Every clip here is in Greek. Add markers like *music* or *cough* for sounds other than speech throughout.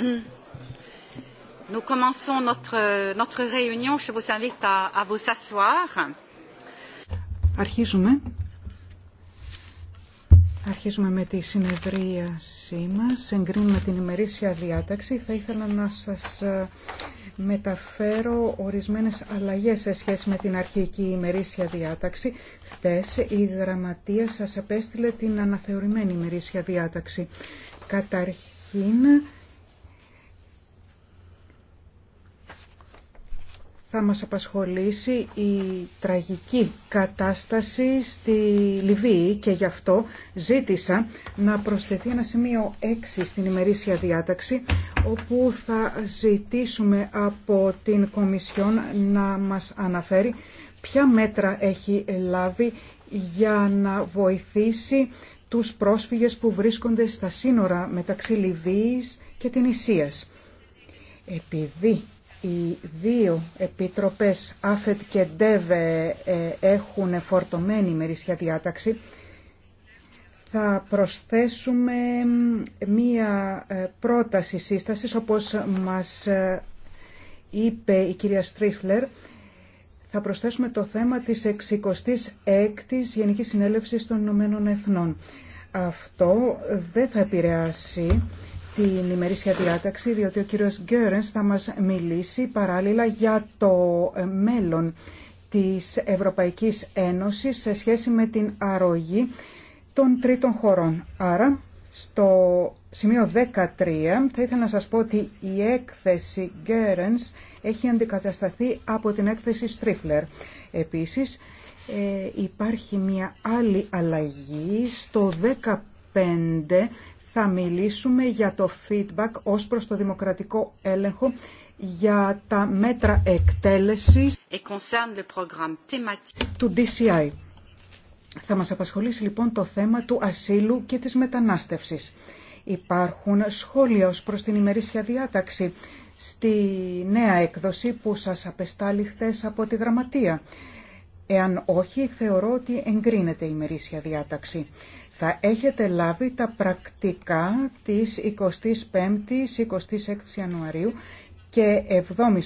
Mm. Nous commençons notre, réunion. Je vous invite à Αρχίζουμε. Αρχίζουμε με τη συνεδρίασή μας. Εγκρίνουμε την ημερήσια διάταξη. Θα ήθελα να σας ε, μεταφέρω ορισμένες αλλαγές σε σχέση με την αρχική ημερήσια διάταξη. Χτες η γραμματεία σας απέστειλε την αναθεωρημένη ημερήσια διάταξη. Καταρχήν θα μας απασχολήσει η τραγική κατάσταση στη Λιβύη και γι' αυτό ζήτησα να προσθεθεί ένα σημείο 6 στην ημερήσια διάταξη όπου θα ζητήσουμε από την Κομισιόν να μας αναφέρει ποια μέτρα έχει λάβει για να βοηθήσει τους πρόσφυγες που βρίσκονται στα σύνορα μεταξύ Λιβύης και την Ισίας. Επειδή οι δύο επιτροπές ΑΦΕΤ και ΝΤΕΒΕ ε, έχουν φορτωμένη ημερήσια διάταξη, θα προσθέσουμε μία ε, πρόταση σύστασης, όπως μας ε, είπε η κυρία Στρίφλερ, θα προσθέσουμε το θέμα της 66ης Γενικής Συνέλευσης των Ηνωμένων Εθνών. Αυτό δεν θα επηρεάσει την ημερήσια διάταξη, διότι ο κύριος Γκέρενς θα μας μιλήσει παράλληλα για το μέλλον της Ευρωπαϊκής Ένωσης σε σχέση με την αρρωγή των τρίτων χωρών. Άρα, στο σημείο 13 θα ήθελα να σας πω ότι η έκθεση Γκέρενς έχει αντικατασταθεί από την έκθεση Στρίφλερ. Επίσης, ε, υπάρχει μια άλλη αλλαγή στο 15 θα μιλήσουμε για το feedback ως προς το δημοκρατικό έλεγχο για τα μέτρα εκτέλεσης του DCI. Θα μας απασχολήσει λοιπόν το θέμα του ασύλου και της μετανάστευσης. Υπάρχουν σχόλια ως προς την ημερήσια διάταξη στη νέα έκδοση που σας απεστάλλει χθες από τη Γραμματεία. Εάν όχι, θεωρώ ότι εγκρίνεται η ημερήσια διάταξη. Θα έχετε λάβει τα πρακτικά της 25ης, 26 Ιανουαρίου και 7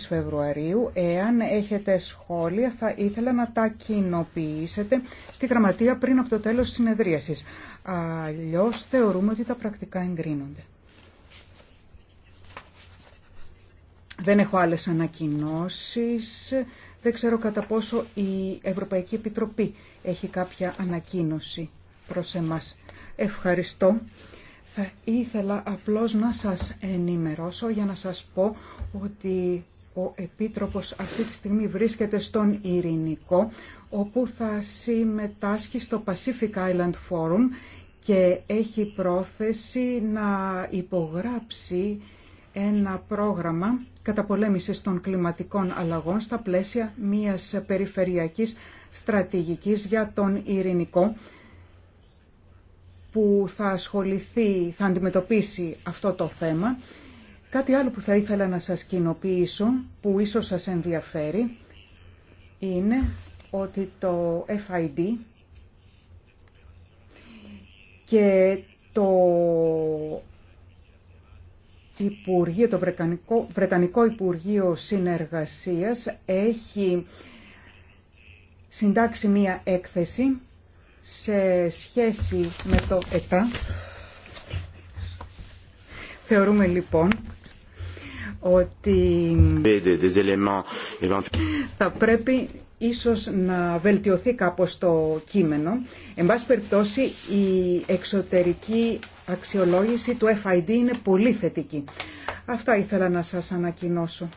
Φεβρουαρίου. Εάν έχετε σχόλια θα ήθελα να τα κοινοποιήσετε στη γραμματεία πριν από το τέλος της συνεδρίασης. Αλλιώς θεωρούμε ότι τα πρακτικά εγκρίνονται. Δεν έχω άλλες ανακοινώσεις. Δεν ξέρω κατά πόσο η Ευρωπαϊκή Επιτροπή έχει κάποια ανακοίνωση προς εμάς. Ευχαριστώ. Θα ήθελα απλώς να σας ενημερώσω για να σας πω ότι ο Επίτροπος αυτή τη στιγμή βρίσκεται στον Ειρηνικό, όπου θα συμμετάσχει στο Pacific Island Forum και έχει πρόθεση να υπογράψει ένα πρόγραμμα καταπολέμησης των κλιματικών αλλαγών στα πλαίσια μιας περιφερειακής στρατηγικής για τον Ειρηνικό που θα ασχοληθεί, θα αντιμετωπίσει αυτό το θέμα. Κάτι άλλο που θα ήθελα να σας κοινοποιήσω, που ίσως σας ενδιαφέρει, είναι ότι το FID και το Υπουργείο, το Βρετανικό, Βρετανικό Υπουργείο Συνεργασίας έχει συντάξει μία έκθεση σε σχέση με το ΕΤΑ. Θεωρούμε λοιπόν ότι θα πρέπει ίσως να βελτιωθεί κάπως το κείμενο. Εν πάση περιπτώσει, η εξωτερική αξιολόγηση του FID είναι πολύ θετική. Αυτά ήθελα να σας ανακοινώσω.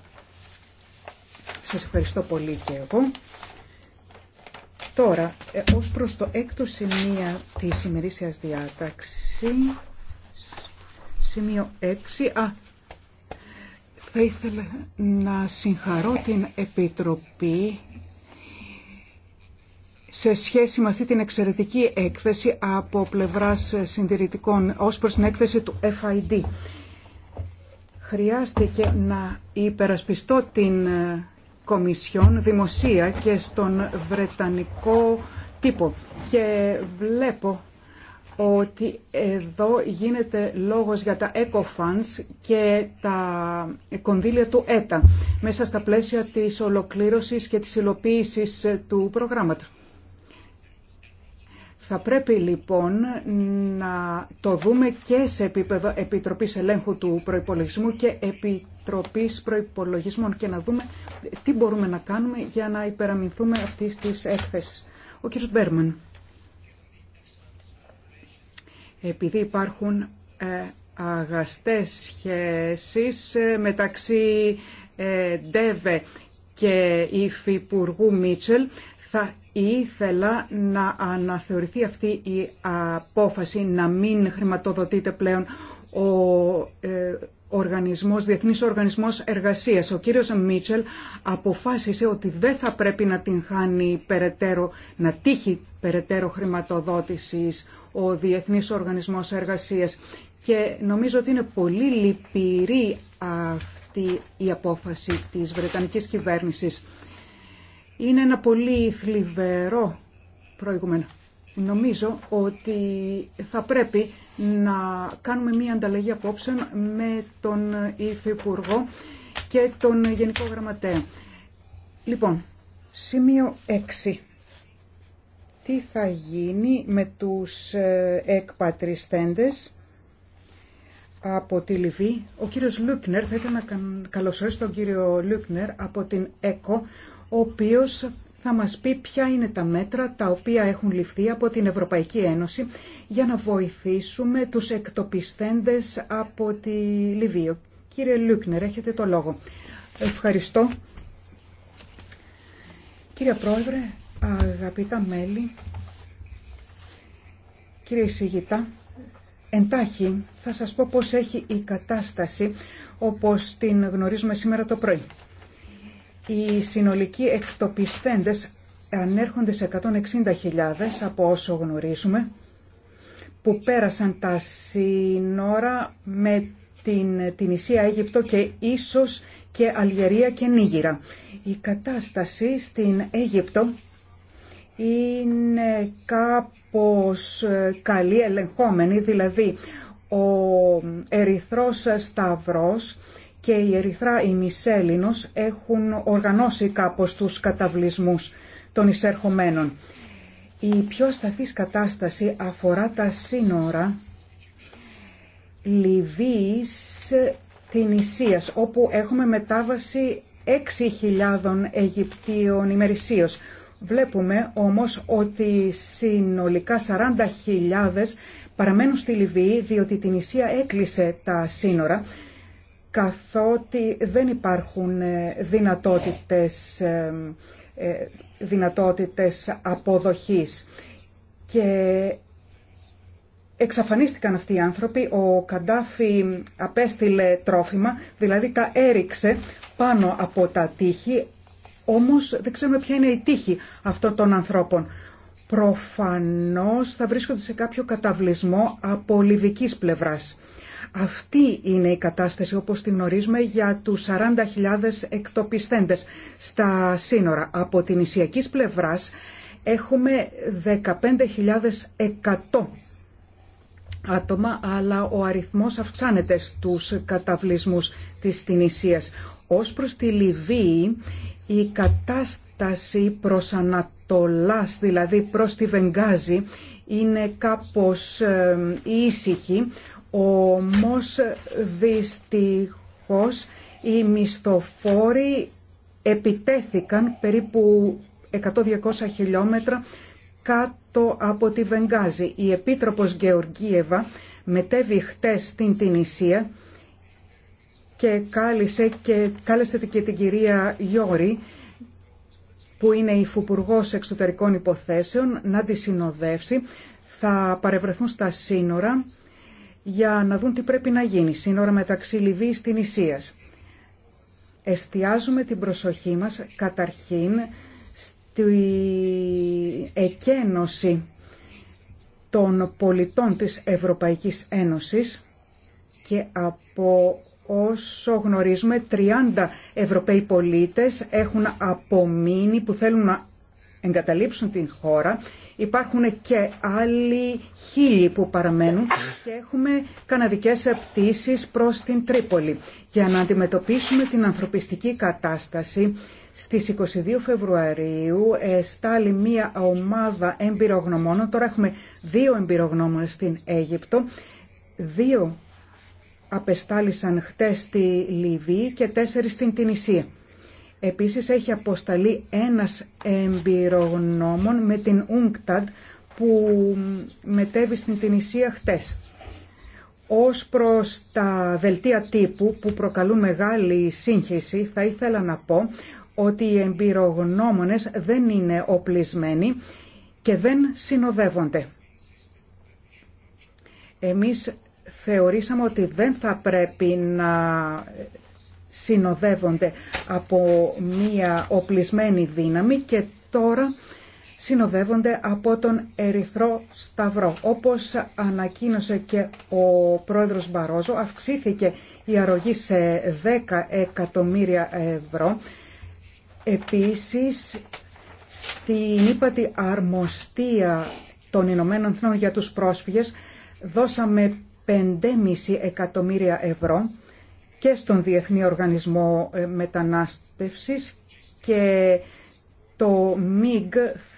Σας ευχαριστώ πολύ και εγώ. Τώρα, ε, ως προς το έκτο σημείο της ημερήσιας διάταξη, σημείο 6, α, θα ήθελα να συγχαρώ την Επιτροπή σε σχέση με αυτή την εξαιρετική έκθεση από πλευράς συντηρητικών ως προς την έκθεση του FID. Χρειάστηκε να υπερασπιστώ την ε, Κομισιόν δημοσία και στον Βρετανικό τύπο. Και βλέπω ότι εδώ γίνεται λόγος για τα Funds και τα κονδύλια του ΕΤΑ μέσα στα πλαίσια της ολοκλήρωσης και της υλοποίησης του προγράμματος. Θα πρέπει λοιπόν να το δούμε και σε επίπεδο Επιτροπής Ελέγχου του Προϋπολογισμού και Επιτροπής Προϋπολογισμών και να δούμε τι μπορούμε να κάνουμε για να υπεραμεινθούμε αυτή της έκθεση. Ο κ. Μπέρμαν. Επειδή υπάρχουν ε, αγαστές σχέσεις ε, μεταξύ Ντεβε ε, και υφυπουργού Μίτσελ, θα ήθελα να αναθεωρηθεί αυτή η απόφαση να μην χρηματοδοτείται πλέον ο ε, οργανισμός, Διεθνής Οργανισμός Εργασίας. Ο κύριος Μίτσελ αποφάσισε ότι δεν θα πρέπει να την χάνει περαιτέρω, να τύχει περαιτέρω χρηματοδότησης ο Διεθνής Οργανισμός Εργασίας και νομίζω ότι είναι πολύ λυπηρή αυτή η απόφαση της Βρετανικής κυβέρνησης είναι ένα πολύ θλιβερό προηγούμενο. Νομίζω ότι θα πρέπει να κάνουμε μία ανταλλαγή απόψεων με τον Υφυπουργό και τον Γενικό Γραμματέα. Λοιπόν, σημείο 6. Τι θα γίνει με τους ε, εκπατριστέντες από τη Λιβύη. Ο κύριος Λούκνερ, θα ήθελα να καλωσορίσω τον κύριο Λούκνερ από την ΕΚΟ, ο οποίος θα μας πει ποια είναι τα μέτρα τα οποία έχουν ληφθεί από την Ευρωπαϊκή Ένωση για να βοηθήσουμε τους εκτοπιστέντες από τη Λιβύη. Κύριε Λούκνερ, έχετε το λόγο. Ευχαριστώ. Κύριε Πρόεδρε, αγαπητά μέλη, κύριε Σιγητά, εντάχει θα σας πω πώς έχει η κατάσταση όπως την γνωρίζουμε σήμερα το πρωί. Οι συνολικοί εκτοπιστέντες ανέρχονται σε 160.000 από όσο γνωρίζουμε που πέρασαν τα σύνορα με την, Ισία Αίγυπτο και ίσως και Αλγερία και Νίγηρα. Η κατάσταση στην Αίγυπτο είναι κάπως ε, καλή ελεγχόμενη, δηλαδή ο Ερυθρός Σταυρός και η Ερυθρά η Μισέλινος έχουν οργανώσει κάπως τους καταβλισμούς των εισερχομένων. Η πιο σταθής κατάσταση αφορά τα σύνορα Λιβύης την Ισίας, όπου έχουμε μετάβαση 6.000 Αιγυπτίων ημερησίως. Βλέπουμε όμως ότι συνολικά 40.000 παραμένουν στη Λιβύη διότι την Ισία έκλεισε τα σύνορα καθότι δεν υπάρχουν ε, δυνατότητες, ε, ε, δυνατότητες αποδοχής. Και εξαφανίστηκαν αυτοί οι άνθρωποι, ο Καντάφη απέστειλε τρόφιμα, δηλαδή τα έριξε πάνω από τα τείχη, όμως δεν ξέρουμε ποια είναι η τύχη αυτών των ανθρώπων. Προφανώς θα βρίσκονται σε κάποιο καταβλισμό από λιβικής πλευράς. Αυτή είναι η κατάσταση όπως την γνωρίζουμε για τους 40.000 εκτοπιστέντες στα σύνορα. Από την ισιακής πλευράς έχουμε 15.100 άτομα, αλλά ο αριθμός αυξάνεται στους καταβλισμούς της Τινησίας. Ως προς τη Λιβύη, η κατάσταση προς Ανατολάς, δηλαδή προς τη Βενγάζη, είναι κάπως ε, ήσυχη, όμως δυστυχώς οι μισθοφόροι επιτέθηκαν περίπου 100-200 χιλιόμετρα κάτω από τη Βενγάζη. Η Επίτροπος Γεωργίεβα μετέβη χτες στην Τινησία και κάλεσε, και κάλεσε την κυρία Γιώρη που είναι η Φουπουργός εξωτερικών υποθέσεων να τη συνοδεύσει. Θα παρευρεθούν στα σύνορα για να δουν τι πρέπει να γίνει, σύνορα μεταξύ Λιβύης και Νησίας. Εστιάζουμε την προσοχή μας καταρχήν στη εκένωση των πολιτών της Ευρωπαϊκής Ένωσης και από όσο γνωρίζουμε 30 Ευρωπαίοι πολίτες έχουν απομείνει που θέλουν να εγκαταλείψουν την χώρα, υπάρχουν και άλλοι χίλιοι που παραμένουν και έχουμε καναδικές πτήσεις προς την Τρίπολη για να αντιμετωπίσουμε την ανθρωπιστική κατάσταση. Στις 22 Φεβρουαρίου στάλει μία ομάδα εμπειρογνωμόνων, τώρα έχουμε δύο εμπειρογνώμονες στην Αίγυπτο, δύο απεστάλησαν χτες στη Λιβύη και τέσσερις στην Τινησία. Επίσης έχει αποσταλεί ένας εμπειρογνώμων με την UNCTAD που μετέβη στην Τινησία χτες. Ως προς τα δελτία τύπου που προκαλούν μεγάλη σύγχυση θα ήθελα να πω ότι οι εμπειρογνώμονες δεν είναι οπλισμένοι και δεν συνοδεύονται. Εμείς θεωρήσαμε ότι δεν θα πρέπει να συνοδεύονται από μία οπλισμένη δύναμη και τώρα συνοδεύονται από τον Ερυθρό Σταυρό. Όπως ανακοίνωσε και ο πρόεδρος Μπαρόζο, αυξήθηκε η αρρωγή σε 10 εκατομμύρια ευρώ. Επίσης, στην ύπατη αρμοστία των Ηνωμένων Εθνών για τους πρόσφυγες δώσαμε 5,5 εκατομμύρια ευρώ και στον Διεθνή Οργανισμό ε, Μετανάστευσης και το ΜΙΓ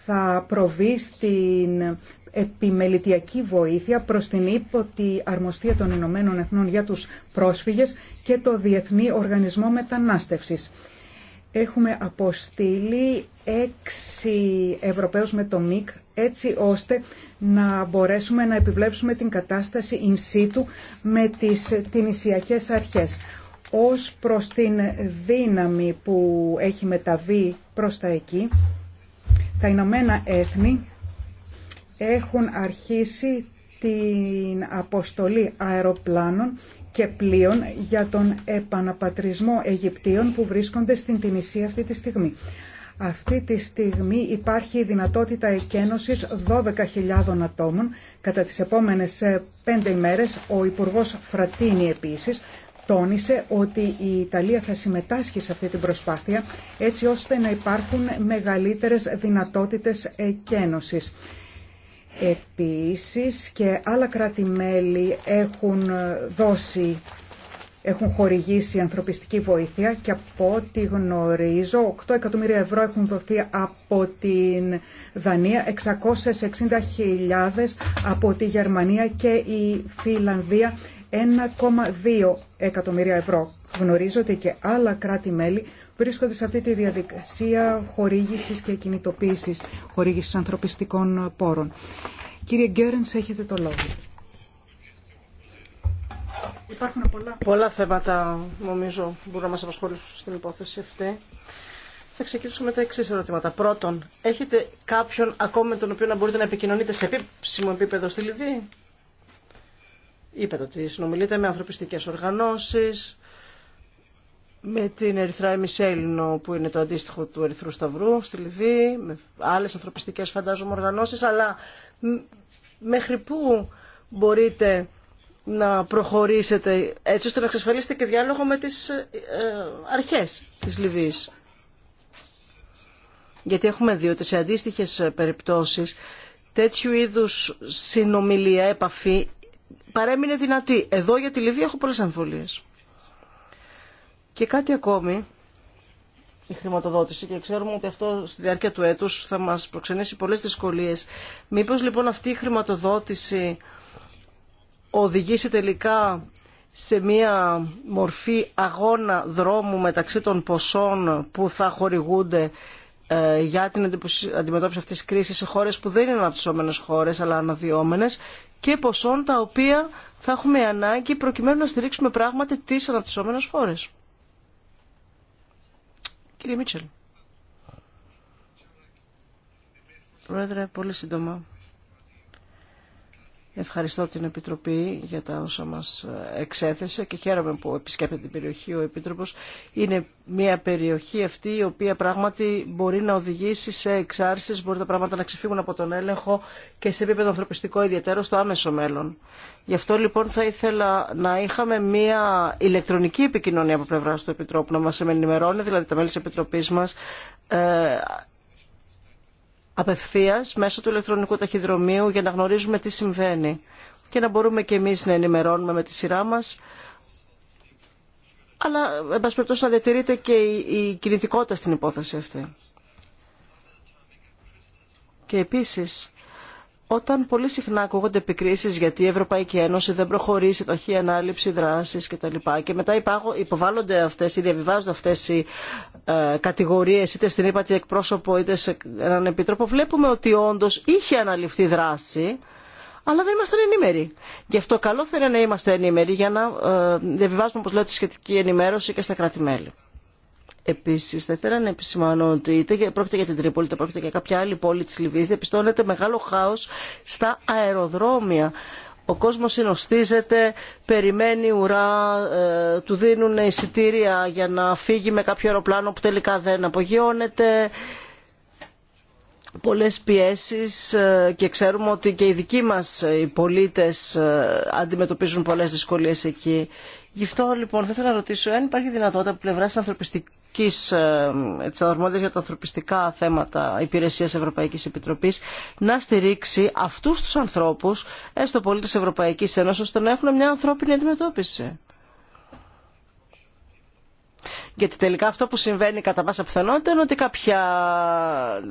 θα προβεί στην επιμελητιακή βοήθεια προς την ύποτη αρμοστία των Ηνωμένων Εθνών για τους πρόσφυγες και το Διεθνή Οργανισμό Μετανάστευσης. Έχουμε αποστείλει έξι Ευρωπαίους με το ΜΙΚ έτσι ώστε να μπορέσουμε να επιβλέψουμε την κατάσταση in situ με τις τινησιακές αρχές. Ως προς την δύναμη που έχει μεταβεί προς τα εκεί, τα Ηνωμένα Έθνη έχουν αρχίσει την αποστολή αεροπλάνων και πλοίων για τον επαναπατρισμό Αιγυπτίων που βρίσκονται στην Τινησία αυτή τη στιγμή. Αυτή τη στιγμή υπάρχει η δυνατότητα εκένωσης 12.000 ατόμων. Κατά τις επόμενες ε, πέντε ημέρες ο Υπουργός Φρατίνη επίσης τόνισε ότι η Ιταλία θα συμμετάσχει σε αυτή την προσπάθεια έτσι ώστε να υπάρχουν μεγαλύτερες δυνατότητες εκένωσης. Επίσης και άλλα κράτη-μέλη έχουν δώσει έχουν χορηγήσει ανθρωπιστική βοήθεια και από ό,τι γνωρίζω 8 εκατομμύρια ευρώ έχουν δοθεί από την Δανία, 660.000 από τη Γερμανία και η Φιλανδία 1,2 εκατομμύρια ευρώ. Γνωρίζω ότι και άλλα κράτη-μέλη βρίσκονται σε αυτή τη διαδικασία χορήγησης και κινητοποίησης χορήγησης ανθρωπιστικών πόρων. Κύριε Γκέρενς, έχετε το λόγο. Υπάρχουν πολλά... πολλά θέματα, νομίζω, μπορούν να μας απασχολήσουν στην υπόθεση αυτή. Θα ξεκινήσουμε με τα εξή ερωτήματα. Πρώτον, έχετε κάποιον ακόμη με τον οποίο να μπορείτε να επικοινωνείτε σε επίσημο επίπεδο στη Λιβύη. Είπατε ότι συνομιλείτε με ανθρωπιστικές οργανώσεις, με την Ερυθρά Εμισέλινο που είναι το αντίστοιχο του Ερυθρού Σταυρού στη Λιβύη, με άλλες ανθρωπιστικές φαντάζομαι οργανώσεις, αλλά μέχρι πού μπορείτε να προχωρήσετε έτσι ώστε να εξασφαλίσετε και διάλογο με τις ε, αρχές της Λιβύης. Γιατί έχουμε δει ότι σε αντίστοιχες περιπτώσεις τέτοιου είδους συνομιλία, επαφή παρέμεινε δυνατή. Εδώ για τη Λιβύη έχω πολλές αμφιβολίες. Και κάτι ακόμη, η χρηματοδότηση και ξέρουμε ότι αυτό στη διάρκεια του έτους θα μας προξενήσει πολλές δυσκολίες. Μήπως λοιπόν αυτή η χρηματοδότηση οδηγήσει τελικά σε μία μορφή αγώνα δρόμου μεταξύ των ποσών που θα χορηγούνται ε, για την αντιμετώπιση αυτής της κρίσης σε χώρες που δεν είναι αναπτυσσόμενες χώρες αλλά αναδυόμενες και ποσών τα οποία θα έχουμε ανάγκη προκειμένου να στηρίξουμε πράγματι τις αναπτυσσόμενες χώρες. Κύριε Μίτσελ. Πρόεδρε, πολύ σύντομα. Ευχαριστώ την Επιτροπή για τα όσα μας εξέθεσε και χαίρομαι που επισκέπτεται την περιοχή ο Επίτροπος. Είναι μια περιοχή αυτή η οποία πράγματι μπορεί να οδηγήσει σε εξάρσεις, μπορεί τα πράγματα να ξεφύγουν από τον έλεγχο και σε επίπεδο ανθρωπιστικό ιδιαίτερο στο άμεσο μέλλον. Γι' αυτό λοιπόν θα ήθελα να είχαμε μια ηλεκτρονική επικοινωνία από πλευρά του Επιτρόπου, να μας ενημερώνει δηλαδή τα μέλη της Επιτροπής μας ε, απευθείας μέσω του ηλεκτρονικού ταχυδρομείου για να γνωρίζουμε τι συμβαίνει και να μπορούμε και εμείς να ενημερώνουμε με τη σειρά μας αλλά εν να διατηρείται και η κινητικότητα στην υπόθεση αυτή. Και επίσης όταν πολύ συχνά ακούγονται επικρίσει γιατί η Ευρωπαϊκή Ένωση δεν προχωρεί σε ταχύ ανάληψη δράση κτλ. Και μετά υποβάλλονται αυτέ ή διαβιβάζονται αυτέ οι ε, κατηγορίε είτε στην ύπατη εκπρόσωπο είτε σε έναν επίτροπο, βλέπουμε ότι όντω είχε αναλυφθεί δράση, αλλά δεν ήμασταν ενήμεροι. Γι' αυτό καλό θα είναι να είμαστε ενήμεροι για να ε, διαβιβάζουμε, όπω λέω, τη σχετική ενημέρωση και στα κράτη-μέλη. Επίσης, θα ήθελα να επισημάνω ότι είτε πρόκειται για την Τρίπολη, είτε πρόκειται για κάποια άλλη πόλη της Λιβύης, διαπιστώνεται μεγάλο χάο στα αεροδρόμια. Ο κόσμος συνοστίζεται, περιμένει ουρά, ε, του δίνουν εισιτήρια για να φύγει με κάποιο αεροπλάνο που τελικά δεν απογειώνεται. Πολλές πιέσεις ε, και ξέρουμε ότι και οι δικοί μας ε, οι πολίτες αντιμετωπίζουν πολλές δυσκολίες εκεί. Γι' αυτό λοιπόν θα ήθελα να ρωτήσω αν υπάρχει δυνατότητα από πλευρά τη ανθρωπιστική ε, τη για τα ανθρωπιστικά θέματα υπηρεσία Ευρωπαϊκή Επιτροπή να στηρίξει αυτού του ανθρώπου, έστω πολύ τη Ευρωπαϊκή Ένωση, ώστε να έχουν μια ανθρώπινη αντιμετώπιση. Γιατί τελικά αυτό που συμβαίνει κατά πάσα πιθανότητα είναι ότι, κάποια,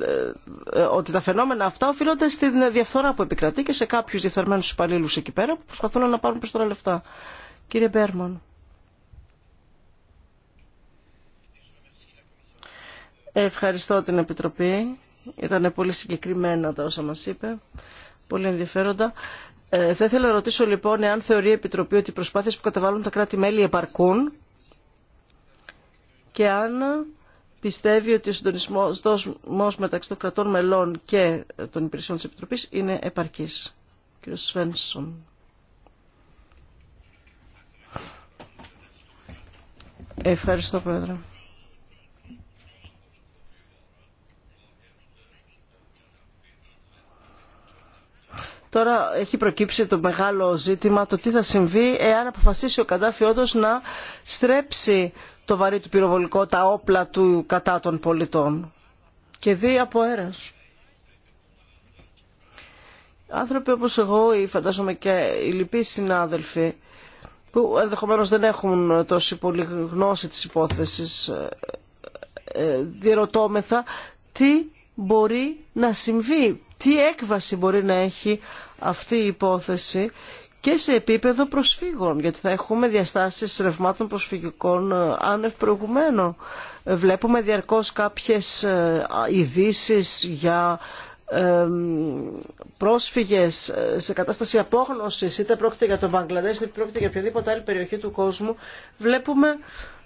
ε, ε, ότι τα φαινόμενα αυτά οφείλονται στην διαφθορά που επικρατεί και σε κάποιου διεφθαρμένου υπαλλήλου εκεί πέρα που προσπαθούν να πάρουν πίσω λεφτά. Κύριε Μπέρμον. Ευχαριστώ την Επιτροπή. Ήταν πολύ συγκεκριμένα τα όσα μας είπε. Πολύ ενδιαφέροντα. Ε, θα ήθελα να ρωτήσω λοιπόν εάν θεωρεί η Επιτροπή ότι οι προσπάθειες που καταβάλουν τα κράτη-μέλη επαρκούν και αν πιστεύει ότι ο συντονισμός μεταξύ των κρατών μελών και των υπηρεσιών της Επιτροπής είναι επαρκής. Κύριο Σφένσον. Ευχαριστώ, Πρόεδρε. Τώρα έχει προκύψει το μεγάλο ζήτημα το τι θα συμβεί εάν αποφασίσει ο Καντάφη όντως να στρέψει το βαρύ του πυροβολικό, τα όπλα του κατά των πολιτών και δει από αέρας. Άνθρωποι όπως εγώ ή φαντάζομαι και οι λοιποί συνάδελφοι που ενδεχομένως δεν έχουν τόση πολύ γνώση της υπόθεσης ε, ε, ε, διερωτώμεθα τι μπορεί να συμβεί, τι έκβαση μπορεί να έχει αυτή η υπόθεση και σε επίπεδο προσφύγων, γιατί θα έχουμε διαστάσεις ρευμάτων προσφυγικών άνευ προηγουμένου. Βλέπουμε διαρκώς κάποιες ειδήσει για πρόσφυγες ε, σε κατάσταση απόγνωσης, είτε πρόκειται για τον Μπαγκλαντές, είτε πρόκειται για οποιαδήποτε άλλη περιοχή του κόσμου, βλέπουμε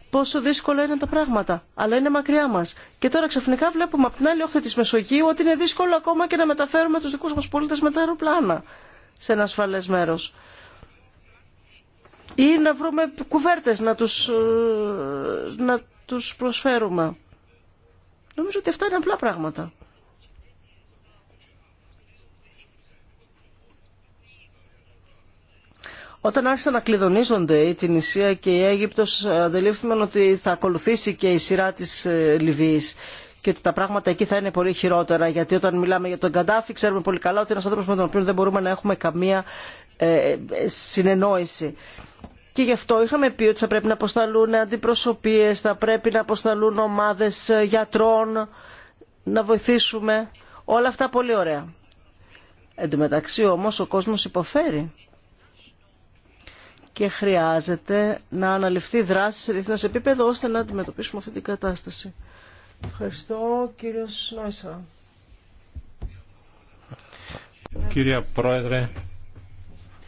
πόσο δύσκολα είναι τα πράγματα. Αλλά είναι μακριά μας Και τώρα ξαφνικά βλέπουμε από την άλλη όχθη της Μεσογείου ότι είναι δύσκολο ακόμα και να μεταφέρουμε τους δικούς μας πολίτες με τα αεροπλάνα σε ένα ασφαλέ μέρος Ή να βρούμε κουβέρτε να του ε, να τους προσφέρουμε. Νομίζω ότι αυτά είναι απλά πράγματα. Όταν άρχισαν να κλειδονίζονται η Τινησία και η Αίγυπτος ε, αντιλήφθημε ότι θα ακολουθήσει και η σειρά της ε, Λιβύης και ότι τα πράγματα εκεί θα είναι πολύ χειρότερα. Γιατί όταν μιλάμε για τον Καντάφη, ξέρουμε πολύ καλά ότι είναι ένα άνθρωπος με τον οποίο δεν μπορούμε να έχουμε καμία ε, ε, συνεννόηση. Και γι' αυτό είχαμε πει ότι θα πρέπει να αποσταλούν αντιπροσωπείες, θα πρέπει να αποσταλούν ομάδες γιατρών, να βοηθήσουμε. Όλα αυτά πολύ ωραία. Εν τω μεταξύ όμω ο κόσμο υποφέρει και χρειάζεται να αναλυφθεί δράση σε διεθνές επίπεδο ώστε να αντιμετωπίσουμε αυτή την κατάσταση. Ευχαριστώ κύριος Νόησα. Κύριε Πρόεδρε,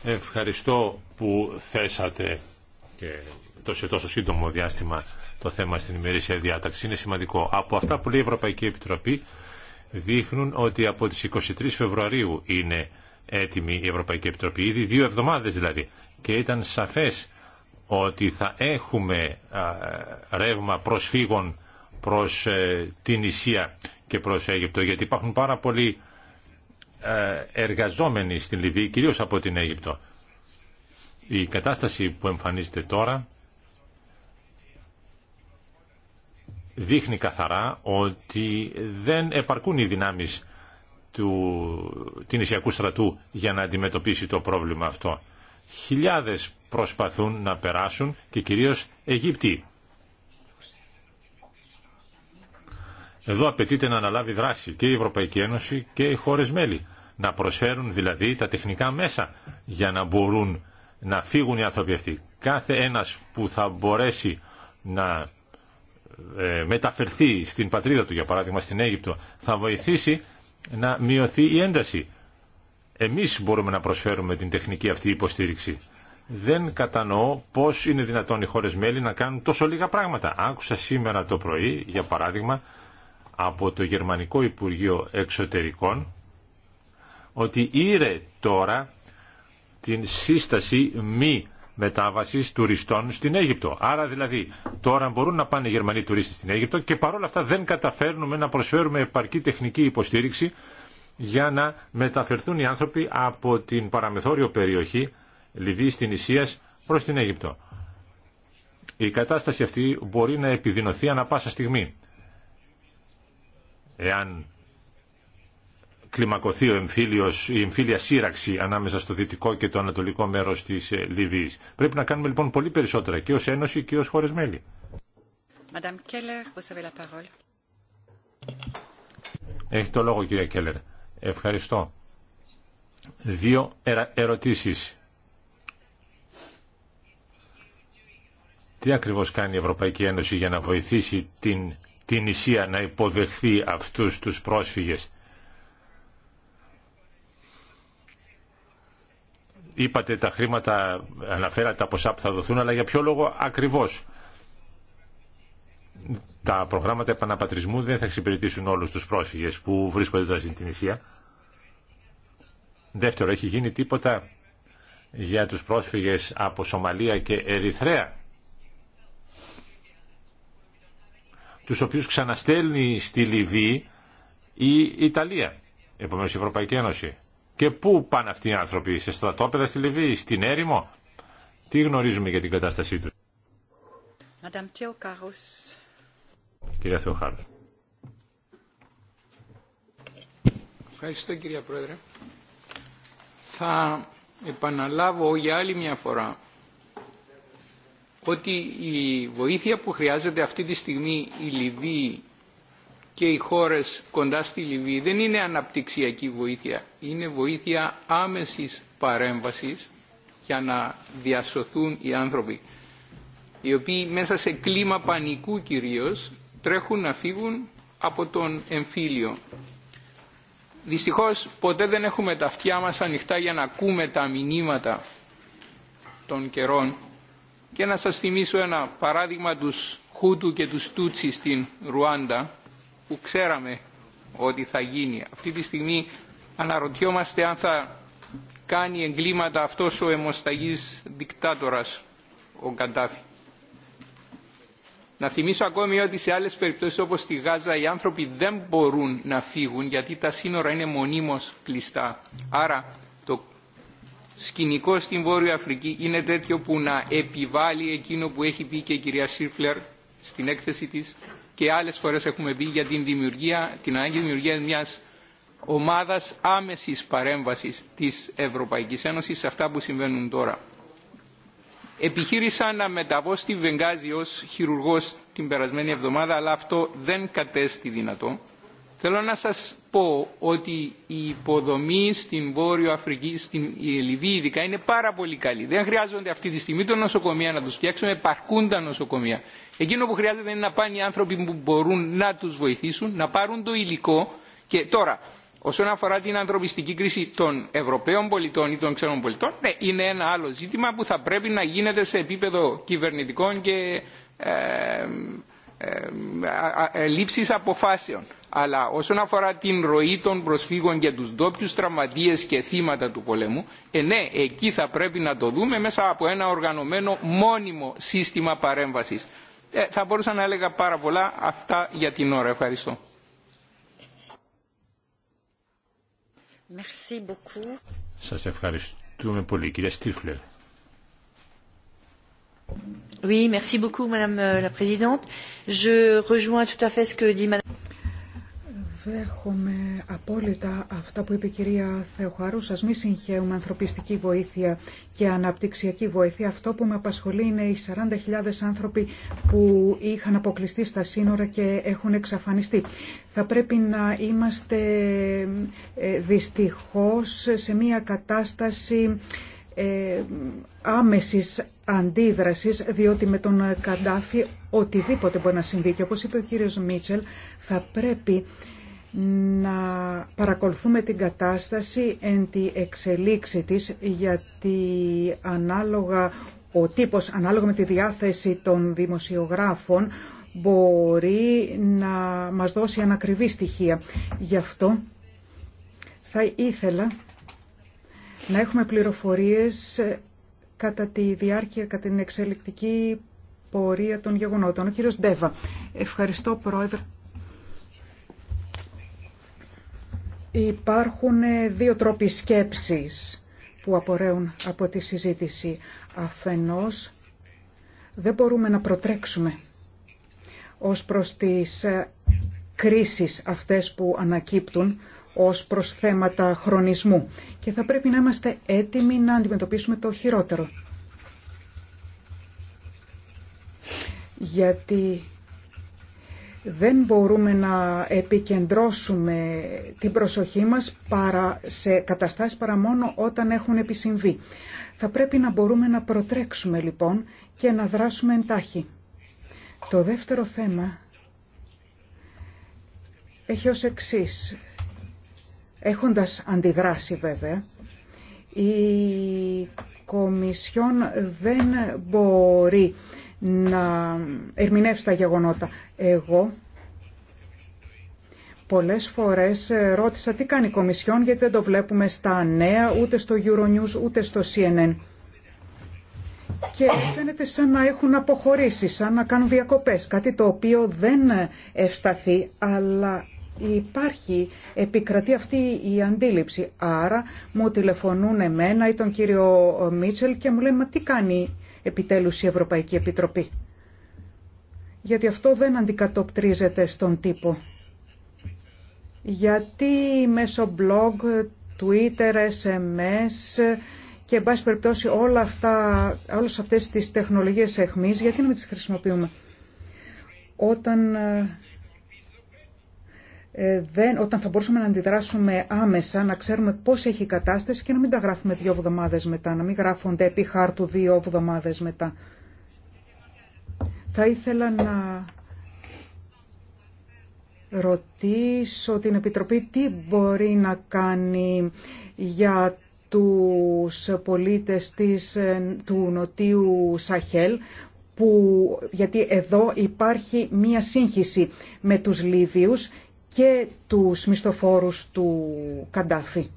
ευχαριστώ που θέσατε και τόσο, τόσο σύντομο διάστημα το θέμα στην ημερήσια διάταξη. Είναι σημαντικό. Από αυτά που λέει η Ευρωπαϊκή Επιτροπή δείχνουν ότι από τις 23 Φεβρουαρίου είναι έτοιμη η Ευρωπαϊκή Επιτροπή, ήδη δύο εβδομάδες δηλαδή. Και ήταν σαφές ότι θα έχουμε ρεύμα προσφύγων προς ε, την Ισία και προς Αίγυπτο, γιατί υπάρχουν πάρα πολλοί ε, εργαζόμενοι στην Λιβύη, κυρίως από την Αίγυπτο. Η κατάσταση που εμφανίζεται τώρα δείχνει καθαρά ότι δεν επαρκούν οι δυνάμεις του Τινησιακού στρατού για να αντιμετωπίσει το πρόβλημα αυτό. Χιλιάδες προσπαθούν να περάσουν και κυρίως Αιγύπτιοι. Εδώ απαιτείται να αναλάβει δράση και η Ευρωπαϊκή Ένωση και οι χώρες μέλη. Να προσφέρουν δηλαδή τα τεχνικά μέσα για να μπορούν να φύγουν οι άνθρωποι αυτοί. Κάθε ένας που θα μπορέσει να ε, μεταφερθεί στην πατρίδα του, για παράδειγμα στην Αίγυπτο, θα βοηθήσει να μειωθεί η ένταση. Εμείς μπορούμε να προσφέρουμε την τεχνική αυτή υποστήριξη. Δεν κατανοώ πώς είναι δυνατόν οι χώρες μέλη να κάνουν τόσο λίγα πράγματα. Άκουσα σήμερα το πρωί, για παράδειγμα, από το Γερμανικό Υπουργείο Εξωτερικών, ότι ήρε τώρα την σύσταση μη Μετάβαση τουριστών στην Αίγυπτο. Άρα δηλαδή τώρα μπορούν να πάνε οι Γερμανοί τουρίστες στην Αίγυπτο και παρόλα αυτά δεν καταφέρνουμε να προσφέρουμε επαρκή τεχνική υποστήριξη για να μεταφερθούν οι άνθρωποι από την παραμεθόριο περιοχή Λιβύης στην Ισίας προς την Αίγυπτο. Η κατάσταση αυτή μπορεί να επιδεινωθεί ανα πάσα στιγμή. Εάν κλιμακωθεί ο εμφύλιος, η εμφύλια σύραξη ανάμεσα στο δυτικό και το ανατολικό μέρος της ε, Λιβύης. Πρέπει να κάνουμε λοιπόν πολύ περισσότερα και ως Ένωση και ως χώρες μέλη. Έχει το λόγο κυρία Κέλλερ. Ευχαριστώ. Δύο ερωτήσεις. Τι ακριβώς κάνει η Ευρωπαϊκή Ένωση για να βοηθήσει την, την Ισία να υποδεχθεί αυτούς τους πρόσφυγες Είπατε τα χρήματα, αναφέρατε τα ποσά που θα δοθούν, αλλά για ποιο λόγο ακριβώς. Τα προγράμματα επαναπατρισμού δεν θα εξυπηρετήσουν όλους τους πρόσφυγες που βρίσκονται τώρα στην Τινησία. Δεύτερο, έχει γίνει τίποτα για τους πρόσφυγες από Σομαλία και Ερυθρέα τους οποίους ξαναστέλνει στη Λιβύη η Ιταλία επομένως η Ευρωπαϊκή Ένωση και πού πάνε αυτοί οι άνθρωποι, σε στρατόπεδα στη Λιβύη, στην έρημο. Τι γνωρίζουμε για την κατάστασή τους. Κυρία Θεοχάρου. Ευχαριστώ κυρία Πρόεδρε. Θα επαναλάβω για άλλη μια φορά ότι η βοήθεια που χρειάζεται αυτή τη στιγμή η Λιβύη και οι χώρες κοντά στη Λιβύη δεν είναι αναπτυξιακή βοήθεια. Είναι βοήθεια άμεσης παρέμβασης για να διασωθούν οι άνθρωποι. Οι οποίοι μέσα σε κλίμα πανικού κυρίως τρέχουν να φύγουν από τον εμφύλιο. Δυστυχώς ποτέ δεν έχουμε τα αυτιά μας ανοιχτά για να ακούμε τα μηνύματα των καιρών. Και να σας θυμίσω ένα παράδειγμα τους Χούτου και τους Τούτσι στην Ρουάντα που ξέραμε ότι θα γίνει. Αυτή τη στιγμή αναρωτιόμαστε αν θα κάνει εγκλήματα αυτός ο αιμοσταγής δικτάτορας ο Καντάφη. Να θυμίσω ακόμη ότι σε άλλες περιπτώσεις όπως στη Γάζα οι άνθρωποι δεν μπορούν να φύγουν γιατί τα σύνορα είναι μονίμως κλειστά. Άρα το σκηνικό στην Βόρεια Αφρική είναι τέτοιο που να επιβάλλει εκείνο που έχει πει και η κυρία Σίρφλερ στην έκθεση της και άλλες φορές έχουμε πει για την, δημιουργία, την ανάγκη δημιουργία μιας ομάδας άμεσης παρέμβασης της Ευρωπαϊκής Ένωσης σε αυτά που συμβαίνουν τώρα. Επιχείρησα να μεταβώ στη Βενγάζη ως χειρουργός την περασμένη εβδομάδα, αλλά αυτό δεν κατέστη δυνατό Θέλω να σας πω ότι η υποδομή στην Βόρειο Αφρική, στην Λιβύη ειδικά, είναι πάρα πολύ καλή. Δεν χρειάζονται αυτή τη στιγμή το νοσοκομεία να τους φτιάξουμε, επαρκούν τα νοσοκομεία. Εκείνο που χρειάζεται είναι να πάνε οι άνθρωποι που μπορούν να τους βοηθήσουν, να πάρουν το υλικό. Και τώρα, όσον αφορά την ανθρωπιστική κρίση των Ευρωπαίων πολιτών ή των ξένων πολιτών, ναι, είναι ένα άλλο ζήτημα που θα πρέπει να γίνεται σε επίπεδο κυβερνητικών και ε, ε, ε, ε λήψης αποφάσεων αλλά όσον αφορά την ροή των προσφύγων για τους ντόπιου τραυματίες και θύματα του πολέμου, ε, ναι, εκεί θα πρέπει να το δούμε μέσα από ένα οργανωμένο μόνιμο σύστημα παρέμβασης. Ε, θα μπορούσα να έλεγα πάρα πολλά αυτά για την ώρα. Ευχαριστώ. Σας ευχαριστούμε πολύ, κυρία Στίφλερ. Oui, merci beaucoup, Madame euh, la Présidente. Je rejoins tout à fait ce que dit Madame. Δέχομαι απόλυτα αυτά που είπε η κυρία Θεοχαρού. Σας μη συγχαίουμε ανθρωπιστική βοήθεια και αναπτυξιακή βοήθεια. Αυτό που με απασχολεί είναι οι 40.000 άνθρωποι που είχαν αποκλειστεί στα σύνορα και έχουν εξαφανιστεί. Θα πρέπει να είμαστε ε, δυστυχώς σε μια κατάσταση ε, άμεσης αντίδρασης, διότι με τον Καντάφη οτιδήποτε μπορεί να συμβεί. Και όπως είπε ο κύριος Μίτσελ, θα πρέπει να παρακολουθούμε την κατάσταση εν τη εξελίξη της γιατί ανάλογα ο τύπος ανάλογα με τη διάθεση των δημοσιογράφων μπορεί να μας δώσει ανακριβή στοιχεία. Γι' αυτό θα ήθελα να έχουμε πληροφορίες κατά τη διάρκεια, κατά την εξελικτική πορεία των γεγονότων. Ο κύριος Ντέβα, ευχαριστώ πρόεδρε. Υπάρχουν ε, δύο τρόποι σκέψης που απορρέουν από τη συζήτηση. Αφενός, δεν μπορούμε να προτρέξουμε ως προς τις ε, κρίσεις αυτές που ανακύπτουν ως προς θέματα χρονισμού και θα πρέπει να είμαστε έτοιμοι να αντιμετωπίσουμε το χειρότερο. Γιατί δεν μπορούμε να επικεντρώσουμε την προσοχή μας παρά σε καταστάσεις παρά μόνο όταν έχουν επισυμβεί. Θα πρέπει να μπορούμε να προτρέξουμε λοιπόν και να δράσουμε εντάχει. Το δεύτερο θέμα έχει ως εξής. Έχοντας αντιδράσει βέβαια, η Κομισιόν δεν μπορεί να ερμηνεύσει τα γεγονότα. Εγώ πολλές φορές ε, ρώτησα τι κάνει η Κομισιόν γιατί δεν το βλέπουμε στα νέα, ούτε στο Euronews, ούτε στο CNN. Και φαίνεται σαν να έχουν αποχωρήσει, σαν να κάνουν διακοπές, κάτι το οποίο δεν ευσταθεί, αλλά υπάρχει, επικρατεί αυτή η αντίληψη. Άρα μου τηλεφωνούν εμένα ή τον κύριο Μίτσελ και μου λένε «Μα τι κάνει επιτέλους η Ευρωπαϊκή Επιτροπή. Γιατί αυτό δεν αντικατοπτρίζεται στον τύπο. Γιατί μέσω blog, Twitter, SMS και εν πάση περιπτώσει όλα αυτά, όλες αυτές τις τεχνολογίες εχμής, γιατί να μην τις χρησιμοποιούμε. Όταν ε, ε, δεν, όταν θα μπορούσαμε να αντιδράσουμε άμεσα, να ξέρουμε πώς έχει η κατάσταση και να μην τα γράφουμε δύο εβδομάδε μετά, να μην γράφονται επί χάρτου δύο εβδομάδε μετά. Θα ήθελα να ρωτήσω την Επιτροπή τι μπορεί να κάνει για τους πολίτες της, ε, του Νοτίου Σαχέλ που, γιατί εδώ υπάρχει μία σύγχυση με τους Λίβιους και τους μισθοφόρους του Καντάφη.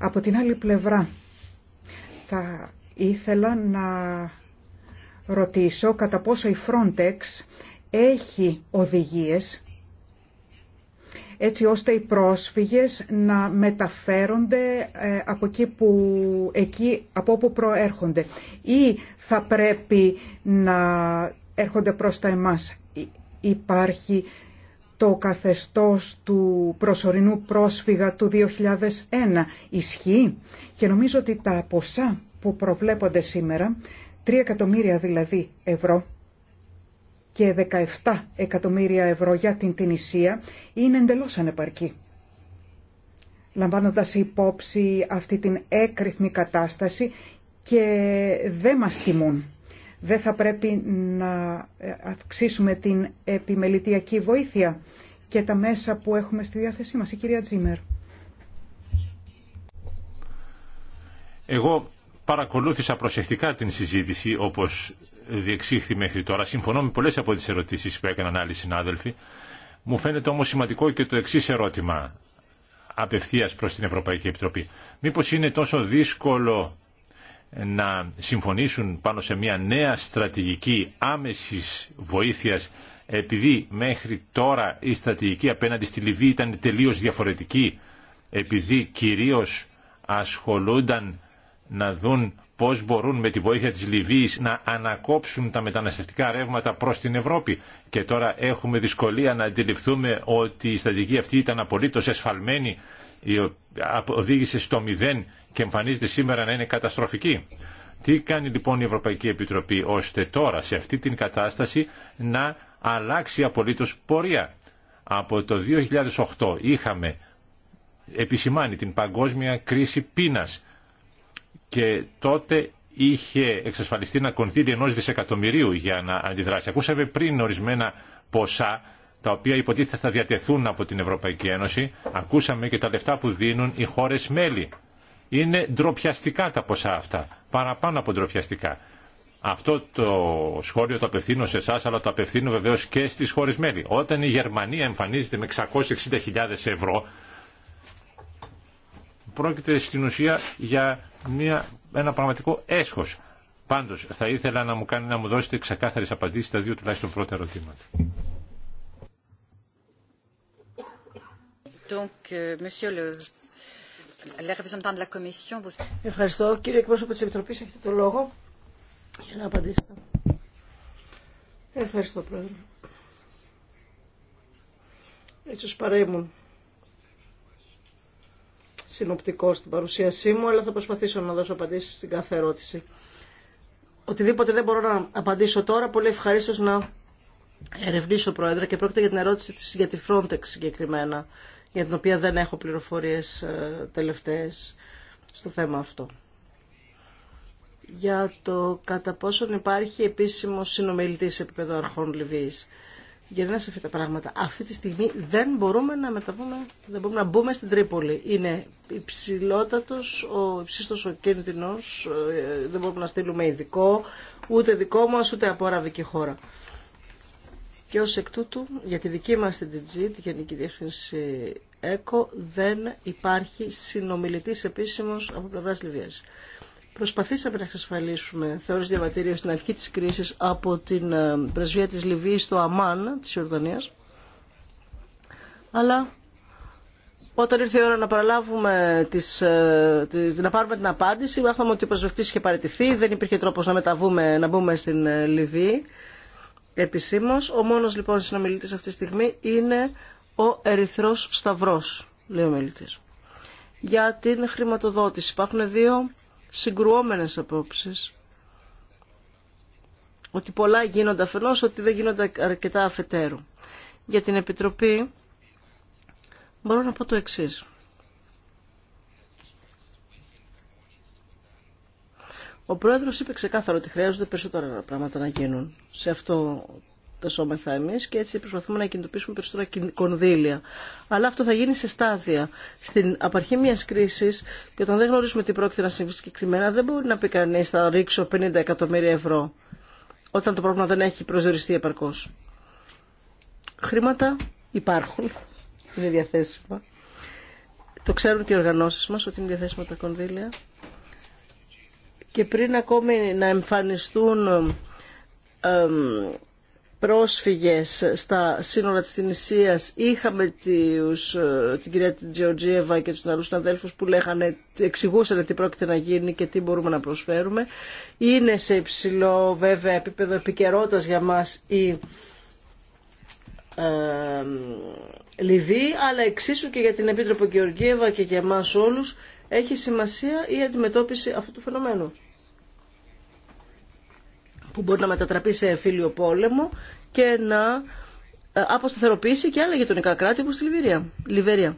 Από την άλλη πλευρά θα ήθελα να ρωτήσω κατά πόσο η Frontex έχει οδηγίες έτσι ώστε οι πρόσφυγες να μεταφέρονται ε, από εκεί που, εκεί, από όπου προέρχονται ή θα πρέπει να έρχονται προς τα εμάς. Υπάρχει το καθεστώς του προσωρινού πρόσφυγα του 2001 ισχύει και νομίζω ότι τα ποσά που προβλέπονται σήμερα, 3 εκατομμύρια δηλαδή ευρώ και 17 εκατομμύρια ευρώ για την Τινησία, είναι εντελώς ανεπαρκή. Λαμβάνοντας υπόψη αυτή την έκριθμη κατάσταση και δεν μας τιμούν. Δεν θα πρέπει να αυξήσουμε την επιμελητιακή βοήθεια και τα μέσα που έχουμε στη διάθεσή μας. Η κυρία Τζίμερ. Εγώ παρακολούθησα προσεκτικά την συζήτηση όπως διεξήχθη μέχρι τώρα. Συμφωνώ με πολλές από τις ερωτήσεις που έκαναν άλλοι συνάδελφοι. Μου φαίνεται όμως σημαντικό και το εξής ερώτημα απευθείας προς την Ευρωπαϊκή Επιτροπή. Μήπως είναι τόσο δύσκολο να συμφωνήσουν πάνω σε μια νέα στρατηγική άμεσης βοήθειας επειδή μέχρι τώρα η στρατηγική απέναντι στη Λιβύη ήταν τελείως διαφορετική επειδή κυρίως ασχολούνταν να δουν πώς μπορούν με τη βοήθεια της Λιβύης να ανακόψουν τα μεταναστευτικά ρεύματα προς την Ευρώπη. Και τώρα έχουμε δυσκολία να αντιληφθούμε ότι η στρατηγική αυτή ήταν απολύτως εσφαλμένη, οδήγησε στο μηδέν και εμφανίζεται σήμερα να είναι καταστροφική. Τι κάνει λοιπόν η Ευρωπαϊκή Επιτροπή ώστε τώρα σε αυτή την κατάσταση να αλλάξει απολύτως πορεία. Από το 2008 είχαμε επισημάνει την παγκόσμια κρίση πείνας και τότε είχε εξασφαλιστεί να κονδύλι ενό δισεκατομμυρίου για να αντιδράσει. Ακούσαμε πριν ορισμένα ποσά τα οποία υποτίθεται θα διατεθούν από την Ευρωπαϊκή Ένωση. Ακούσαμε και τα λεφτά που δίνουν οι χώρες μέλη είναι ντροπιαστικά τα ποσά αυτά, παραπάνω από ντροπιαστικά. Αυτό το σχόλιο το απευθύνω σε εσά, αλλά το απευθύνω βεβαίω και στι χώρε μέλη. Όταν η Γερμανία εμφανίζεται με 660.000 ευρώ, πρόκειται στην ουσία για μια, ένα πραγματικό έσχο. Πάντω, θα ήθελα να μου, κάνει, να μου δώσετε ξεκάθαρε απαντήσει στα δύο τουλάχιστον πρώτα ερωτήματα. Donc, euh, monsieur le... Ευχαριστώ. Κύριε εκπρόσωπο της Επιτροπής, έχετε το λόγο για να απαντήσετε. Ευχαριστώ, Πρόεδρε. Ίσως παρέμουν συνοπτικό στην παρουσίασή μου, αλλά θα προσπαθήσω να δώσω απαντήσεις στην κάθε ερώτηση. Οτιδήποτε δεν μπορώ να απαντήσω τώρα, πολύ ευχαρίστως να ερευνήσω, Πρόεδρε, και πρόκειται για την ερώτηση της, για τη Frontex συγκεκριμένα για την οποία δεν έχω πληροφορίες ε, τελευταίες στο θέμα αυτό. Για το κατά πόσον υπάρχει επίσημο συνομιλητή σε επίπεδο αρχών Λιβύης. Για να σε αυτά τα πράγματα. Αυτή τη στιγμή δεν μπορούμε να μεταβούμε, δεν μπορούμε να μπούμε στην Τρίπολη. Είναι υψηλότατος, ο υψίστος ο κίνδυνος, ε, δεν μπορούμε να στείλουμε ειδικό, ούτε δικό μας, ούτε από αραβική χώρα. Και ως εκ τούτου, για τη δική μας την DG, τη Γενική Διεύθυνση ΕΚΟ, δεν υπάρχει συνομιλητής επίσημος από πλευράς Λιβύας. Προσπαθήσαμε να εξασφαλίσουμε θεώρηση διαβατήριο στην αρχή της κρίσης από την ε, πρεσβεία της Λιβύης στο Αμάν της Ιορδανίας. Αλλά όταν ήρθε η ώρα να παραλάβουμε τις, ε, να πάρουμε την απάντηση, μάθαμε ότι ο πρεσβευτής είχε παραιτηθεί, δεν υπήρχε τρόπος να μεταβούμε, να μπούμε στην ε, Λιβύη. Επίσημώ, Ο μόνος λοιπόν συνομιλητή αυτή τη στιγμή είναι ο Ερυθρός Σταυρός, λέει ο μιλητή. Για την χρηματοδότηση υπάρχουν δύο συγκρουόμενες απόψεις. Ότι πολλά γίνονται αφενός, ότι δεν γίνονται αρκετά αφετέρου. Για την Επιτροπή μπορώ να πω το εξής. Ο πρόεδρος είπε ξεκάθαρο ότι χρειάζονται περισσότερα πράγματα να γίνουν. Σε αυτό το θα εμεί και έτσι προσπαθούμε να κινητοποιήσουμε περισσότερα κονδύλια. Αλλά αυτό θα γίνει σε στάδια. Στην απαρχή μια κρίση και όταν δεν γνωρίζουμε τι πρόκειται να συμβεί συγκεκριμένα, δεν μπορεί να πει κανεί θα ρίξω 50 εκατομμύρια ευρώ όταν το πρόβλημα δεν έχει προσδιοριστεί επαρκώ. Χρήματα υπάρχουν, είναι διαθέσιμα. Το ξέρουν και οι οργανώσει μα ότι είναι διαθέσιμα τα κονδύλια και πριν ακόμη να εμφανιστούν πρόσφυγες στα σύνορα της Τινησίας είχαμε τους, ε, την κυρία Τζεωτζίεβα και τους άλλους αδέλφους που λέγανε, εξηγούσαν τι πρόκειται να γίνει και τι μπορούμε να προσφέρουμε. Είναι σε υψηλό βέβαια επίπεδο επικαιρότητας για μας η Λιβύη, αλλά εξίσου και για την Επίτροπο Γεωργίευα και για εμά όλου έχει σημασία η αντιμετώπιση αυτού του φαινομένου. Που μπορεί να μετατραπεί σε φίλιο πόλεμο και να ε, αποσταθεροποιήσει και άλλα γειτονικά κράτη όπω τη Λιβυρία. Λιβερία.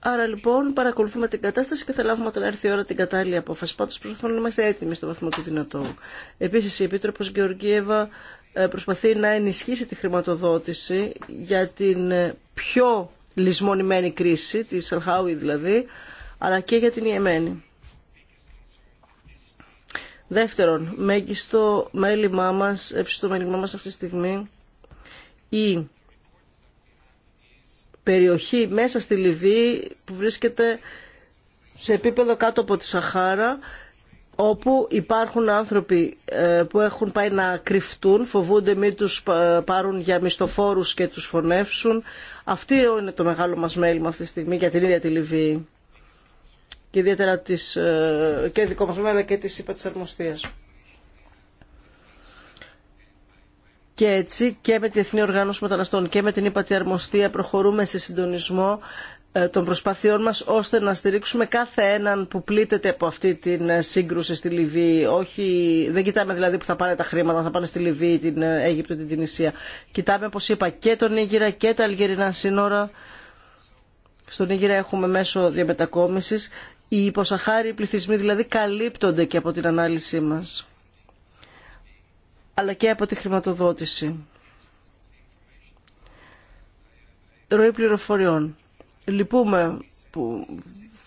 Άρα λοιπόν παρακολουθούμε την κατάσταση και θα λάβουμε όταν έρθει η ώρα την κατάλληλη απόφαση. Πάντω προσπαθούμε να είμαστε έτοιμοι στο βαθμό του δυνατό. Επίση η Επίτροπο Γεωργίευα ε, προσπαθεί να ενισχύσει τη χρηματοδότηση για την ε, πιο λησμονημένη κρίση, τη Σαλχάουι δηλαδή, αλλά και για την Ιεμένη. Δεύτερον, μέγιστο μέλημά μας, έψιστο μέλημά μας αυτή τη στιγμή, η περιοχή μέσα στη Λιβύη που βρίσκεται σε επίπεδο κάτω από τη Σαχάρα όπου υπάρχουν άνθρωποι ε, που έχουν πάει να κρυφτούν, φοβούνται μην τους ε, πάρουν για μισθοφόρους και τους φωνεύσουν. Αυτό είναι το μεγάλο μας μέλημα αυτή τη στιγμή για την ίδια τη Λιβύη και ιδιαίτερα της, ε, και δικό μας μέλημα και της ΥΠΑ της Αρμοστίας. Και έτσι και με την Εθνή Οργάνωση Μεταναστών και με την ΥΠΑΤΗ Αρμοστία προχωρούμε σε συντονισμό ε, των προσπαθειών μας ώστε να στηρίξουμε κάθε έναν που πλήττεται από αυτή την ε, σύγκρουση στη Λιβύη. Όχι, δεν κοιτάμε δηλαδή που θα πάνε τα χρήματα, θα πάνε στη Λιβύη, την ε, Αίγυπτο, την Τινησία. Κοιτάμε, όπως είπα, και τον Ήγυρα και τα Αλγερινά σύνορα. Στον Ήγυρα έχουμε μέσο διαμετακόμισης. Οι υποσαχάριοι πληθυσμοί δηλαδή καλύπτονται και από την ανάλυση μας. Αλλά και από τη χρηματοδότηση. Ροή πληροφοριών λυπούμε που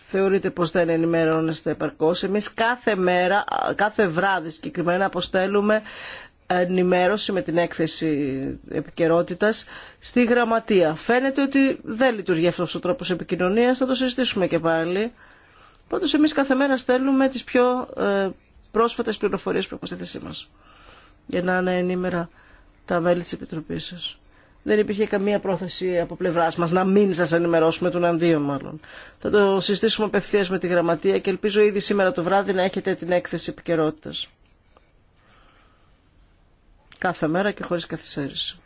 θεωρείτε πως δεν ενημερώνεστε επαρκώς. Εμείς κάθε μέρα, κάθε βράδυ συγκεκριμένα αποστέλουμε ενημέρωση με την έκθεση επικαιρότητα στη γραμματεία. Φαίνεται ότι δεν λειτουργεί αυτό ο τρόπος επικοινωνίας, θα το συζητήσουμε και πάλι. Πάντω, εμείς κάθε μέρα στέλνουμε τις πιο ε, πρόσφατες πληροφορίες που έχουμε στη θέση μας για να είναι ενήμερα τα μέλη της Επιτροπής σας δεν υπήρχε καμία πρόθεση από πλευρά μα να μην σα ενημερώσουμε τον αντίον μάλλον. Θα το συστήσουμε απευθεία με τη γραμματεία και ελπίζω ήδη σήμερα το βράδυ να έχετε την έκθεση επικαιρότητα. Κάθε μέρα και χωρίς καθυστέρηση.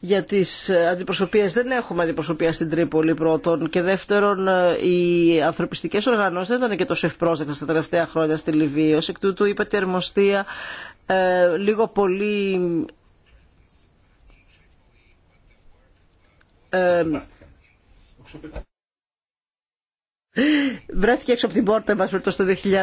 για τις ε, αντιπροσωπείες. Δεν έχουμε αντιπροσωπεία στην Τρίπολη πρώτον και δεύτερον ε, οι ανθρωπιστικές οργανώσεις δεν ήταν και τόσο ευπρόσδεκτε στα τελευταία χρόνια στη Λιβύη. Ως εκ τούτου είπατε αρμοστία ε, λίγο πολύ ε, βρέθηκε έξω από την πόρτα μας το 2010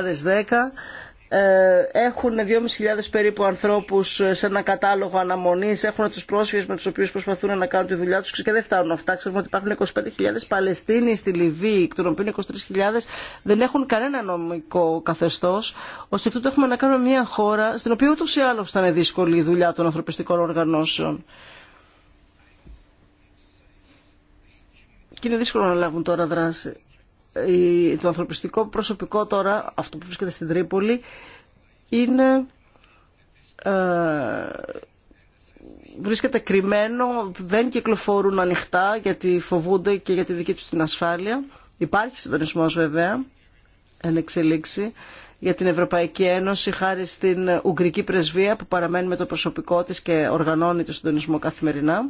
ε, έχουν 2.500 περίπου ανθρώπου σε ένα κατάλογο αναμονή, έχουν του πρόσφυγε με του οποίου προσπαθούν να κάνουν τη δουλειά του και δεν φτάνουν αυτά. Ξέρουμε ότι υπάρχουν 25.000 Παλαιστίνοι στη Λιβύη, εκ των οποίων 23.000 δεν έχουν κανένα νομικό καθεστώ Ωστόσο αυτό έχουμε να κάνουμε μια χώρα στην οποία ούτως ή άλλω ήταν δύσκολη η δουλειά των ανθρωπιστικών οργανώσεων. Και είναι δύσκολο να λάβουν τώρα δράση το ανθρωπιστικό προσωπικό τώρα, αυτό που βρίσκεται στην Τρίπολη, είναι ε, βρίσκεται κρυμμένο, δεν κυκλοφορούν ανοιχτά γιατί φοβούνται και για τη δική τους την ασφάλεια. Υπάρχει συντονισμός βέβαια, εν εξελίξη, για την Ευρωπαϊκή Ένωση χάρη στην Ουγγρική Πρεσβεία που παραμένει με το προσωπικό της και οργανώνει το συντονισμό καθημερινά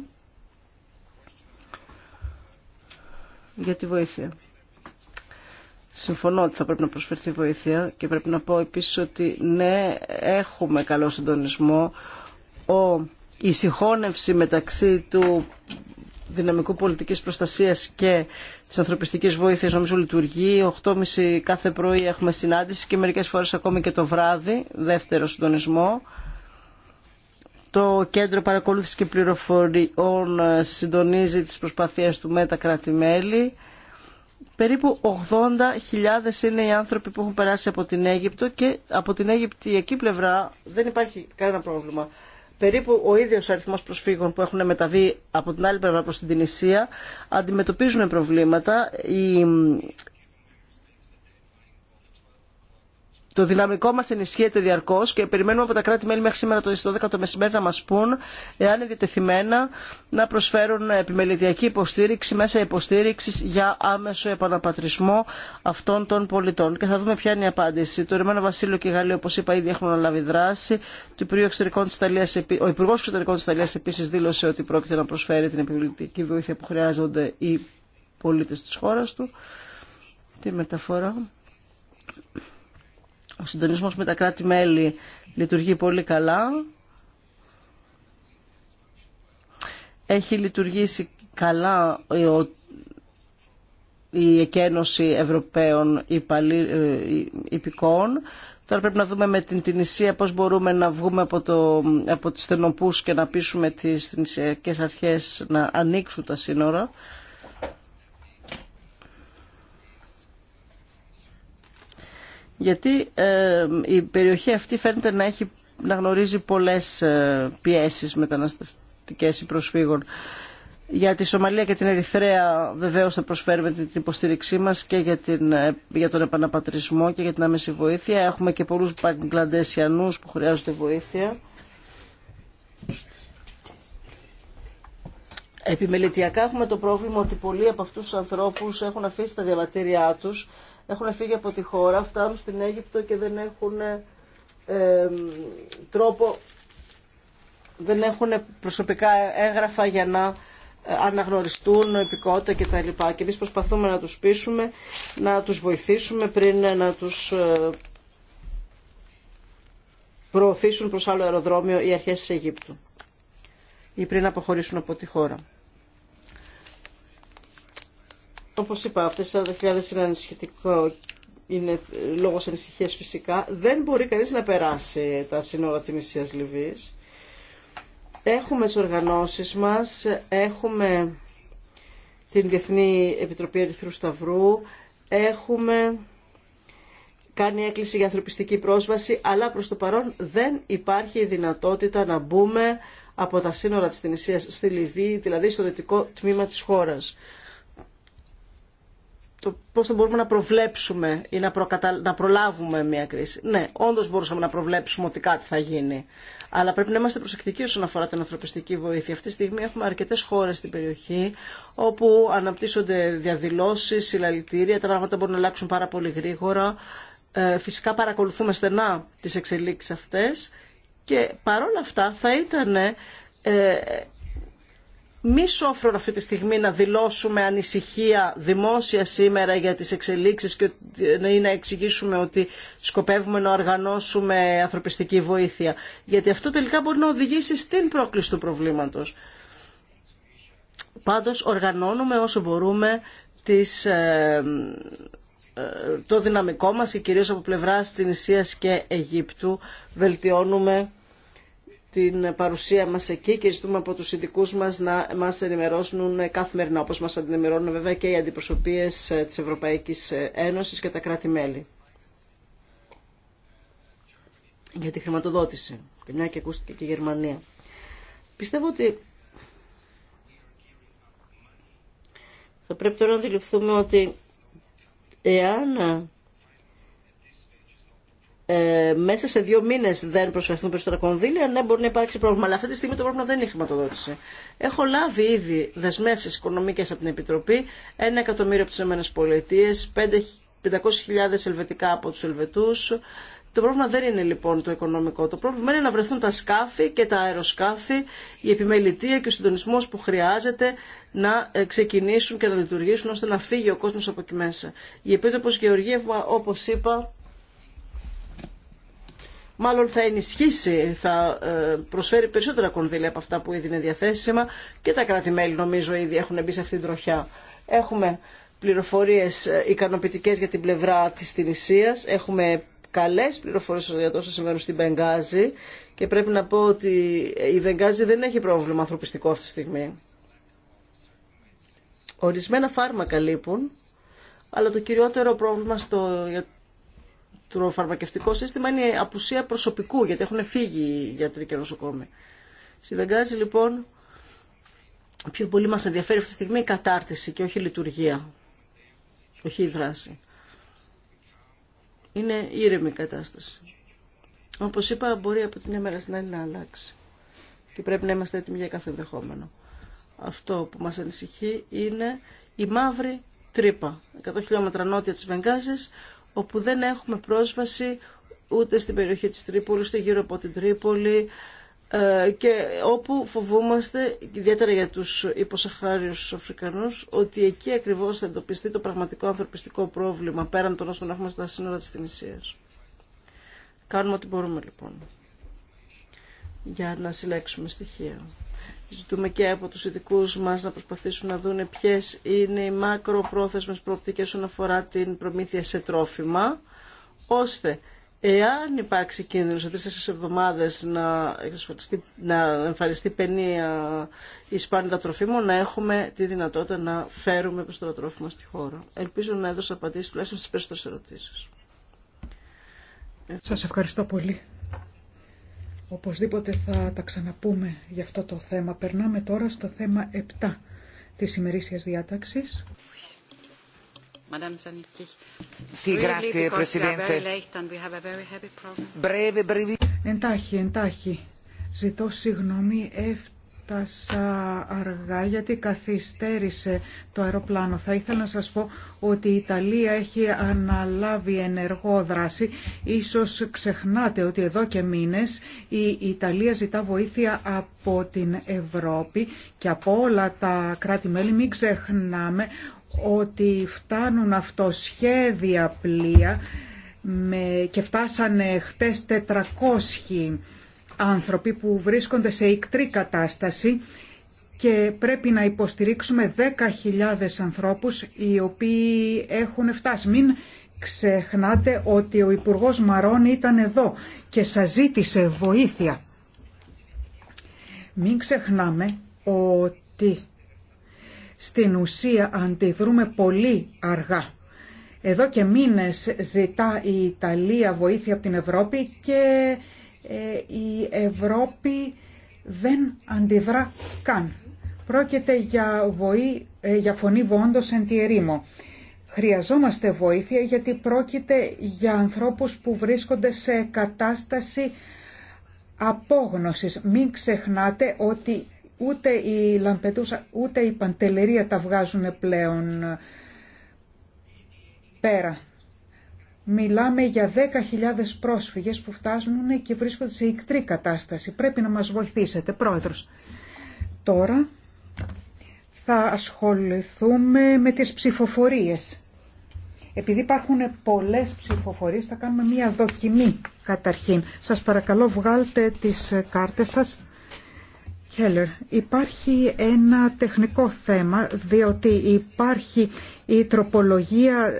για τη βοήθεια. Συμφωνώ ότι θα πρέπει να προσφερθεί βοήθεια και πρέπει να πω επίσης ότι ναι, έχουμε καλό συντονισμό. Ο, η συγχώνευση μεταξύ του δυναμικού πολιτικής προστασίας και της ανθρωπιστικής βοήθειας νομίζω λειτουργεί. 8.30 κάθε πρωί έχουμε συνάντηση και μερικές φορές ακόμη και το βράδυ, δεύτερο συντονισμό. Το Κέντρο Παρακολούθησης και Πληροφοριών συντονίζει τις προσπαθίες του με τα κράτη-μέλη Περίπου 80.000 είναι οι άνθρωποι που έχουν περάσει από την Αίγυπτο και από την εκεί πλευρά δεν υπάρχει κανένα πρόβλημα. Περίπου ο ίδιος αριθμός προσφύγων που έχουν μεταβεί από την άλλη πλευρά προς την Τινησία αντιμετωπίζουν προβλήματα. Η Το δυναμικό μα ενισχύεται διαρκώ και περιμένουμε από τα κράτη-μέλη μέχρι σήμερα το 12 το μεσημέρι να μα πούν εάν είναι διατεθειμένα να προσφέρουν επιμελητιακή υποστήριξη, μέσα υποστήριξη για άμεσο επαναπατρισμό αυτών των πολιτών. Και θα δούμε ποια είναι η απάντηση. Το Ρημένο Βασίλειο και η Γαλλία, όπω είπα, ήδη έχουν αναλάβει δράση. Το Εξωτερικών της Ιταλίας, ο Υπουργό Εξωτερικών τη Ιταλία επίση δήλωσε ότι πρόκειται να προσφέρει την επιμελητιακή βοήθεια που χρειάζονται οι πολίτε τη χώρα του. Τη μεταφορά. Ο συντονισμός με τα κράτη-μέλη λειτουργεί πολύ καλά. Έχει λειτουργήσει καλά η εκένωση Ευρωπαίων ε, υπηκών. Τώρα πρέπει να δούμε με την Τινησία πώς μπορούμε να βγούμε από, το, από τις θενοπούς και να πείσουμε τις τινησιακές αρχές να ανοίξουν τα σύνορα. γιατί ε, η περιοχή αυτή φαίνεται να, έχει, να γνωρίζει πολλές ε, πιέσεις μεταναστευτικές ή προσφύγων. Για τη Σομαλία και την Ερυθρέα βεβαίως θα προσφέρουμε την υποστήριξή μας και για, την, ε, για τον επαναπατρισμό και για την άμεση βοήθεια. Έχουμε και πολλούς Παγκλαντέσιανούς που χρειάζονται βοήθεια. Επιμελητιακά έχουμε το πρόβλημα ότι πολλοί από αυτούς τους ανθρώπους έχουν αφήσει τα διαβατήριά τους έχουν φύγει από τη χώρα, φτάνουν στην Αίγυπτο και δεν έχουν ε, τρόπο, δεν έχουν προσωπικά έγγραφα για να ε, αναγνωριστούν επικότητα κτλ. Και εμεί προσπαθούμε να τους πείσουμε, να τους βοηθήσουμε πριν να τους ε, προωθήσουν προς άλλο αεροδρόμιο οι αρχές της Αιγύπτου ή πριν αποχωρήσουν από τη χώρα. Όπως είπα, αυτέ οι 40.000 είναι ανησυχητικό είναι λόγος φυσικά, δεν μπορεί κανείς να περάσει τα σύνορα νησία Λιβύης. Έχουμε τι οργανώσεις μας, έχουμε την Διεθνή Επιτροπή Ερυθρού Σταυρού, έχουμε κάνει έκκληση για ανθρωπιστική πρόσβαση, αλλά προς το παρόν δεν υπάρχει δυνατότητα να μπούμε από τα σύνορα της Τινησίας στη Λιβύη, δηλαδή στο δυτικό τμήμα της χώρας το πώ θα μπορούμε να προβλέψουμε ή να, προλάβουμε μια κρίση. Ναι, όντω μπορούσαμε να προβλέψουμε ότι κάτι θα γίνει. Αλλά πρέπει να είμαστε προσεκτικοί όσον αφορά την ανθρωπιστική βοήθεια. Αυτή τη στιγμή έχουμε αρκετέ χώρε στην περιοχή όπου αναπτύσσονται διαδηλώσει, συλλαλητήρια, τα πράγματα μπορούν να αλλάξουν πάρα πολύ γρήγορα. Ε, φυσικά παρακολουθούμε στενά τι εξελίξει αυτέ και παρόλα αυτά θα ήταν ε, μη σόφρον αυτή τη στιγμή να δηλώσουμε ανησυχία δημόσια σήμερα για τις εξελίξεις και να εξηγήσουμε ότι σκοπεύουμε να οργανώσουμε ανθρωπιστική βοήθεια. Γιατί αυτό τελικά μπορεί να οδηγήσει στην πρόκληση του προβλήματος. Πάντως οργανώνουμε όσο μπορούμε τις, ε, ε, το δυναμικό μας και κυρίως από πλευράς Τινησίας και Αιγύπτου βελτιώνουμε την παρουσία μας εκεί και ζητούμε από τους ειδικού μας να μας ενημερώσουν καθημερινά, όπως μας ενημερώνουν βέβαια και οι αντιπροσωπείες ε, της Ευρωπαϊκής ε, Ένωσης και τα κράτη-μέλη. Για τη χρηματοδότηση, και μια και ακούστηκε και η Γερμανία. Πιστεύω ότι θα πρέπει τώρα να αντιληφθούμε ότι εάν ε, μέσα σε δύο μήνε δεν προσφερθούν περισσότερα κονδύλια, ναι, μπορεί να υπάρξει πρόβλημα. Αλλά αυτή τη στιγμή το πρόβλημα δεν είναι χρηματοδότηση. Έχω λάβει ήδη δεσμεύσει οικονομικέ από την Επιτροπή, ένα εκατομμύριο από τι ΗΠΑ, 500.000 ελβετικά από του Ελβετού. Το πρόβλημα δεν είναι λοιπόν το οικονομικό. Το πρόβλημα είναι να βρεθούν τα σκάφη και τα αεροσκάφη, η επιμελητία και ο συντονισμό που χρειάζεται να ε, ξεκινήσουν και να λειτουργήσουν ώστε να φύγει ο κόσμο από εκεί μέσα. Η Επίτροπο Γεωργίευμα, όπω είπα, μάλλον θα ενισχύσει, θα ε, προσφέρει περισσότερα κονδύλια από αυτά που ήδη είναι διαθέσιμα και τα κράτη-μέλη νομίζω ήδη έχουν μπει σε αυτήν την τροχιά. Έχουμε πληροφορίες ε, ικανοποιητικές για την πλευρά της Τινησίας, έχουμε καλές πληροφορίες για τόσα συμβαίνουν στην Μπενγκάζη και πρέπει να πω ότι η Βενγκάζη δεν έχει πρόβλημα ανθρωπιστικό αυτή τη στιγμή. Ορισμένα φάρμακα λείπουν, αλλά το κυριότερο πρόβλημα στο, για το φαρμακευτικό σύστημα είναι η απουσία προσωπικού, γιατί έχουν φύγει οι γιατροί και νοσοκόμοι. Στη Βεγγάζη λοιπόν πιο πολύ μας ενδιαφέρει αυτή τη στιγμή η κατάρτιση και όχι η λειτουργία, όχι η δράση. Είναι ήρεμη η κατάσταση. Όπως είπα μπορεί από τη μια μέρα στην άλλη να αλλάξει και πρέπει να είμαστε έτοιμοι για κάθε ενδεχόμενο. Αυτό που μας ανησυχεί είναι η μαύρη τρύπα, 100 χιλιόμετρα νότια της Βεγγάζης, όπου δεν έχουμε πρόσβαση ούτε στην περιοχή της Τρίπολης, ούτε γύρω από την Τρίπολη ε, και όπου φοβούμαστε, ιδιαίτερα για τους υποσαχάριους Αφρικανούς, ότι εκεί ακριβώς θα εντοπιστεί το πραγματικό ανθρωπιστικό πρόβλημα πέραν των όσων έχουμε στα σύνορα της Τινησίας. Κάνουμε ό,τι μπορούμε λοιπόν για να συλλέξουμε στοιχεία. Ζητούμε και από τους ειδικού μας να προσπαθήσουν να δούνε ποιες είναι οι μακροπρόθεσμες προοπτικές όσον αφορά την προμήθεια σε τρόφιμα, ώστε εάν υπάρξει κίνδυνο σε τρεις-τέσσερις εβδομάδες να, να εμφανιστεί παινία η σπάνιδα τροφίμων, να έχουμε τη δυνατότητα να φέρουμε προς το τρόφιμα στη χώρα. Ελπίζω να έδωσα απαντήσεις τουλάχιστον στις περισσότερες ερωτήσεις. Σας ευχαριστώ πολύ. Οπωσδήποτε θα τα ξαναπούμε για αυτό το θέμα. Περνάμε τώρα στο θέμα 7 της ημερήσιας διάταξης. Εντάχει, εντάχει. Ζητώ συγγνώμη, Φτάσα αργά γιατί καθυστέρησε το αεροπλάνο. Θα ήθελα να σας πω ότι η Ιταλία έχει αναλάβει ενεργό δράση. Ίσως ξεχνάτε ότι εδώ και μήνες η Ιταλία ζητά βοήθεια από την Ευρώπη και από όλα τα κράτη-μέλη. Μην ξεχνάμε ότι φτάνουν αυτοσχέδια πλοία με... και φτάσανε χτες 400 άνθρωποι που βρίσκονται σε ικτρή κατάσταση και πρέπει να υποστηρίξουμε 10.000 ανθρώπους οι οποίοι έχουν φτάσει. Μην ξεχνάτε ότι ο Υπουργός Μαρών ήταν εδώ και σας ζήτησε βοήθεια. Μην ξεχνάμε ότι στην ουσία αντιδρούμε πολύ αργά. Εδώ και μήνες ζητά η Ιταλία βοήθεια από την Ευρώπη και ε, η Ευρώπη δεν αντιδρά καν. Πρόκειται για, βοή, ε, για φωνή βόντος εν τη ερήμο. Χρειαζόμαστε βοήθεια γιατί πρόκειται για ανθρώπους που βρίσκονται σε κατάσταση απόγνωσης. Μην ξεχνάτε ότι ούτε η Λαμπετούσα ούτε η Παντελερία τα βγάζουν πλέον πέρα. Μιλάμε για 10.000 πρόσφυγες που φτάσουν και βρίσκονται σε ικτρή κατάσταση. Πρέπει να μας βοηθήσετε, Πρόεδρος. Τώρα θα ασχοληθούμε με τις ψηφοφορίες. Επειδή υπάρχουν πολλές ψηφοφορίες, θα κάνουμε μία δοκιμή καταρχήν. Σας παρακαλώ βγάλτε τις κάρτες σας. Χέλλερ, υπάρχει ένα τεχνικό θέμα, διότι υπάρχει η τροπολογία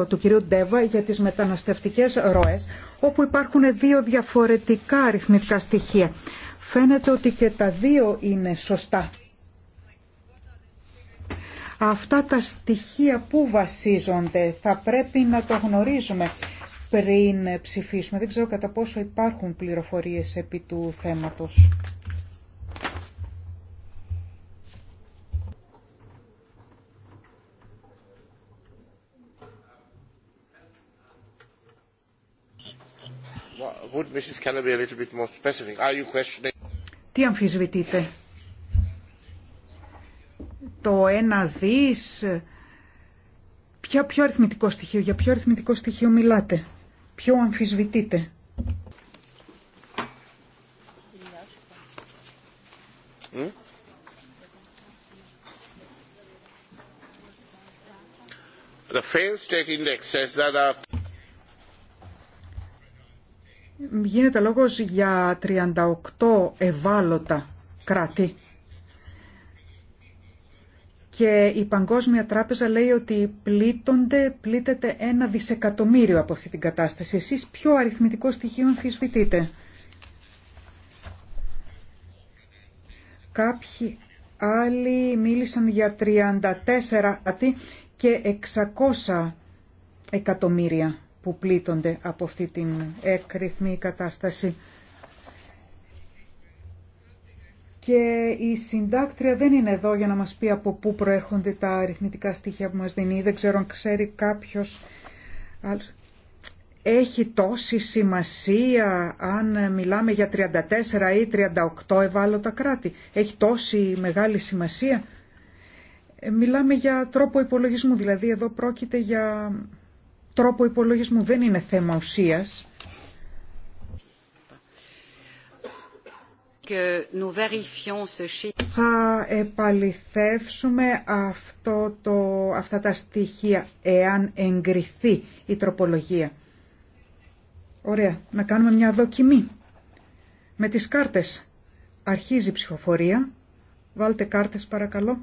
2 του κυρίου Ντέβα για τις μεταναστευτικές ροές, όπου υπάρχουν δύο διαφορετικά αριθμητικά στοιχεία. Φαίνεται ότι και τα δύο είναι σωστά. Αυτά τα στοιχεία που βασίζονται θα πρέπει να το γνωρίζουμε πριν ψηφίσουμε. Δεν ξέρω κατά πόσο υπάρχουν πληροφορίες επί του θέματος. would Mrs. Keller be a little bit more specific? Are you questioning... Τι αμφισβητείτε? Το ένα δις... Ποια, ποιο αριθμητικό στοιχείο, για ποιο αριθμητικό στοιχείο μιλάτε, ποιο αμφισβητείτε. Hm? The failed state index says that after... Γίνεται λόγος για 38 ευάλωτα κράτη. Και η Παγκόσμια Τράπεζα λέει ότι πλήττονται, πλήττεται ένα δισεκατομμύριο από αυτή την κατάσταση. Εσείς ποιο αριθμητικό στοιχείο αμφισβητείτε. Κάποιοι άλλοι μίλησαν για 34 και 600 εκατομμύρια που πλήττονται από αυτή την έκρηθμη κατάσταση. Και η συντάκτρια δεν είναι εδώ για να μας πει από πού προέρχονται τα αριθμητικά στοιχεία που μας δίνει. Δεν ξέρω αν ξέρει κάποιος Έχει τόση σημασία αν μιλάμε για 34 ή 38 ευάλωτα κράτη. Έχει τόση μεγάλη σημασία. Ε, μιλάμε για τρόπο υπολογισμού, δηλαδή εδώ πρόκειται για τρόπο υπολογισμού δεν είναι θέμα ουσίας. Θα επαληθεύσουμε αυτό το, αυτά τα στοιχεία εάν εγκριθεί η τροπολογία. Ωραία, να κάνουμε μια δοκιμή. Με τις κάρτες αρχίζει η ψηφοφορία. Βάλτε κάρτες παρακαλώ.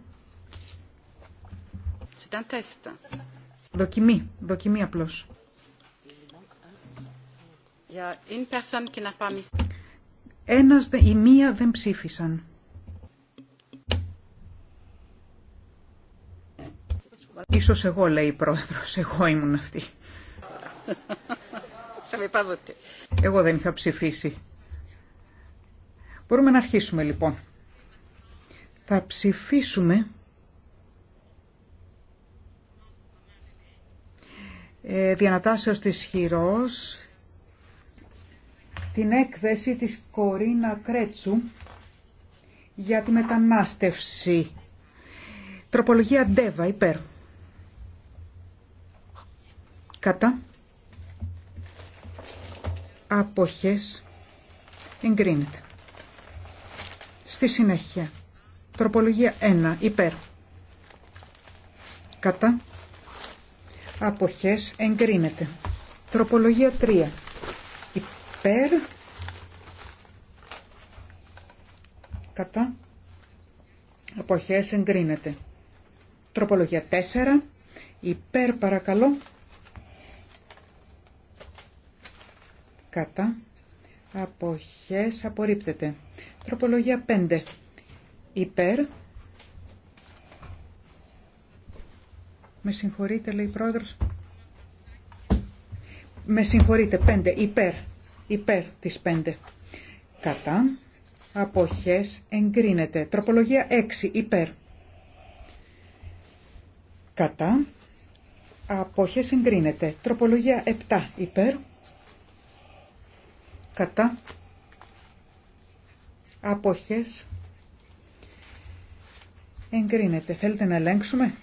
Δοκιμή, δοκιμή απλώς. Ένας ή μία δεν ψήφισαν. Ίσως εγώ, λέει η πρόεδρος, εγώ ήμουν αυτή. Εγώ δεν είχα ψηφίσει. Μπορούμε να αρχίσουμε λοιπόν. Θα ψηφίσουμε Ε, διανατάσεως της χειρός την έκθεση της Κορίνα Κρέτσου για τη μετανάστευση. Τροπολογία Ντέβα, υπέρ. Κατά. Αποχές. Εγκρίνεται. Στη συνέχεια. Τροπολογία 1, υπέρ. Κατά αποχές εγκρίνεται. Τροπολογία 3. Υπέρ, κατά, αποχές εγκρίνεται. Τροπολογία 4. Υπέρ παρακαλώ, κατά, αποχές απορρίπτεται. Τροπολογία 5. Υπέρ, Με συγχωρείτε, λέει η Με συγχωρείτε, πέντε Υπέρ. Υπέρ τις πέντε Κατά. Αποχές εγκρίνεται. Τροπολογία έξι Υπέρ. Κατά. Αποχές εγκρίνεται. Τροπολογία επτά Υπέρ. Κατά. Αποχές εγκρίνεται. Θέλετε να ελέγξουμε.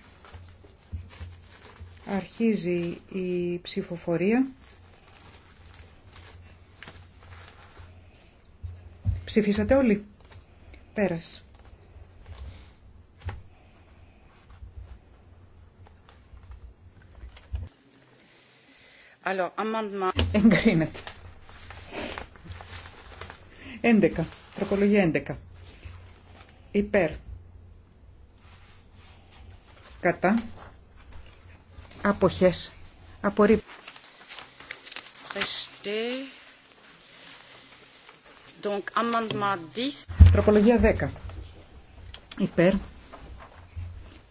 Αρχίζει η ψηφοφορία. Ψηφίσατε όλοι. Πέρας. Εγκρίνεται. 11. Τροπολογία 11. Υπέρ. Κατά αποχές Απορρίπτω. Τροπολογία 10. Υπέρ.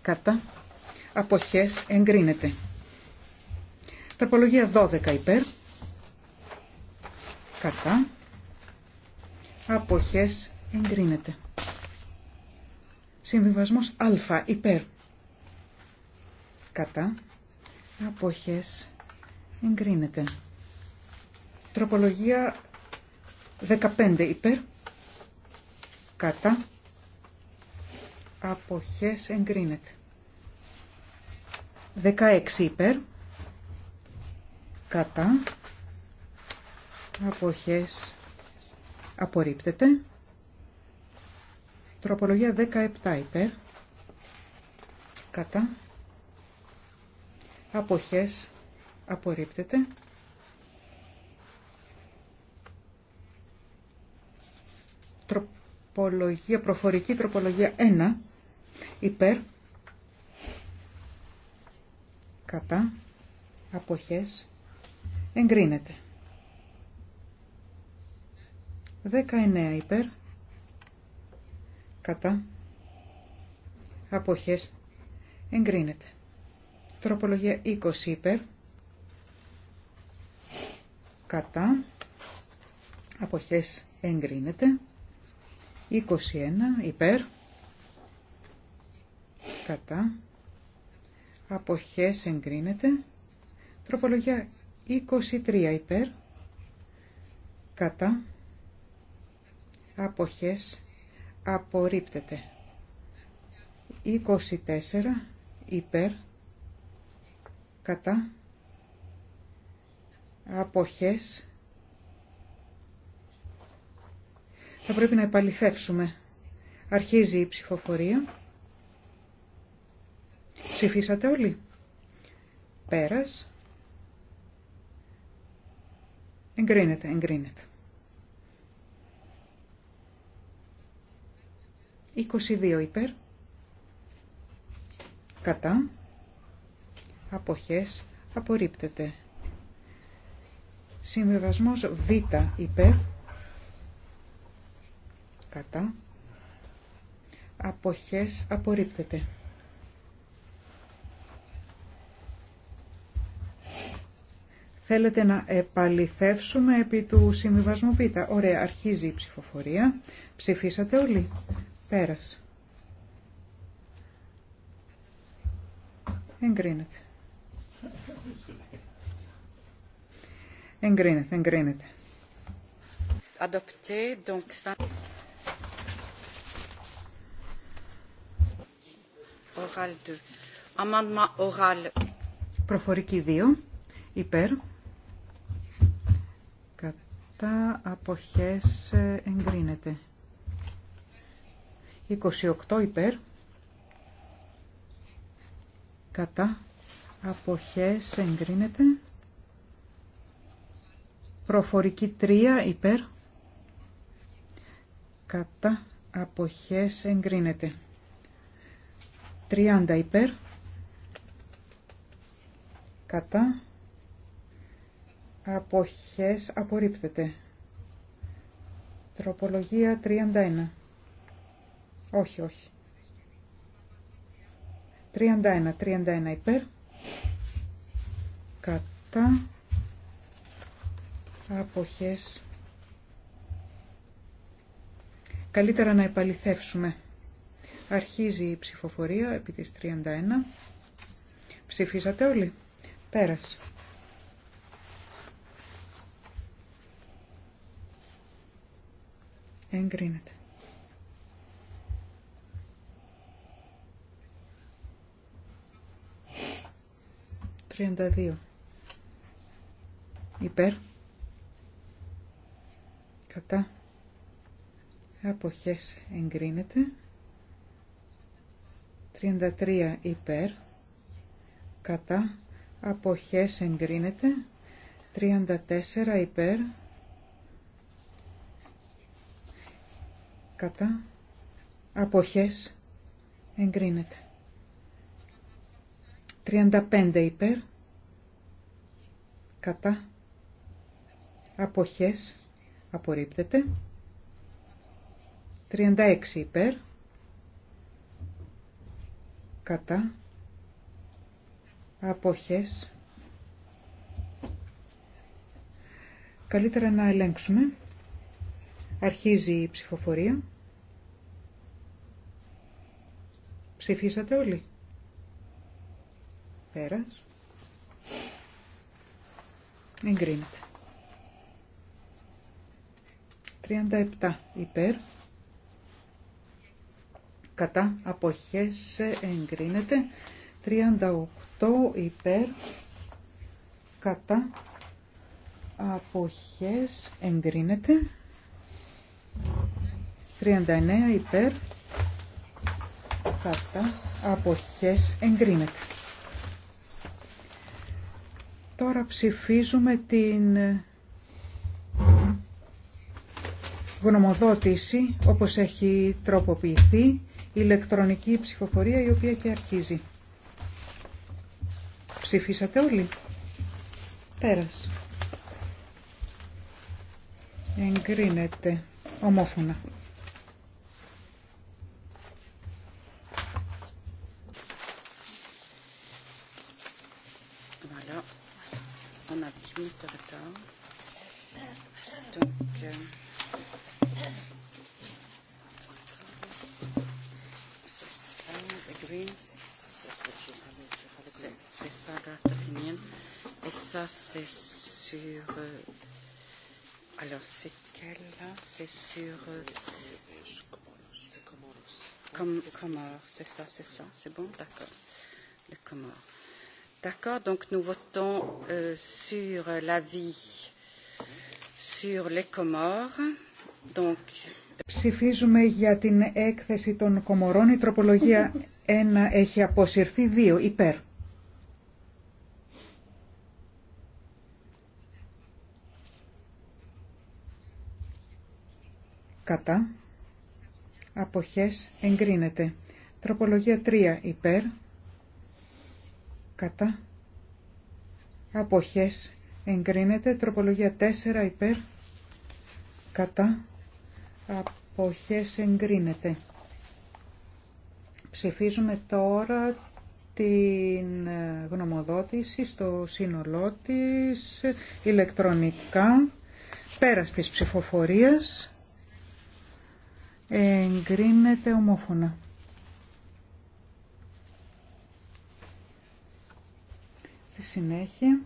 Κατά. Αποχές εγκρίνεται. Τροπολογία 12 υπέρ. Κατά. Αποχές εγκρίνεται. Συμβιβασμός α υπέρ. Κατά αποχές εγκρίνεται. Τροπολογία 15 υπέρ, κατά, αποχές εγκρίνεται. 16 υπέρ, κατά, αποχές απορρίπτεται. Τροπολογία 17 υπέρ, κατά, αποχές απορρίπτεται. Τροπολογία, προφορική τροπολογία 1, υπέρ, κατά, αποχές, εγκρίνεται. 19 υπέρ, κατά, αποχές, εγκρίνεται. Τροπολογία 20 υπέρ. Κατά. Αποχές εγκρίνεται. 21 υπέρ. Κατά. Αποχές εγκρίνεται. Τροπολογία 23 υπέρ. Κατά. Αποχές απορρίπτεται. 24 υπέρ κατά αποχές θα πρέπει να επαληθεύσουμε. Αρχίζει η ψηφοφορία. Ψηφίσατε όλοι. Πέρας. Εγκρίνεται, εγκρίνεται. 22 υπέρ. Κατά αποχές απορρίπτεται. Συμβιβασμός Β υπέρ κατά αποχές απορρίπτεται. Θέλετε να επαληθεύσουμε επί του συμβιβασμού Β. Ωραία, αρχίζει η ψηφοφορία. Ψηφίσατε όλοι. Πέρας. Εγκρίνεται. Εγκρίνεται, εγκρίνεται. Adopté, donc... Oral Amendement oral. Προφορική 2. Ε, υπέρ. Κατά αποχές εγκρίνεται. 28 υπέρ. Κατά αποχές εγκρίνεται. Προφορική 3 υπέρ. Κατά αποχές εγκρίνεται. 30 υπέρ. Κατά αποχές απορρίπτεται. Τροπολογία 31. Όχι, όχι. 31, 31 υπέρ. Κατά αποχές καλύτερα να επαληθεύσουμε αρχίζει η ψηφοφορία επί της 31 ψηφίσατε όλοι πέρασε εγκρίνεται 32. Υπέρ κατά αποχές εγκρίνεται 33 υπέρ κατά αποχές εγκρίνεται 34 υπέρ κατά αποχές εγκρίνεται 35 υπέρ κατά αποχές απορρίπτεται. 36 υπέρ, κατά, αποχές. Καλύτερα να ελέγξουμε. Αρχίζει η ψηφοφορία. Ψηφίσατε όλοι. Πέρας. Εγκρίνεται. 37 υπέρ. Κατά αποχές εγκρίνεται. 38 υπέρ. Κατά αποχές εγκρίνεται. 39 υπέρ. Κατά αποχές εγκρίνεται. Τώρα ψηφίζουμε την γνωμοδότηση όπως έχει τροποποιηθεί ηλεκτρονική ψηφοφορία η οποία και αρχίζει. Ψηφίσατε όλοι. Πέρας. Εγκρίνεται ομόφωνα. Voilà. C'est ça, Et ça, c'est sur. Alors, c'est quelle là C'est sur. Comores. C'est ça, c'est ça. C'est bon D'accord. Le Comores. D'accord, donc nous votons sur l'avis sur les Comores. Donc. Ψηφίζουμε για την έκθεση των Κομορών. Η τροπολογία ένα έχει αποσυρθεί, δύο υπέρ. Κατά. Αποχές εγκρίνεται. Τροπολογία 3 υπέρ. Κατά. Αποχές εγκρίνεται. Τροπολογία 4 υπέρ. Κατά. Αποχές εγκρίνεται. Ψηφίζουμε τώρα την γνωμοδότηση στο σύνολό της ηλεκτρονικά πέρα της ψηφοφορίας εγκρίνεται ομόφωνα. Στη συνέχεια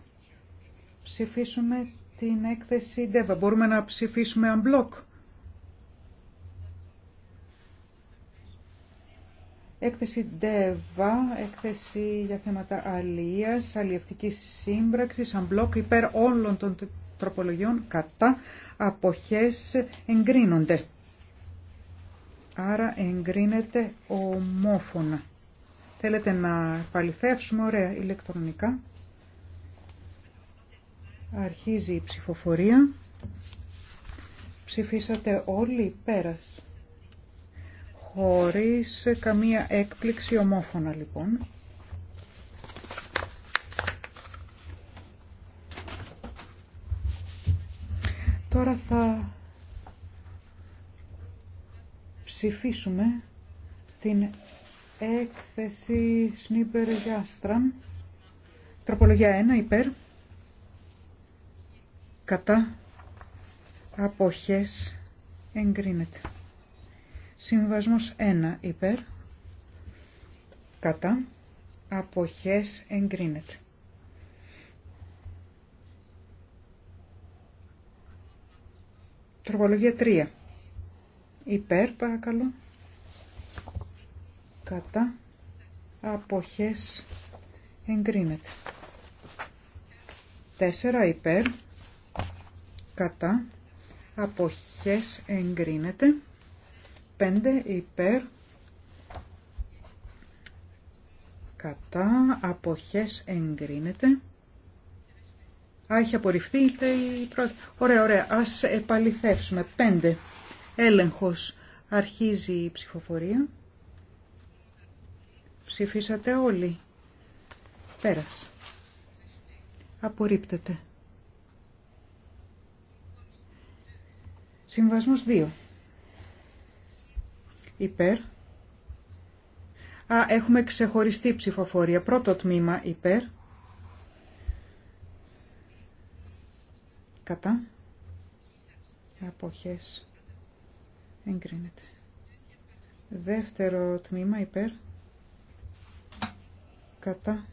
ψηφίσουμε την έκθεση DEVA. Μπορούμε να ψηφίσουμε unblock. Έκθεση ΔΕΒΑ, έκθεση για θέματα αλίας, αλλιευτικής σύμπραξης, μπλοκ υπέρ όλων των τροπολογιών κατά αποχές εγκρίνονται. Άρα εγκρίνεται ομόφωνα. Θέλετε να παληθεύσουμε, ωραία, ηλεκτρονικά. Αρχίζει η ψηφοφορία. Ψηφίσατε όλοι πέρας. Χωρίς καμία έκπληξη ομόφωνα λοιπόν. Τώρα θα ψηφίσουμε την έκθεση Σνίπερ Γιάστραν, Τροπολογία 1 υπέρ. Κατά. Αποχές εγκρίνεται. Συμβασμός 1 υπέρ, κατά, αποχές εγκρίνεται. Τροπολογία 3. Υπέρ, παρακαλώ. Κατά. Αποχές. Εγκρίνεται. 4. Υπέρ. Κατά. Αποχές. Εγκρίνεται. 5 υπέρ κατά αποχές εγκρίνεται. Α, έχει απορριφθεί η πρώτη. Ωραία, ωραία. Ας επαληθεύσουμε. 5. Έλεγχος. Αρχίζει η ψηφοφορία. Ψηφίσατε όλοι. Πέρας. Απορρίπτεται. Συμβασμός 2 υπέρ. Α, έχουμε ξεχωριστή ψηφοφορία. Πρώτο τμήμα υπέρ. Κατά. Αποχές. Εγκρίνεται. Δεύτερο τμήμα υπέρ. Κατά.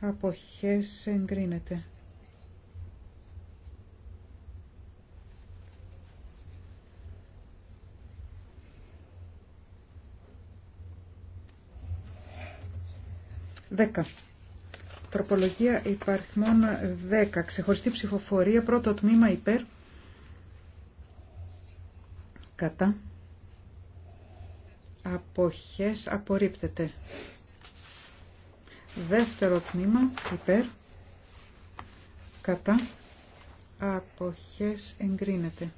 Αποχές εγκρίνεται. 10. Τροπολογία υπαριθμών 10. Ξεχωριστή ψηφοφορία. Πρώτο τμήμα υπέρ. Κατά. Αποχές απορρίπτεται. Δεύτερο τμήμα υπέρ. Κατά. Αποχές εγκρίνεται.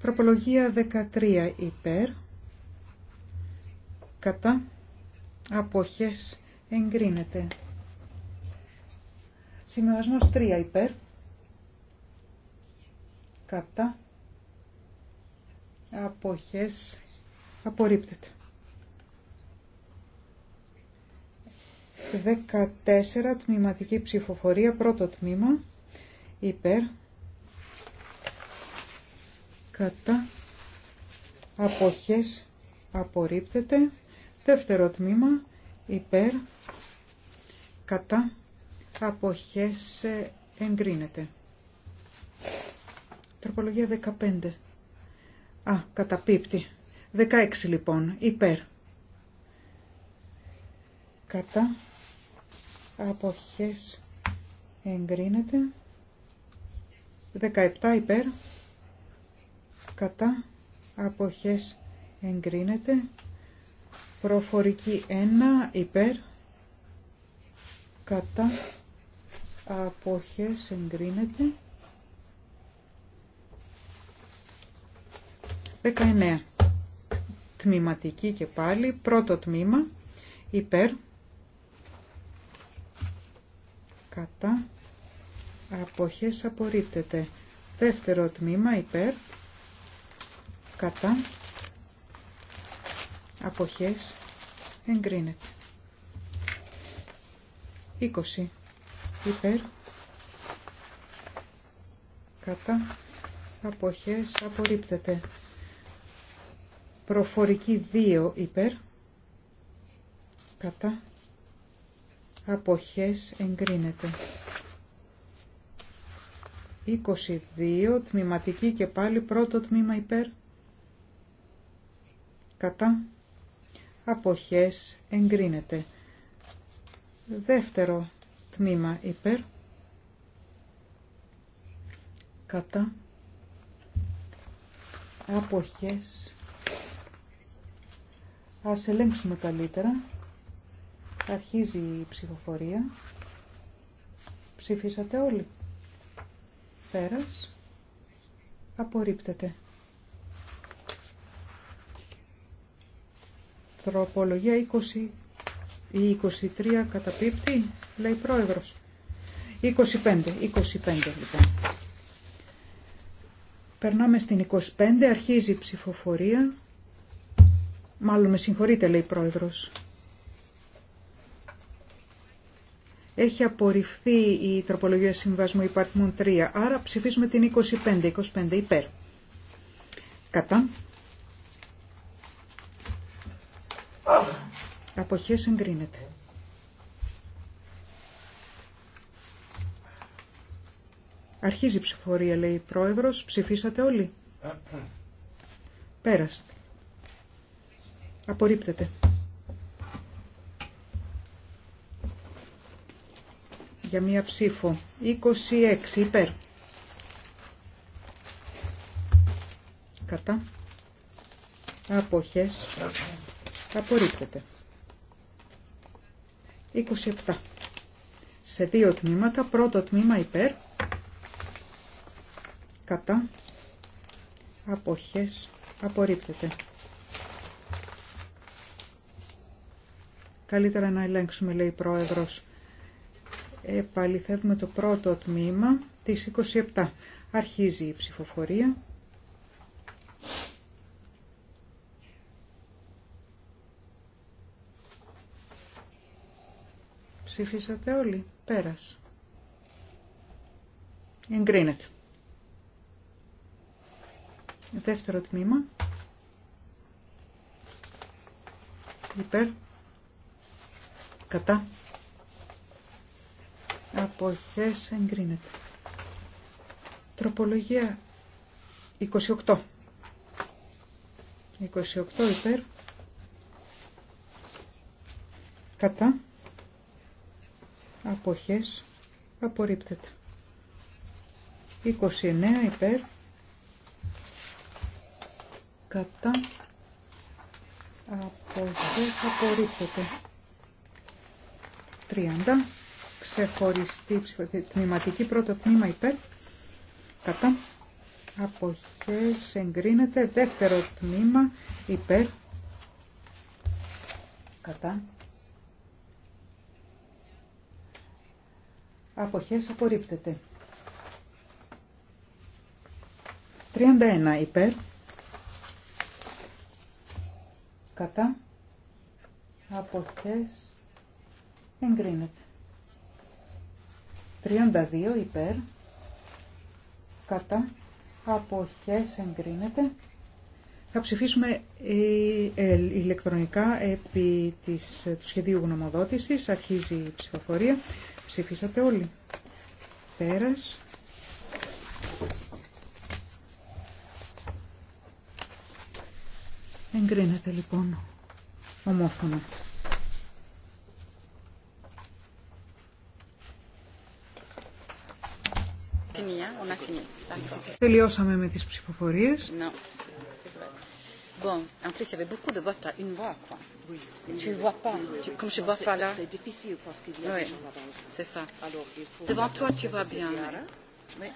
Τροπολογία 13 υπέρ κατά αποχές εγκρίνεται. Σημειώσμος 3 υπέρ κατά αποχές απορρίπτεται. 14 τμήματική ψηφοφορία πρώτο τμήμα υπέρ κατά αποχές απορρίπτεται Δεύτερο τμήμα υπέρ κατά αποχές ε, εγκρίνεται. Τροπολογία 15. Α, καταπίπτει. 16 λοιπόν, υπέρ. Κατά αποχές εγκρίνεται. 17 υπέρ. Κατά αποχές εγκρίνεται. Προφορική 1 υπέρ κατά αποχές εγκρίνεται. 19. Τμηματική και πάλι. Πρώτο τμήμα υπέρ κατά αποχές απορρίπτεται. Δεύτερο τμήμα υπέρ κατά αποχές εγκρίνεται. 20 υπέρ κατά αποχές απορρίπτεται. Προφορική 2 υπέρ κατά αποχές εγκρίνεται. 22 τμηματική και πάλι πρώτο τμήμα υπέρ κατά αποχές εγκρίνεται. Δεύτερο τμήμα υπέρ, κατά, αποχές. Ας ελέγξουμε καλύτερα. Αρχίζει η ψηφοφορία. Ψηφίσατε όλοι. Πέρας. Απορρίπτεται. Τροπολογία 20 ή 23 καταπίπτει, λέει πρόεδρος. 25, 25 λοιπόν. Περνάμε στην 25, αρχίζει η ψηφοφορία. Μάλλον με συγχωρείτε, λέει πρόεδρος. Έχει απορριφθεί η τροπολογία συμβασμού υπαρτμούν 3, άρα ψηφίζουμε την 25, 25 υπέρ. Κατά. Αποχές εγκρίνεται. Αρχίζει η ψηφορία, λέει η πρόεδρος. Ψηφίσατε όλοι. Πέραστε. Απορρίπτεται. Για μία ψήφο. 26 υπέρ. Κατά. Αποχές. Απορρίπτεται. 27. Σε δύο τμήματα. Πρώτο τμήμα υπέρ. Κατά. Αποχές. Απορρίπτεται. Καλύτερα να ελέγξουμε, λέει η Πρόεδρος. Επαληθεύουμε το πρώτο τμήμα της 27. Αρχίζει η ψηφοφορία. Ψηφίσατε όλοι. Πέρας. Εγκρίνεται. Δεύτερο τμήμα. Υπέρ. Κατά. Αποχές εγκρίνεται. Τροπολογία 28. 28 υπέρ. Κατά αποχές απορρίπτεται 29 υπέρ κατά αποχές απορρίπτεται 30 ξεχωριστή τμηματική πρώτο τμήμα υπέρ κατά αποχές εγκρίνεται δεύτερο τμήμα υπέρ κατά Αποχές απορρίπτεται. 31 υπέρ. Κατά. Αποχές εγκρίνεται. 32 υπέρ. Κατά. Αποχές εγκρίνεται. Θα ψηφίσουμε ε, ε, ηλεκτρονικά επί της, ε, του σχεδίου γνωμοδότησης. Αρχίζει η ψηφοφορία. Ψηφίσατε όλοι. Πέρας. Εγκρίνεται λοιπόν ομόφωνα. Τελειώσαμε με τις ψηφοφορίες. Bon, en plus, il y avait beaucoup de votes à une voix, quoi. Oui. Tu ne vois pas. tu, comme je ne vois pas là. C'est difficile parce qu'il y a des gens là-bas C'est ça. Devant toi, tu vois bien. Oui.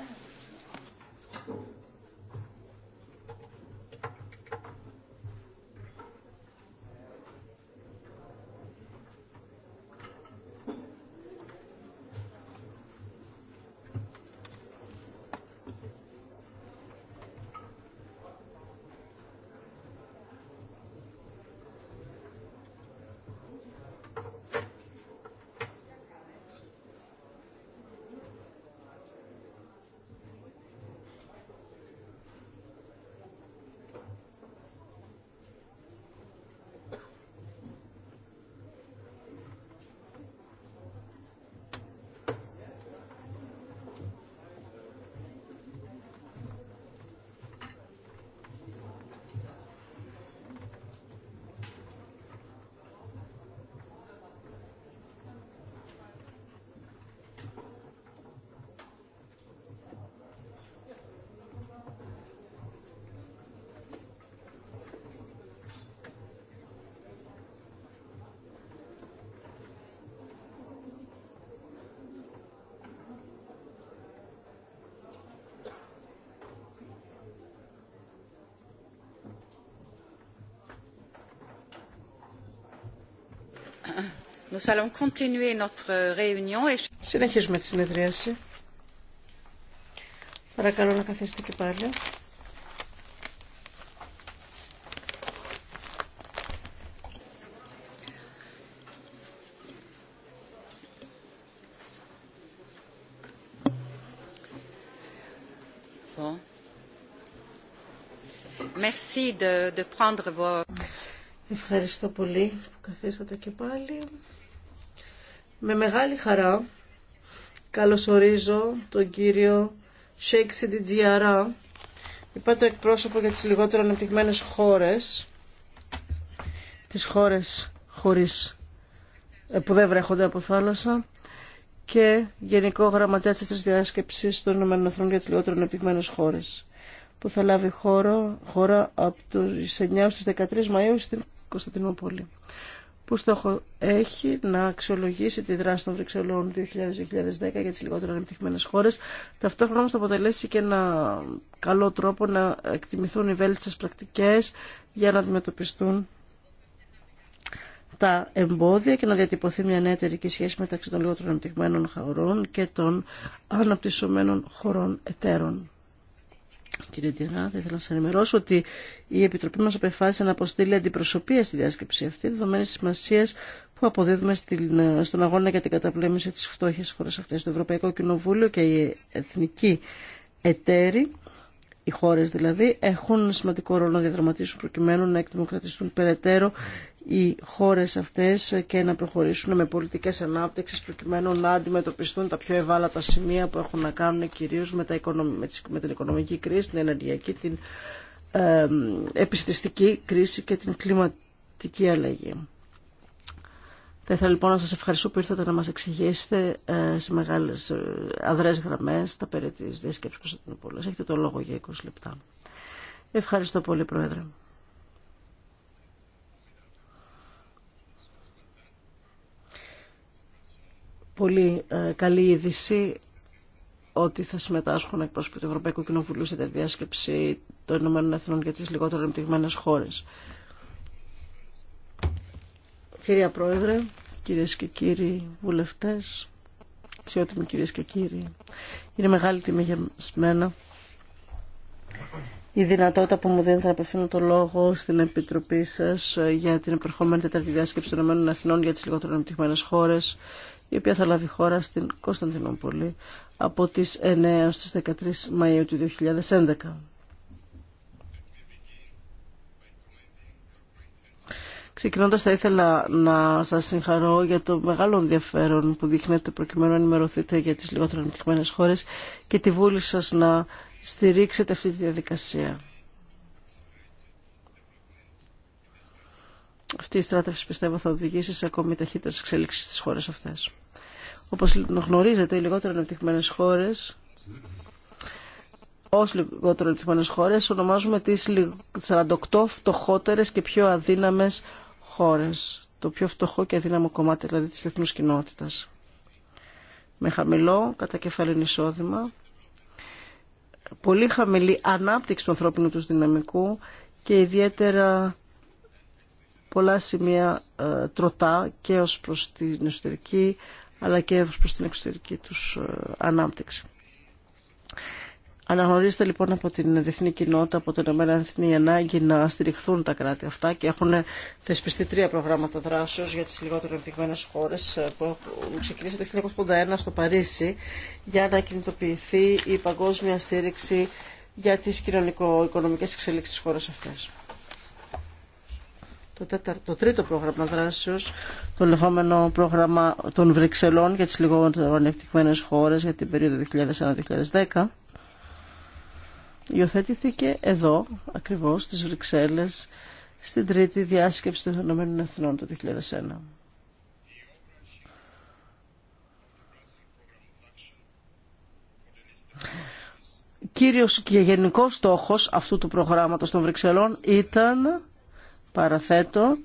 Euh, Συνεχίζουμε τη συνεδρίαση. Παρακαλώ να καθίσετε και πάλι. Ευχαριστώ πολύ που καθίσατε και πάλι. Με μεγάλη χαρά καλωσορίζω τον κύριο Σέικ Σιντιτζιαρά, το εκπρόσωπο για τις λιγότερο ανεπτυγμένε χώρες, τις χώρες χωρίς, ε, που δεν βρέχονται από θάλασσα, και Γενικό Γραμματέα της Διάσκεψης των ΗΠΑ για τις λιγότερο ανεπτυγμένε χώρες, που θα λάβει χώρα, χώρα από τους 9 στις 13 Μαΐου στην Κωνσταντινούπολη που στόχο έχει να αξιολογήσει τη δράση των βρυξελων 2000-2010 για τις λιγότερο ανεπτυχμένες χώρες, ταυτόχρονα όμως θα αποτελέσει και ένα καλό τρόπο να εκτιμηθούν οι βέλτιστες πρακτικές για να αντιμετωπιστούν τα εμπόδια και να διατυπωθεί μια νέα εταιρική σχέση μεταξύ των λιγότερων ανεπτυγμένων χωρών και των αναπτυσσομένων χωρών εταίρων. Κύριε τινά θα ήθελα να σα ενημερώσω ότι η Επιτροπή μα απεφάσισε να αποστείλει αντιπροσωπεία στη διάσκεψη αυτή, δεδομένη σημασία που αποδίδουμε στην, στον αγώνα για την καταπλέμιση τη φτώχεια στι χώρε αυτέ. Το Ευρωπαϊκό Κοινοβούλιο και οι εθνικοί εταίροι, οι χώρε δηλαδή, έχουν σημαντικό ρόλο να διαδραματίσουν προκειμένου να εκδημοκρατιστούν περαιτέρω οι χώρες αυτές και να προχωρήσουν με πολιτικές ανάπτυξης προκειμένου να αντιμετωπιστούν τα πιο ευάλωτα σημεία που έχουν να κάνουν κυρίως με, την οικονομική κρίση, την ενεργειακή, την ε, επιστηστική κρίση και την κλιματική αλλαγή. Θα ήθελα λοιπόν να σας ευχαριστώ που ήρθατε να μας εξηγήσετε ε, σε μεγάλες ε, αδρές γραμμές τα περί της δίσκεψης Κωνσταντινούπολης. Έχετε το λόγο για 20 λεπτά. Ευχαριστώ πολύ Πρόεδρε. πολύ ε, καλή είδηση ότι θα συμμετάσχουν εκπρόσωποι του Ευρωπαϊκού Κοινοβουλίου σε τη διάσκεψη των Ηνωμένων Εθνών για τις λιγότερο εμπτυγμένες χώρες. Κυρία Πρόεδρε, κυρίες και κύριοι βουλευτές, αξιότιμοι κυρίες και κύριοι, είναι μεγάλη τιμή για μένα η δυνατότητα που μου δίνετε να απευθύνω το λόγο στην Επιτροπή σας για την επερχόμενη τετάρτη διάσκεψη των Αθηνών για τι λιγότερο αναπτυγμένε χώρες, η οποία θα λάβει χώρα στην Κωνσταντινούπολη από τις 9 στις 13 Μαΐου του 2011. Ξεκινώντα, θα ήθελα να σα συγχαρώ για το μεγάλο ενδιαφέρον που δείχνετε προκειμένου να ενημερωθείτε για τι λιγότερο ανεπτυγμένε χώρε και τη βούλη σα να στηρίξετε αυτή τη διαδικασία. Αυτή η στράτευση πιστεύω θα οδηγήσει σε ακόμη ταχύτερε εξέλιξει στις χώρε αυτέ. Όπω γνωρίζετε, οι λιγότερο ανεπτυγμένε χώρε, ω λιγότερο ανεπτυγμένε χώρε, ονομάζουμε τι 48 φτωχότερε και πιο αδύναμες χώρε. Το πιο φτωχό και αδύναμο κομμάτι δηλαδή τη διεθνού κοινότητα. Με χαμηλό κατά κεφάλαιο εισόδημα, πολύ χαμηλή ανάπτυξη του ανθρώπινου του δυναμικού και ιδιαίτερα πολλά σημεία ε, τροτά και ως προς την εσωτερική αλλά και ως προς την εξωτερική τους ε, ανάπτυξη. Αναγνωρίζεται λοιπόν από την διεθνή κοινότητα, από την ΕΕ, η ανάγκη να στηριχθούν τα κράτη αυτά και έχουν θεσπιστεί τρία προγράμματα δράσεω για τι λιγότερο ενδεικμένε χώρε ε, που ξεκίνησε το 1981 στο Παρίσι για να κινητοποιηθεί η παγκόσμια στήριξη για τι κοινωνικο-οικονομικέ εξελίξει τη χώρα αυτέ. Το, το τρίτο πρόγραμμα δράσεω, το λεγόμενο πρόγραμμα των Βρυξελών για τι λιγότερο ανεπτυγμένε χώρε για την περίοδο 2001-2010 Υιοθετήθηκε εδώ, ακριβώς, στις Βρυξέλλες, στην τρίτη διάσκεψη των Ηνωμένων Εθνών το 2001. Κύριος και γενικός στόχος αυτού του προγράμματος των Βρυξελών ήταν, παραθέτω,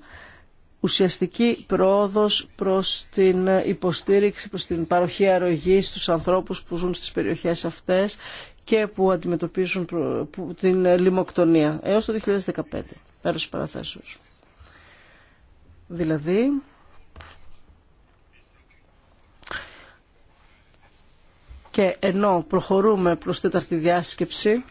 ουσιαστική πρόοδος προς την υποστήριξη, προς την παροχή αρρωγής στους ανθρώπους που ζουν στις περιοχές αυτές και που αντιμετωπίζουν την λιμοκτονία έως το 2015, πέρας παραθέσεως. Δηλαδή, και ενώ προχωρούμε προς τέταρτη διάσκεψη,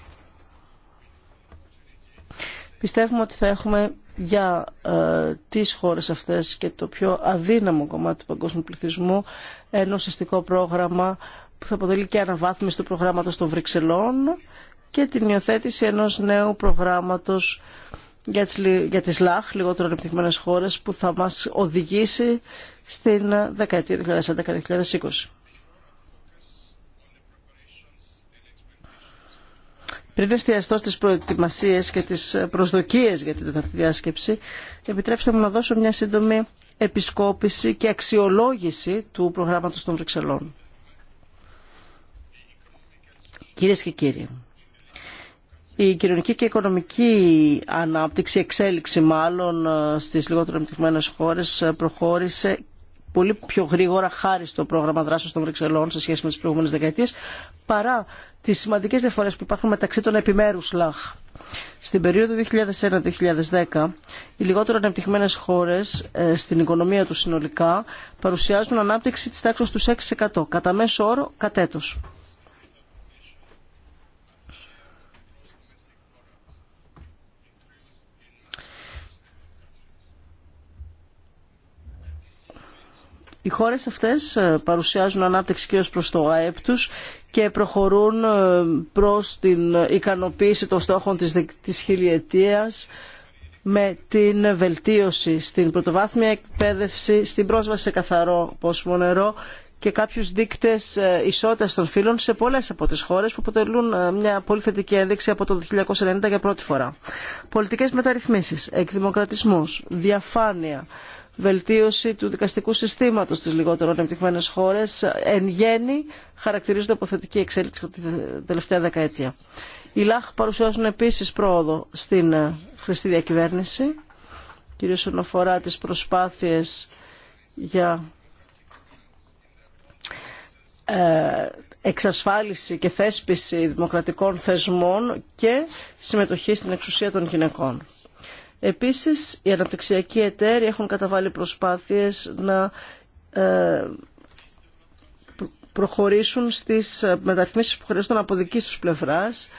πιστεύουμε ότι θα έχουμε για ε, τις χώρες αυτές και το πιο αδύναμο κομμάτι του παγκόσμιου πληθυσμού ένα ουσιαστικό πρόγραμμα που θα αποτελεί και αναβάθμιση του προγράμματος των Βρυξελών και την υιοθέτηση ενός νέου προγράμματος για τις, ΛΑΧ, λιγότερο ανεπτυγμένες χώρες, που θα μας οδηγήσει στην δεκαετία 2011-2020. Πριν εστιαστώ στις προετοιμασίες και τις προσδοκίες για την τέταρτη διάσκεψη, επιτρέψτε μου να δώσω μια σύντομη επισκόπηση και αξιολόγηση του προγράμματος των Βρυξελών. Κυρίες και κύριοι, η κοινωνική και οικονομική ανάπτυξη, εξέλιξη μάλλον ε, στις λιγότερο εμπτυγμένες χώρες ε, προχώρησε πολύ πιο γρήγορα χάρη στο πρόγραμμα δράσεως των Βρυξελών σε σχέση με τις προηγούμενες δεκαετίες παρά τις σημαντικές διαφορές που υπάρχουν μεταξύ των επιμέρους ΛΑΧ. Στην περίοδο 2001-2010, οι λιγότερο ανεπτυγμένες χώρες ε, στην οικονομία του συνολικά παρουσιάζουν ανάπτυξη της τάξης του 6% κατά μέσο όρο κατέτος. Οι χώρες αυτές ε, παρουσιάζουν ανάπτυξη κυρίως προς το ΑΕΠ τους και προχωρούν ε, προς την ικανοποίηση των στόχων της, της χιλιετίας με την βελτίωση στην πρωτοβάθμια εκπαίδευση, στην πρόσβαση σε καθαρό πόσιμο νερό και κάποιους δείκτες ε, ισότητας των φύλων σε πολλές από τις χώρες που αποτελούν μια πολύ θετική ένδειξη από το 1990 για πρώτη φορά. Πολιτικές μεταρρυθμίσεις, εκδημοκρατισμός, διαφάνεια, βελτίωση του δικαστικού συστήματος στις λιγότερο ανεπτυγμένες χώρες εν γέννη χαρακτηρίζονται από θετική εξέλιξη τα τελευταία δεκαετία. Οι ΛΑΧ παρουσιάζουν επίσης πρόοδο στην ε, χρηστή διακυβέρνηση, κυρίως όσον αφορά τις προσπάθειες για ε, εξασφάλιση και θέσπιση δημοκρατικών θεσμών και συμμετοχή στην εξουσία των γυναικών. Επίσης, οι αναπτυξιακοί εταίροι έχουν καταβάλει προσπάθειες να ε, προχωρήσουν στις ε, μεταρρυθμίσεις που χρειάζονται από δική τους πλευράς.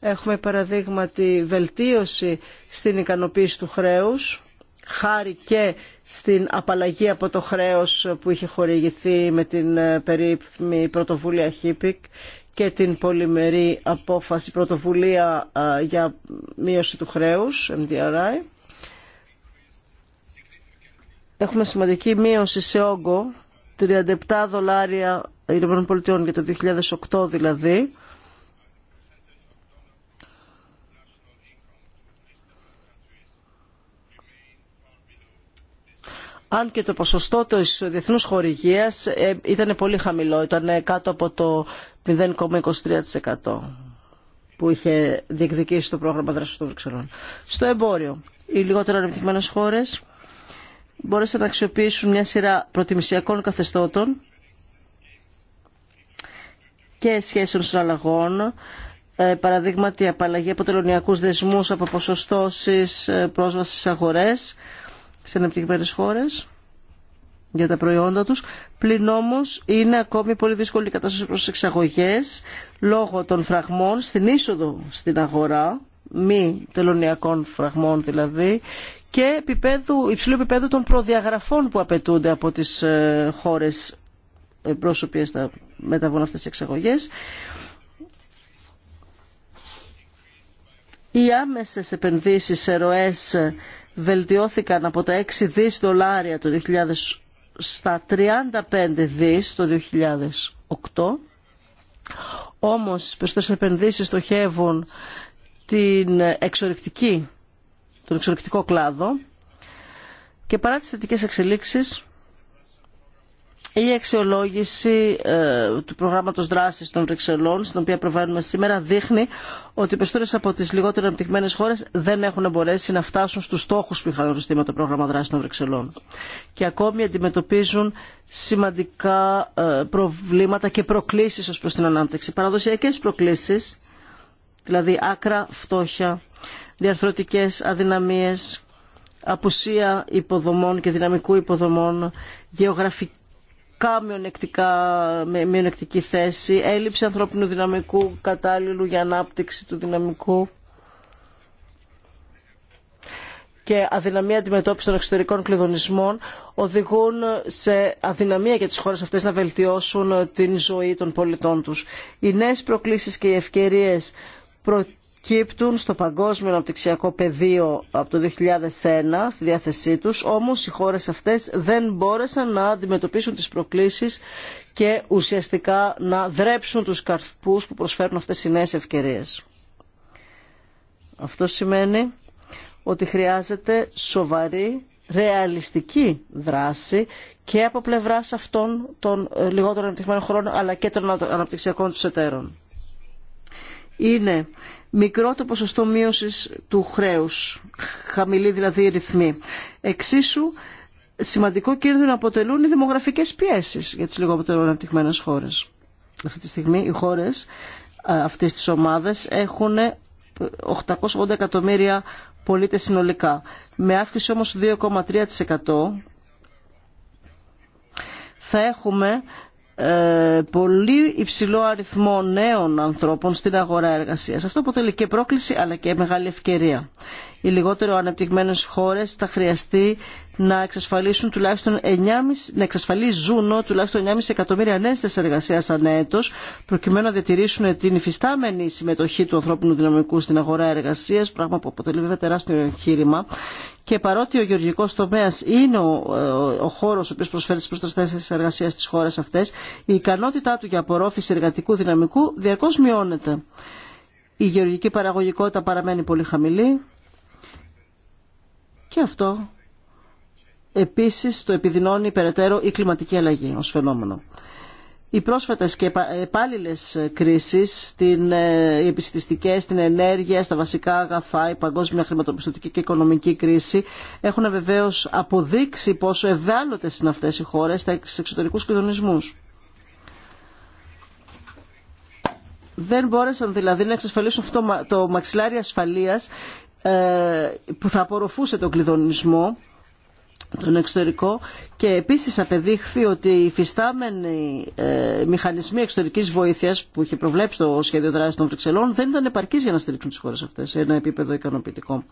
Έχουμε παραδείγμα βελτίωση στην ικανοποίηση του χρέους, χάρη και στην απαλλαγή από το χρέος που είχε χορηγηθεί με την ε, περίφημη πρωτοβουλία HIPIC και την πολυμερή απόφαση πρωτοβουλία για μείωση του χρέους, MDRI. Έχουμε σημαντική μείωση σε όγκο, 37 δολάρια ΗΠΑ για το 2008 δηλαδή, αν και το ποσοστό της διεθνούς χορηγίας ε, ήταν πολύ χαμηλό, ήταν κάτω από το 0,23% που είχε διεκδικήσει το πρόγραμμα δράσης των Βρυξελών. Στο εμπόριο, οι λιγότερο ανεπτυγμένες χώρες μπόρεσαν να αξιοποιήσουν μια σειρά προτιμησιακών καθεστώτων και σχέσεων συναλλαγών, ε, παραδείγματι απαλλαγή από τελωνιακούς δεσμούς, από ποσοστώσεις, ε, πρόσβαση σε αγορές, σε αναπτυγμένες χώρες για τα προϊόντα τους. Πλην όμως είναι ακόμη πολύ δύσκολη η κατάσταση προς εξαγωγές λόγω των φραγμών στην είσοδο στην αγορά, μη τελωνιακών φραγμών δηλαδή, και επίπεδου, υψηλού επίπεδου των προδιαγραφών που απαιτούνται από τις ε, χώρες ε, προς οποίες θα μεταβούν αυτές οι εξαγωγές. Οι άμεσες επενδύσεις σε ροές βελτιώθηκαν από τα 6 δις δολάρια το 2000 στα 35 δις το 2008. Όμως οι περισσότερες επενδύσεις στοχεύουν την εξορυκτική, τον εξορυκτικό κλάδο και παρά τις θετικές εξελίξεις η αξιολόγηση ε, του προγράμματο δράση των Βρυξελών, στην οποία προβάλλουμε σήμερα, δείχνει ότι οι περισσότερε από τι λιγότερο ανεπτυγμένε χώρε δεν έχουν μπορέσει να φτάσουν στου στόχου που είχαν οριστεί με το πρόγραμμα δράση των Βρυξελών. Και ακόμη αντιμετωπίζουν σημαντικά ε, προβλήματα και προκλήσει ω προ την ανάπτυξη. Παραδοσιακέ προκλήσει, δηλαδή άκρα, φτώχεια, διαρθρωτικέ αδυναμίε, απουσία υποδομών και δυναμικού υποδομών, γεωγραφική μειονεκτικά, με μειονεκτική θέση, έλλειψη ανθρώπινου δυναμικού κατάλληλου για ανάπτυξη του δυναμικού και αδυναμία αντιμετώπιση των εξωτερικών κλειδονισμών οδηγούν σε αδυναμία για τις χώρες αυτές να βελτιώσουν την ζωή των πολιτών τους. Οι νέες προκλήσεις και οι ευκαιρίες κύπτουν στο παγκόσμιο αναπτυξιακό πεδίο από το 2001 στη διάθεσή τους, όμως οι χώρες αυτές δεν μπόρεσαν να αντιμετωπίσουν τις προκλήσεις και ουσιαστικά να δρέψουν τους καρπούς που προσφέρουν αυτές οι νέες ευκαιρίες. Αυτό σημαίνει ότι χρειάζεται σοβαρή, ρεαλιστική δράση και από πλευράς αυτών των ε, λιγότερων αναπτυχμένων χρόνων αλλά και των αναπτυξιακών τους εταίρων. Είναι μικρό το ποσοστό μείωσης του χρέους, χαμηλή δηλαδή η ρυθμή. Εξίσου, σημαντικό κίνδυνο αποτελούν οι δημογραφικές πιέσεις για τις λιγότερο αναπτυγμένες χώρες. Αυτή τη στιγμή οι χώρες αυτές τις ομάδες, έχουν 880 εκατομμύρια πολίτες συνολικά. Με αύξηση όμως 2,3% θα έχουμε ε, πολύ υψηλό αριθμό νέων ανθρώπων στην αγορά εργασίας. Αυτό αποτελεί και πρόκληση αλλά και μεγάλη ευκαιρία οι λιγότερο ανεπτυγμένε χώρε θα χρειαστεί να εξασφαλίσουν τουλάχιστον 9,5, να εξασφαλίζουν τουλάχιστον 9,5 εκατομμύρια νέες θέσει εργασίας ανέτο, προκειμένου να διατηρήσουν την υφιστάμενη συμμετοχή του ανθρώπινου δυναμικού στην αγορά εργασία, πράγμα που αποτελεί βέβαια τεράστιο εγχείρημα και παρότι ο γεωργικό τομέα είναι ο, ε, ο χώρο ο οποίο προσφέρει τι προστασίε εργασία στι χώρε αυτέ, η ικανότητά του για απορρόφηση εργατικού δυναμικού διαρκώ μειώνεται. Η γεωργική παραγωγικότητα παραμένει πολύ χαμηλή και αυτό επίσης το επιδεινώνει περαιτέρω η κλιματική αλλαγή ως φαινόμενο. Οι πρόσφατες και επάλληλες κρίσεις, στην, ε, οι επιστηστικές, στην ενέργεια, στα βασικά αγαθά, η παγκόσμια χρηματοπιστωτική και οικονομική κρίση έχουν βεβαίως αποδείξει πόσο ευάλωτες είναι αυτές οι χώρες στα εξωτερικούς κοινωνισμούς. Δεν μπόρεσαν δηλαδή να εξασφαλίσουν αυτό το μαξιλάρι ασφαλείας ε, που θα απορροφούσε τον κλειδονισμό τον εξωτερικό και επίσης απεδείχθη ότι οι φυστάμενοι ε, μηχανισμοί εξωτερικής βοήθειας που είχε προβλέψει το σχέδιο δράσης των Βρυξελών δεν ήταν επαρκείς για να στηρίξουν τις χώρες αυτές σε ένα επίπεδο ικανοποιητικό.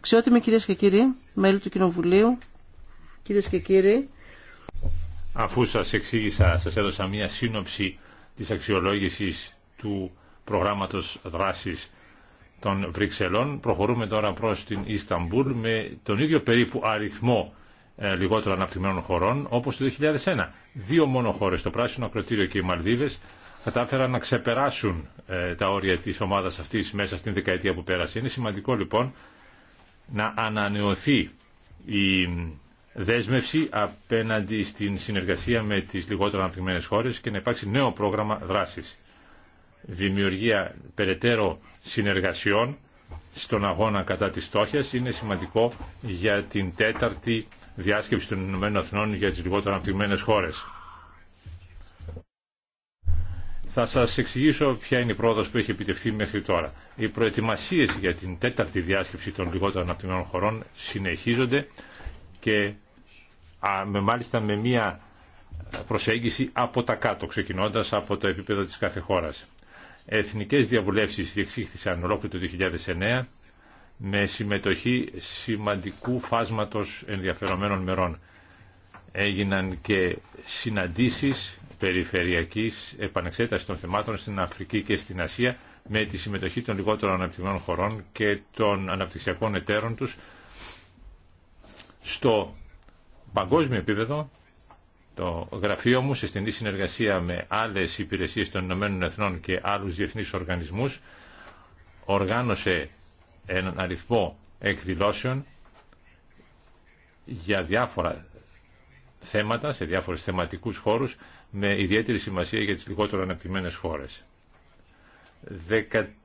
Ξιότιμοι κυρίες και κύριοι, μέλη του Κοινοβουλίου, κυρίες και κύριοι. Αφού σας εξήγησα, σας έδωσα μια σύνοψη της αξιολόγησης του προγράμματος δράσης των Βρυξελών. Προχωρούμε τώρα προς την Ισταμπούλ με τον ίδιο περίπου αριθμό ε, λιγότερων αναπτυγμένων χωρών όπως το 2001. Δύο μόνο χώρες, το Πράσινο Ακροτήριο και οι Μαλδίβες, κατάφεραν να ξεπεράσουν ε, τα όρια της ομάδας αυτής μέσα στην δεκαετία που πέρασε. Είναι σημαντικό λοιπόν να ανανεωθεί η δέσμευση απέναντι στην συνεργασία με τις λιγότερο αναπτυγμένες χώρες και να υπάρξει νέο πρόγραμμα δράσης δημιουργία περαιτέρω συνεργασιών στον αγώνα κατά της στόχιας είναι σημαντικό για την τέταρτη διάσκεψη των Ηνωμένων Αθηνών για τις λιγότερο αναπτυγμένες χώρες. Θα σας εξηγήσω ποια είναι η πρόοδος που έχει επιτευχθεί μέχρι τώρα. Οι προετοιμασίες για την τέταρτη διάσκεψη των λιγότερων αναπτυγμένων χωρών συνεχίζονται και μάλιστα με μια προσέγγιση από τα κάτω, ξεκινώντας από το επίπεδο της κάθε χώρας. Εθνικές διαβουλεύσεις διεξήχθησαν ολόκληρο το 2009 με συμμετοχή σημαντικού φάσματος ενδιαφερομένων μερών. Έγιναν και συναντήσεις περιφερειακής επανεξέτασης των θεμάτων στην Αφρική και στην Ασία με τη συμμετοχή των λιγότερων αναπτυγμένων χωρών και των αναπτυξιακών εταίρων τους στο παγκόσμιο επίπεδο το γραφείο μου, σε στενή συνεργασία με άλλες υπηρεσίες των Ηνωμένων Εθνών και άλλους διεθνείς οργανισμούς, οργάνωσε έναν αριθμό εκδηλώσεων για διάφορα θέματα, σε διάφορες θεματικούς χώρους, με ιδιαίτερη σημασία για τις λιγότερο αναπτυγμένες χώρες.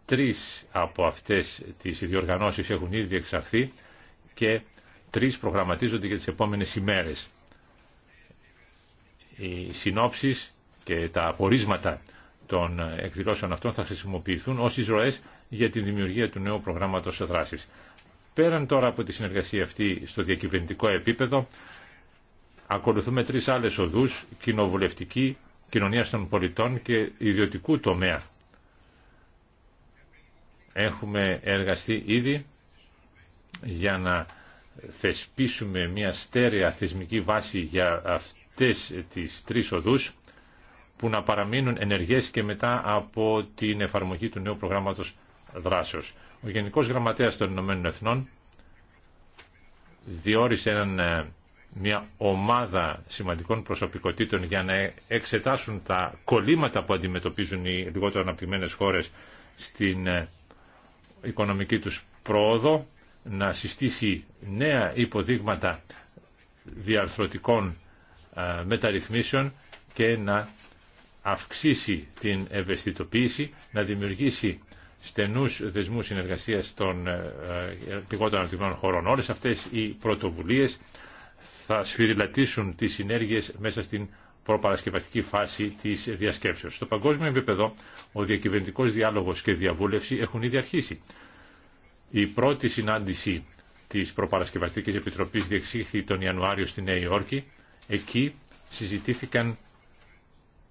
13 από αυτές τις διοργανώσεις έχουν ήδη εξαχθεί και τρεις προγραμματίζονται για τις επόμενες ημέρες οι συνόψεις και τα απορίσματα των εκδηλώσεων αυτών θα χρησιμοποιηθούν ως εισρωές για τη δημιουργία του νέου προγράμματος δράσης. Πέραν τώρα από τη συνεργασία αυτή στο διακυβερνητικό επίπεδο, ακολουθούμε τρεις άλλες οδούς, κοινοβουλευτική, κοινωνία των πολιτών και ιδιωτικού τομέα. Έχουμε εργαστεί ήδη για να θεσπίσουμε μια στέρεα θεσμική βάση για αυτή αυτές τις τρεις οδούς που να παραμείνουν ενεργές και μετά από την εφαρμογή του νέου προγράμματος δράσεως. Ο Γενικός Γραμματέας των Ηνωμένων Εθνών διόρισε ε, μια ομάδα σημαντικών προσωπικότητων για να εξετάσουν τα κολλήματα που αντιμετωπίζουν οι λιγότερο αναπτυγμένες χώρες στην ε, οικονομική τους πρόοδο, να συστήσει νέα υποδείγματα διαρθρωτικών ε, μεταρρυθμίσεων και να αυξήσει την ευαισθητοποίηση, να δημιουργήσει στενούς δεσμούς συνεργασίας των λιγότερων ε, ε, αναπτυγμένων χωρών. Όλες αυτές οι πρωτοβουλίες θα σφυριλατήσουν τις συνέργειες μέσα στην προπαρασκευαστική φάση της διασκέψεως. Στο παγκόσμιο επίπεδο, ο διακυβερνητικός διάλογος και διαβούλευση έχουν ήδη αρχίσει. Η πρώτη συνάντηση της Προπαρασκευαστικής Επιτροπής διεξήχθη τον Ιανουάριο στη Νέα Υόρκη Εκεί συζητήθηκαν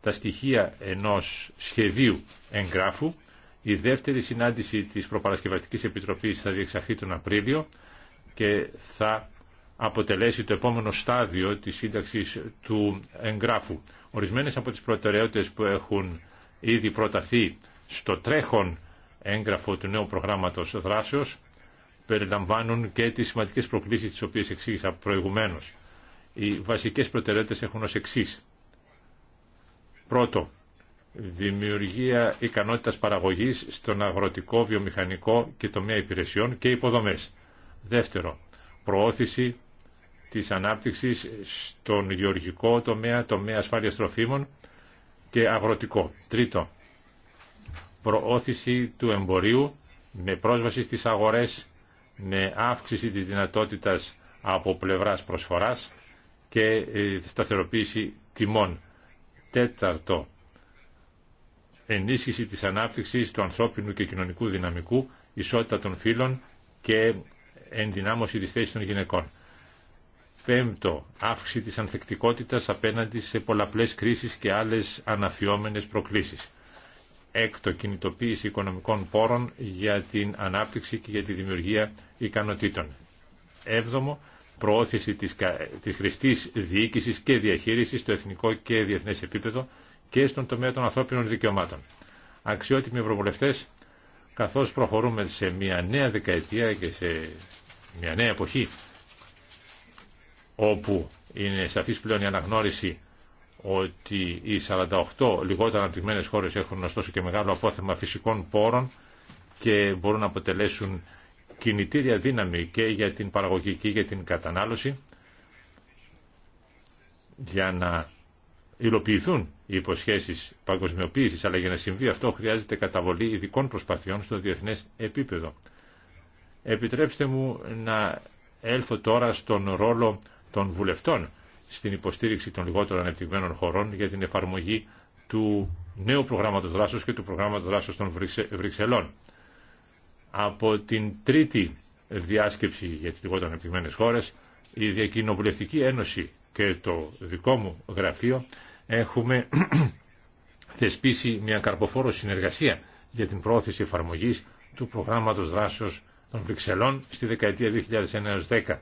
τα στοιχεία ενός σχεδίου εγγράφου. Η δεύτερη συνάντηση της Προπαρασκευαστικής Επιτροπής θα διεξαχθεί τον Απρίλιο και θα αποτελέσει το επόμενο στάδιο της σύνταξης του εγγράφου. Ορισμένες από τις προτεραιότητες που έχουν ήδη προταθεί στο τρέχον έγγραφο του νέου προγράμματος δράσεως περιλαμβάνουν και τις σημαντικές προκλήσεις τις οποίες εξήγησα προηγουμένως. Οι βασικές προτεραιότητες έχουν ως εξής. Πρώτο, δημιουργία ικανότητας παραγωγής στον αγροτικό, βιομηχανικό και τομέα υπηρεσιών και υποδομές. Δεύτερο, προώθηση της ανάπτυξης στον γεωργικό τομέα, τομέα ασφάλειας τροφίμων και αγροτικό. Τρίτο, προώθηση του εμπορίου με πρόσβαση στις αγορές, με αύξηση της δυνατότητας από πλευράς προσφοράς και ε, σταθεροποίηση τιμών. Τέταρτο, ενίσχυση της ανάπτυξης του ανθρώπινου και κοινωνικού δυναμικού, ισότητα των φύλων και ενδυνάμωση της θέσης των γυναικών. Πέμπτο, αύξηση της ανθεκτικότητας απέναντι σε πολλαπλές κρίσεις και άλλες αναφιόμενες προκλήσεις. Έκτο, κινητοποίηση οικονομικών πόρων για την ανάπτυξη και για τη δημιουργία ικανοτήτων. Έβδομο, προώθηση της, της χρηστής διοίκησης και διαχείρισης στο εθνικό και διεθνές επίπεδο και στον τομέα των ανθρώπινων δικαιωμάτων. Αξιότιμοι ευρωβουλευτές, καθώς προχωρούμε σε μια νέα δεκαετία και σε μια νέα εποχή όπου είναι σαφής πλέον η αναγνώριση ότι οι 48 λιγότερα αναπτυγμένες χώρες έχουν ωστόσο και μεγάλο απόθεμα φυσικών πόρων και μπορούν να αποτελέσουν κινητήρια δύναμη και για την παραγωγική και για την κατανάλωση για να υλοποιηθούν οι υποσχέσεις παγκοσμιοποίησης, αλλά για να συμβεί αυτό χρειάζεται καταβολή ειδικών προσπαθειών στο διεθνές επίπεδο. Επιτρέψτε μου να έλθω τώρα στον ρόλο των βουλευτών στην υποστήριξη των λιγότερων ανεπτυγμένων χωρών για την εφαρμογή του νέου προγράμματος δράσεως και του προγράμματος δράσεως των Βρυξελών. Από την τρίτη διάσκεψη για τις λιγότερο ανεπτυγμένες χώρες, η Διακοινοβουλευτική Ένωση και το δικό μου γραφείο έχουμε *clears throat* θεσπίσει μια καρποφόρο συνεργασία για την πρόθεση εφαρμογής του προγράμματος δράσεως των Βρυξελών στη δεκαετία 2009-2010.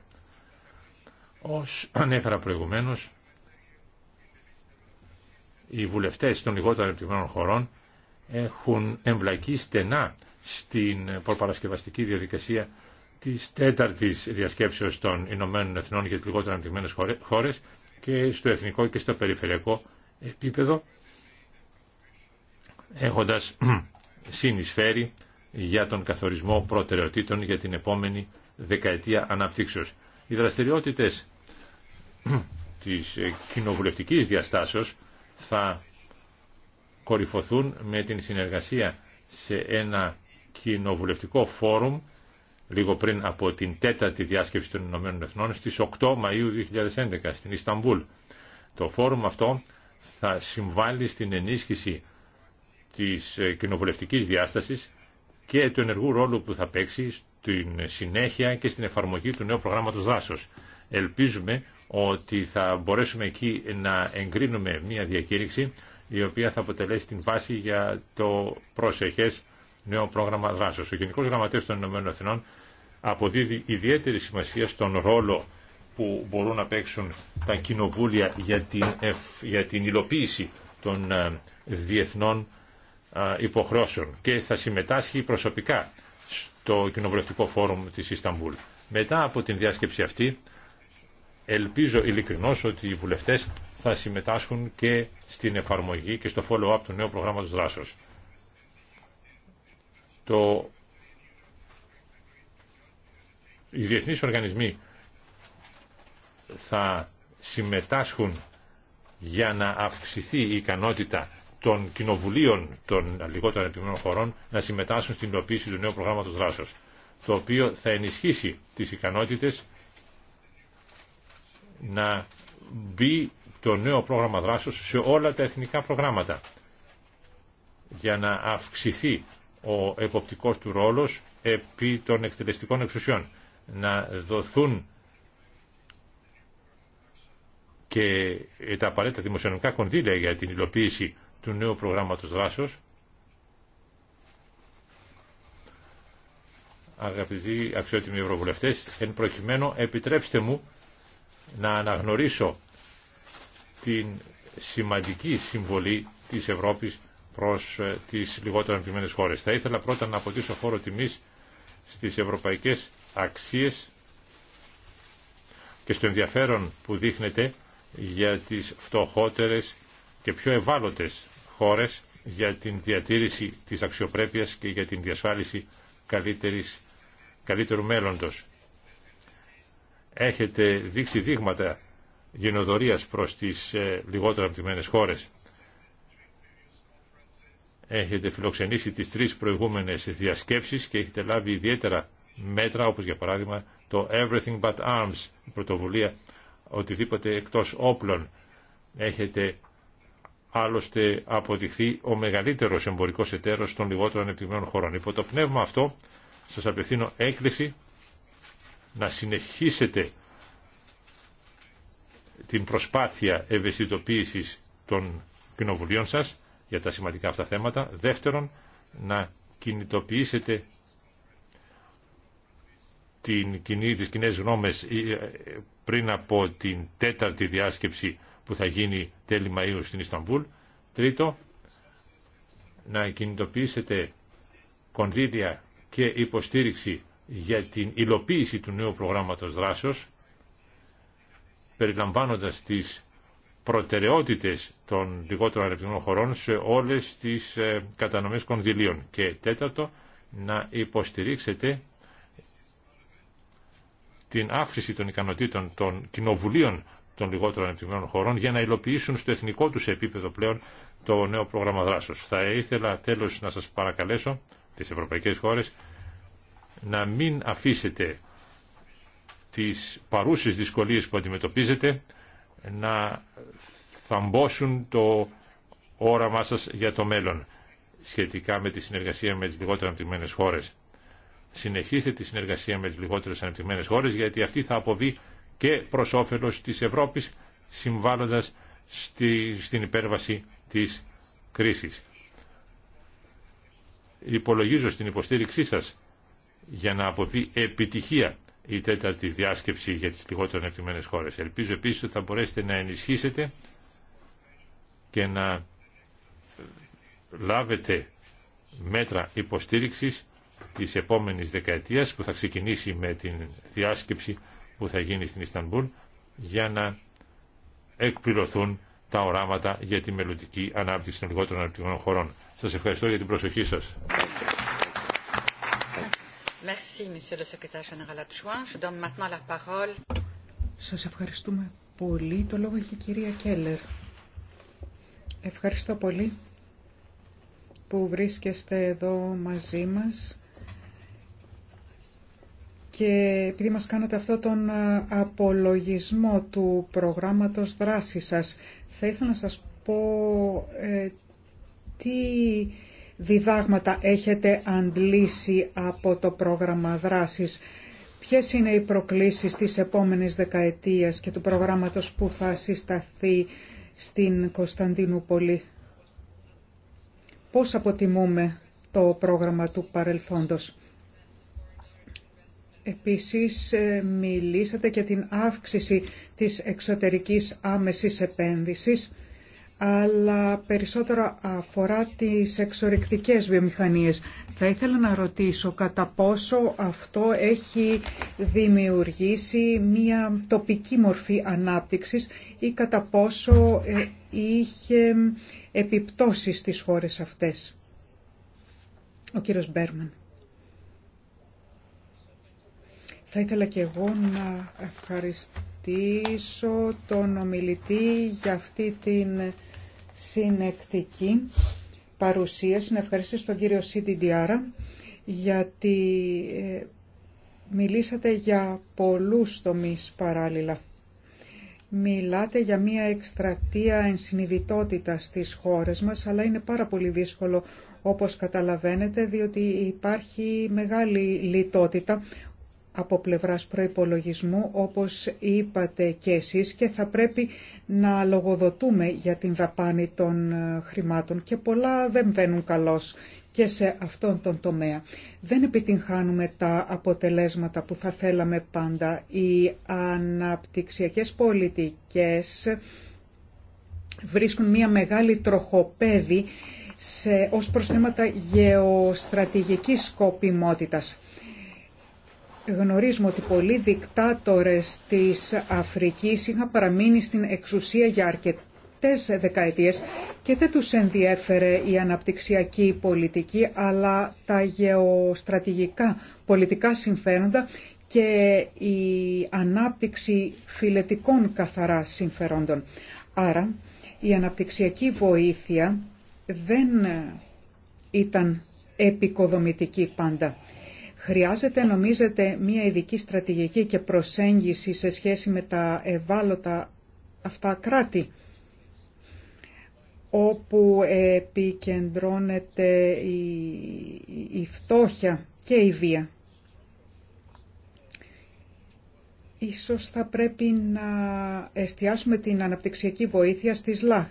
Ως ανέφερα προηγουμένως, οι βουλευτές των λιγότερων ανεπτυγμένων χωρών έχουν εμπλακεί στενά στην προπαρασκευαστική διαδικασία της τέταρτη διασκέψεως των Ηνωμένων Εθνών για τι λιγότερο αναπτυγμένε χώρε και στο εθνικό και στο περιφερειακό επίπεδο έχοντα *clears throat* συνεισφέρει για τον καθορισμό προτεραιοτήτων για την επόμενη δεκαετία αναπτύξεως. Οι δραστηριότητες *clears throat* της κοινοβουλευτικής διαστάσεως θα κορυφωθούν με την συνεργασία σε ένα κοινοβουλευτικό φόρουμ λίγο πριν από την τέταρτη διάσκεψη των Ηνωμένων Εθνών στις 8 Μαΐου 2011 στην Ισταμπούλ. Το φόρουμ αυτό θα συμβάλλει στην ενίσχυση της ε, κοινοβουλευτικής διάστασης και του ενεργού ρόλου που θα παίξει στην συνέχεια και στην εφαρμογή του νέου προγράμματος δάσος. Ελπίζουμε ότι θα μπορέσουμε εκεί να εγκρίνουμε μια διακήρυξη η οποία θα αποτελέσει την βάση για το προσεχές νέο πρόγραμμα δράσεως. Ο Γενικός Γραμματέας των Ηνωμένων Εθνών αποδίδει ιδιαίτερη σημασία στον ρόλο που μπορούν να παίξουν τα κοινοβούλια για την, για την υλοποίηση των ε, διεθνών ε, υποχρεώσεων και θα συμμετάσχει προσωπικά στο Κοινοβουλευτικό Φόρουμ της Ισταμπούλ. Μετά από την διάσκεψη αυτή, ελπίζω ειλικρινώς ότι οι βουλευτές θα συμμετάσχουν και στην εφαρμογή και στο follow-up του νέου προγράμματος δράσεως το... οι διεθνείς οργανισμοί θα συμμετάσχουν για να αυξηθεί η ικανότητα των κοινοβουλίων των λιγότερων επιμένων χωρών να συμμετάσχουν στην υλοποίηση του νέου προγράμματος δράσεως, το οποίο θα ενισχύσει τις ικανότητες να μπει το νέο πρόγραμμα δράσεως σε όλα τα εθνικά προγράμματα για να αυξηθεί ο εποπτικός του ρόλος επί των εκτελεστικών εξουσιών. Να δοθούν και τα απαραίτητα δημοσιονομικά κονδύλια για την υλοποίηση του νέου προγράμματος δράσεως. Αγαπητοί αξιότιμοι ευρωβουλευτές, εν προκειμένου επιτρέψτε μου να αναγνωρίσω την σημαντική συμβολή της Ευρώπης προς ε, τις λιγότερο ανεπτυγμένες χώρες. Θα ήθελα πρώτα να αποτίσω φόρο τιμής στις ευρωπαϊκές αξίες και στο ενδιαφέρον που δείχνεται για τις φτωχότερες και πιο ευάλωτες χώρες για την διατήρηση της αξιοπρέπειας και για την διασφάλιση καλύτερης, καλύτερου μέλλοντος. Έχετε δείξει δείγματα γενοδορίας προς τις ε, λιγότερο αμπτυμένες χώρες έχετε φιλοξενήσει τις τρεις προηγούμενες διασκέψεις και έχετε λάβει ιδιαίτερα μέτρα όπως για παράδειγμα το Everything But Arms, η πρωτοβουλία οτιδήποτε εκτός όπλων. Έχετε άλλωστε αποδειχθεί ο μεγαλύτερος εμπορικός εταίρος των λιγότερων ανεπτυγμένων χωρών. Υπό το πνεύμα αυτό σας απευθύνω έκκληση να συνεχίσετε την προσπάθεια ευαισθητοποίησης των κοινοβουλίων σας για τα σημαντικά αυτά θέματα. Δεύτερον, να κινητοποιήσετε την κοινή, τις κοινέ γνώμες ε, ε, πριν από την τέταρτη διάσκεψη που θα γίνει τέλη Μαΐου στην Ισταμπούλ. Τρίτο, να κινητοποιήσετε κονδύλια και υποστήριξη για την υλοποίηση του νέου προγράμματος δράσεως, περιλαμβάνοντας τις προτεραιότητες των λιγότερων ανεπτυγμένων χωρών σε όλες τις ε, κατανομές κονδυλίων. Και τέταρτο, να υποστηρίξετε την αύξηση των ικανοτήτων των κοινοβουλίων των λιγότερων ανεπτυγμένων χωρών για να υλοποιήσουν στο εθνικό τους επίπεδο πλέον το νέο πρόγραμμα δράσεως. Θα ήθελα τέλος να σας παρακαλέσω τι ευρωπαϊκές χώρες να μην αφήσετε τις παρούσες δυσκολίες που αντιμετωπίζετε να θαμπόσουν το όραμά σας για το μέλλον σχετικά με τη συνεργασία με τις λιγότερο αναπτυγμένες χώρες. Συνεχίστε τη συνεργασία με τις λιγότερο αναπτυγμένες χώρες γιατί αυτή θα αποβεί και προς όφελος της Ευρώπης συμβάλλοντας στην υπέρβαση της κρίσης. Υπολογίζω στην υποστήριξή σας για να αποβεί επιτυχία η τέταρτη διάσκεψη για τις λιγότερο ανεκτημένες χώρες. Ελπίζω επίσης ότι θα μπορέσετε να ενισχύσετε και να λάβετε μέτρα υποστήριξης της επόμενης δεκαετίας που θα ξεκινήσει με την διάσκεψη που θα γίνει στην Ιστανμπούλ για να εκπληρωθούν τα οράματα για τη μελλοντική ανάπτυξη των λιγότερων αναπτυγμένων χωρών. Σας ευχαριστώ για την προσοχή σας. Merci, Σας ευχαριστούμε πολύ. Το λόγο έχει η κυρία Κέλλερ. Ευχαριστώ πολύ που βρίσκεστε εδώ μαζί μας και επειδή μας κάνατε αυτό τον απολογισμό του προγράμματος δράσης σας, θα ήθελα να σας πω ε, τι διδάγματα έχετε αντλήσει από το πρόγραμμα δράσης. Ποιες είναι οι προκλήσεις της επόμενης δεκαετίας και του προγράμματος που θα συσταθεί στην Κωνσταντινούπολη. Πώς αποτιμούμε το πρόγραμμα του παρελθόντος. Επίσης, ε, μιλήσατε και την αύξηση της εξωτερικής άμεσης επένδυσης αλλά περισσότερο αφορά τις εξορρυκτικές βιομηχανίες. Θα ήθελα να ρωτήσω κατά πόσο αυτό έχει δημιουργήσει μία τοπική μορφή ανάπτυξης ή κατά πόσο ε, είχε επιπτώσεις στις χώρες αυτές. Ο κύριος Μπέρμαν. Θα ήθελα και εγώ να ευχαριστήσω ευχαριστήσω τον ομιλητή για αυτή την συνεκτική παρουσίαση. Να ευχαριστήσω τον κύριο Σίτι γιατί ε, μιλήσατε για πολλούς τομείς παράλληλα. Μιλάτε για μια εκστρατεία ενσυνειδητότητα στις χώρες μας, αλλά είναι πάρα πολύ δύσκολο όπως καταλαβαίνετε, διότι υπάρχει μεγάλη λιτότητα από πλευράς προϋπολογισμού, όπως είπατε και εσείς, και θα πρέπει να λογοδοτούμε για την δαπάνη των ε, χρημάτων και πολλά δεν βαίνουν καλώς και σε αυτόν τον τομέα. Δεν επιτυγχάνουμε τα αποτελέσματα που θα θέλαμε πάντα. Οι αναπτυξιακές πολιτικές βρίσκουν μια μεγάλη τροχοπέδη σε, ως προς θέματα γεωστρατηγικής σκοπιμότητας. Γνωρίζουμε ότι πολλοί δικτάτορες της Αφρικής είχαν παραμείνει στην εξουσία για αρκετές δεκαετίες και δεν τους ενδιέφερε η αναπτυξιακή πολιτική αλλά τα γεωστρατηγικά πολιτικά συμφέροντα και η ανάπτυξη φιλετικών καθαρά συμφερόντων. Άρα η αναπτυξιακή βοήθεια δεν ήταν επικοδομητική πάντα. Χρειάζεται, νομίζετε, μία ειδική στρατηγική και προσέγγιση σε σχέση με τα ευάλωτα αυτά κράτη, όπου επικεντρώνεται η φτώχεια και η βία. Ίσως θα πρέπει να εστιάσουμε την αναπτυξιακή βοήθεια στις ΛΑΧ,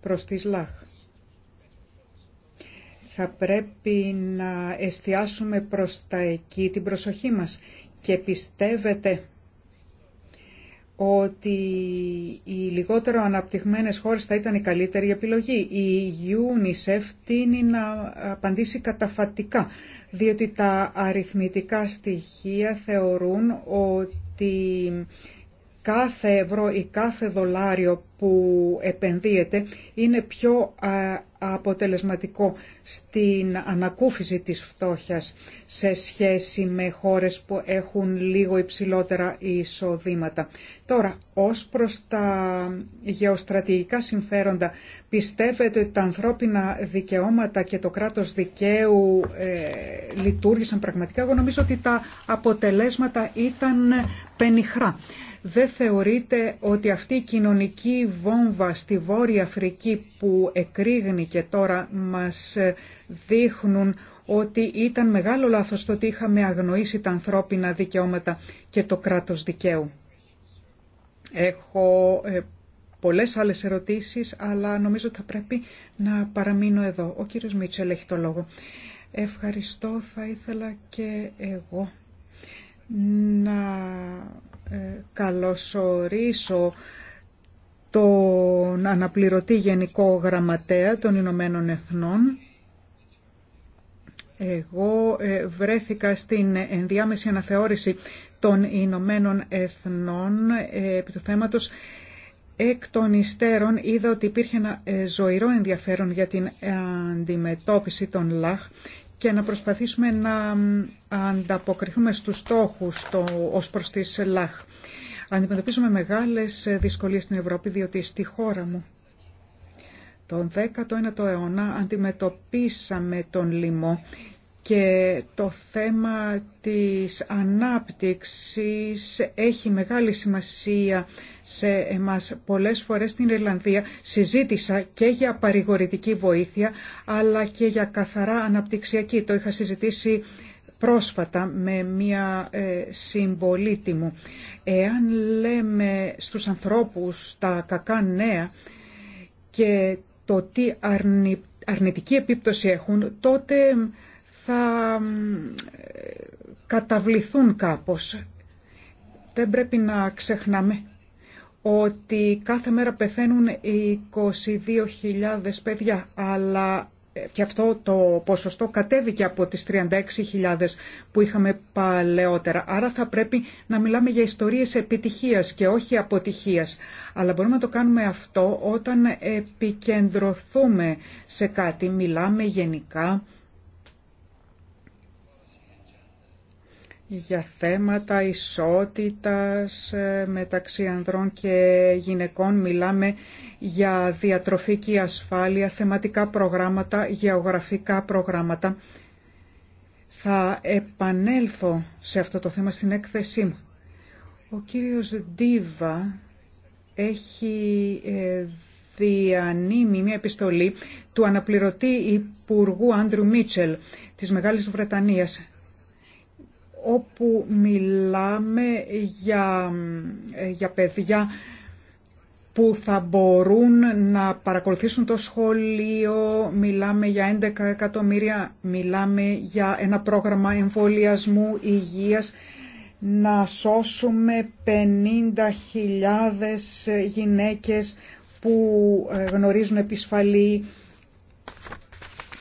προς τις ΛΑΧ θα πρέπει να εστιάσουμε προς τα εκεί την προσοχή μας και πιστεύετε ότι οι λιγότερο αναπτυγμένες χώρες θα ήταν η καλύτερη επιλογή. Η UNICEF τίνει να απαντήσει καταφατικά, διότι τα αριθμητικά στοιχεία θεωρούν ότι κάθε ευρώ ή κάθε δολάριο που επενδύεται είναι πιο αποτελεσματικό στην ανακούφιση της φτώχειας σε σχέση με χώρες που έχουν λίγο υψηλότερα εισοδήματα. Τώρα, ως προς τα γεωστρατηγικά συμφέροντα, πιστεύετε ότι τα ανθρώπινα δικαιώματα και το κράτος δικαίου ε, λειτουργήσαν πραγματικά. Εγώ νομίζω ότι τα αποτελέσματα ήταν πενιχρά. Δεν θεωρείτε ότι αυτή η κοινωνική βόμβα στη Βόρεια Αφρική που εκρήγνει και τώρα μας δείχνουν ότι ήταν μεγάλο λάθος το ότι είχαμε αγνοήσει τα ανθρώπινα δικαιώματα και το κράτος δικαίου. Έχω ε, πολλές άλλες ερωτήσεις, αλλά νομίζω ότι θα πρέπει να παραμείνω εδώ. Ο κύριος Μίτσελ έχει το λόγο. Ευχαριστώ, θα ήθελα και εγώ να ε, καλωσορίσω τον αναπληρωτή Γενικό Γραμματέα των Ηνωμένων Εθνών. Εγώ ε, βρέθηκα στην ενδιάμεση αναθεώρηση των Ηνωμένων Εθνών ε, επί του θέματος Εκ των υστέρων είδα ότι υπήρχε ένα ζωηρό ενδιαφέρον για την αντιμετώπιση των ΛΑΧ και να προσπαθήσουμε να ανταποκριθούμε στους στόχους το, ως προς τις ΛΑΧ. Αντιμετωπίζουμε μεγάλες δυσκολίες στην Ευρώπη, διότι στη χώρα μου τον 19ο αιώνα αντιμετωπίσαμε τον λοιμό και το θέμα της ανάπτυξης έχει μεγάλη σημασία σε εμάς. Πολλές φορές στην Ιρλανδία συζήτησα και για παρηγορητική βοήθεια αλλά και για καθαρά αναπτυξιακή. Το είχα συζητήσει πρόσφατα με μία ε, συμπολίτη μου. Εάν λέμε στους ανθρώπους τα κακά νέα και το τι αρνητική επίπτωση έχουν, τότε θα καταβληθούν κάπως. Δεν πρέπει να ξεχνάμε ότι κάθε μέρα πεθαίνουν 22.000 παιδιά, αλλά ε, και αυτό το ποσοστό κατέβηκε από τις 36.000 που είχαμε παλαιότερα. Άρα θα πρέπει να μιλάμε για ιστορίες επιτυχίας και όχι αποτυχίας. Αλλά μπορούμε να το κάνουμε αυτό όταν επικεντρωθούμε σε κάτι. Μιλάμε γενικά για θέματα ισότητας ε, μεταξύ ανδρών και γυναικών. Μιλάμε για διατροφική ασφάλεια, θεματικά προγράμματα, γεωγραφικά προγράμματα. Θα επανέλθω σε αυτό το θέμα στην έκθεσή μου. Ο κύριος Ντίβα έχει ε, διανύμει μια επιστολή του αναπληρωτή Υπουργού Άντρου Μίτσελ της Μεγάλης Βρετανίας όπου μιλάμε για, ε, για παιδιά που θα μπορούν να παρακολουθήσουν το σχολείο, μιλάμε για 11 εκατομμύρια, μιλάμε για ένα πρόγραμμα εμβολιασμού υγείας, να σώσουμε 50.000 γυναίκες που ε, γνωρίζουν επισφαλή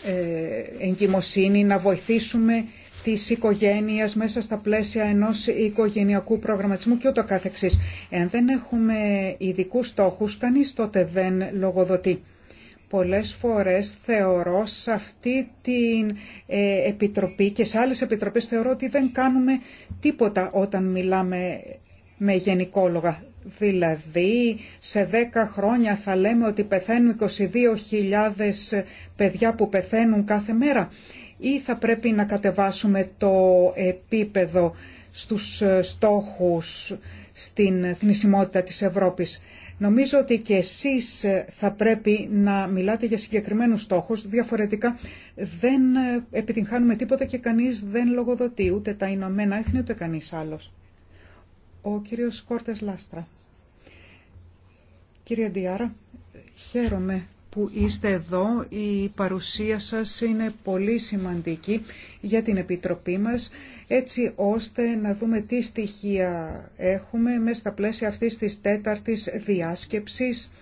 ε, εγκυμοσύνη, να βοηθήσουμε της οικογένειας μέσα στα πλαίσια ενός οικογενειακού προγραμματισμού και ούτω καθεξής. Εάν δεν έχουμε ειδικού στόχους, κανείς τότε δεν λογοδοτεί. Πολλές φορές θεωρώ σε αυτή την ε, επιτροπή και σε άλλες επιτροπές θεωρώ ότι δεν κάνουμε τίποτα όταν μιλάμε με γενικόλογα. Δηλαδή, σε 10 χρόνια θα λέμε ότι πεθαίνουν 22.000 παιδιά που πεθαίνουν κάθε μέρα ή θα πρέπει να κατεβάσουμε το επίπεδο στους ε, στόχους στην θνησιμότητα της Ευρώπης. Νομίζω ότι και εσείς ε, θα πρέπει να μιλάτε για συγκεκριμένους στόχους, διαφορετικά δεν ε, επιτυγχάνουμε τίποτα και κανείς δεν λογοδοτεί, ούτε τα Ηνωμένα Έθνη ούτε κανείς άλλος. Ο κύριος Κόρτες Λάστρα. Κύριε Ντιάρα, χαίρομαι που είστε εδώ. Η παρουσία σας είναι πολύ σημαντική για την Επιτροπή μας, έτσι ώστε να δούμε τι στοιχεία έχουμε μέσα στα πλαίσια αυτής της τέταρτης διάσκεψης.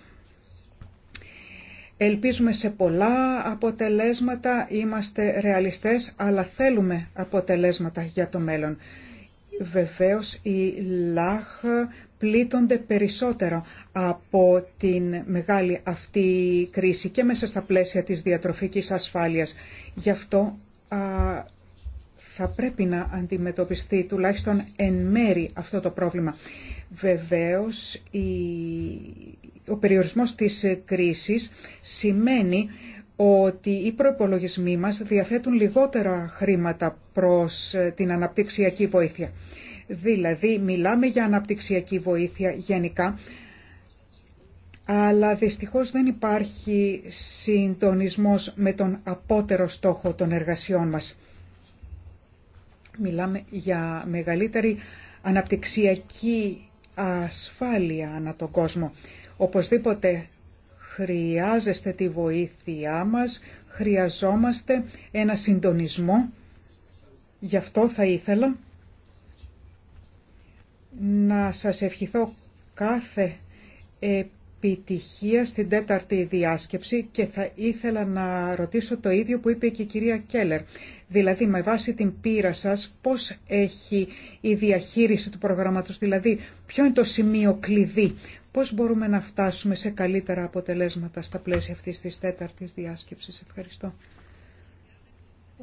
Ελπίζουμε σε πολλά αποτελέσματα, είμαστε ρεαλιστές, αλλά θέλουμε αποτελέσματα για το μέλλον. Βεβαίως η ΛΑΧ πλήττονται περισσότερο από την μεγάλη αυτή κρίση και μέσα στα πλαίσια της διατροφικής ασφάλειας. Γι' αυτό θα πρέπει να αντιμετωπιστεί τουλάχιστον εν μέρη αυτό το πρόβλημα. Βεβαίως, η, ο περιορισμός της κρίσης σημαίνει ότι οι προϋπολογισμοί μας διαθέτουν λιγότερα χρήματα προς ε, την αναπτυξιακή βοήθεια. Δηλαδή μιλάμε για αναπτυξιακή βοήθεια γενικά, αλλά δυστυχώς δεν υπάρχει συντονισμός με τον απότερο στόχο των εργασιών μας. Μιλάμε για μεγαλύτερη αναπτυξιακή ασφάλεια ανά τον κόσμο. Οπωσδήποτε χρειάζεστε τη βοήθειά μας, χρειαζόμαστε ένα συντονισμό. Γι' αυτό θα ήθελα να σας ευχηθώ κάθε επιτυχία στην τέταρτη διάσκεψη και θα ήθελα να ρωτήσω το ίδιο που είπε και η κυρία Κέλλερ. Δηλαδή, με βάση την πείρα σας, πώς έχει η διαχείριση του προγράμματος, δηλαδή ποιο είναι το σημείο κλειδί, πώς μπορούμε να φτάσουμε σε καλύτερα αποτελέσματα στα πλαίσια αυτής της τέταρτης διάσκεψης. Ευχαριστώ.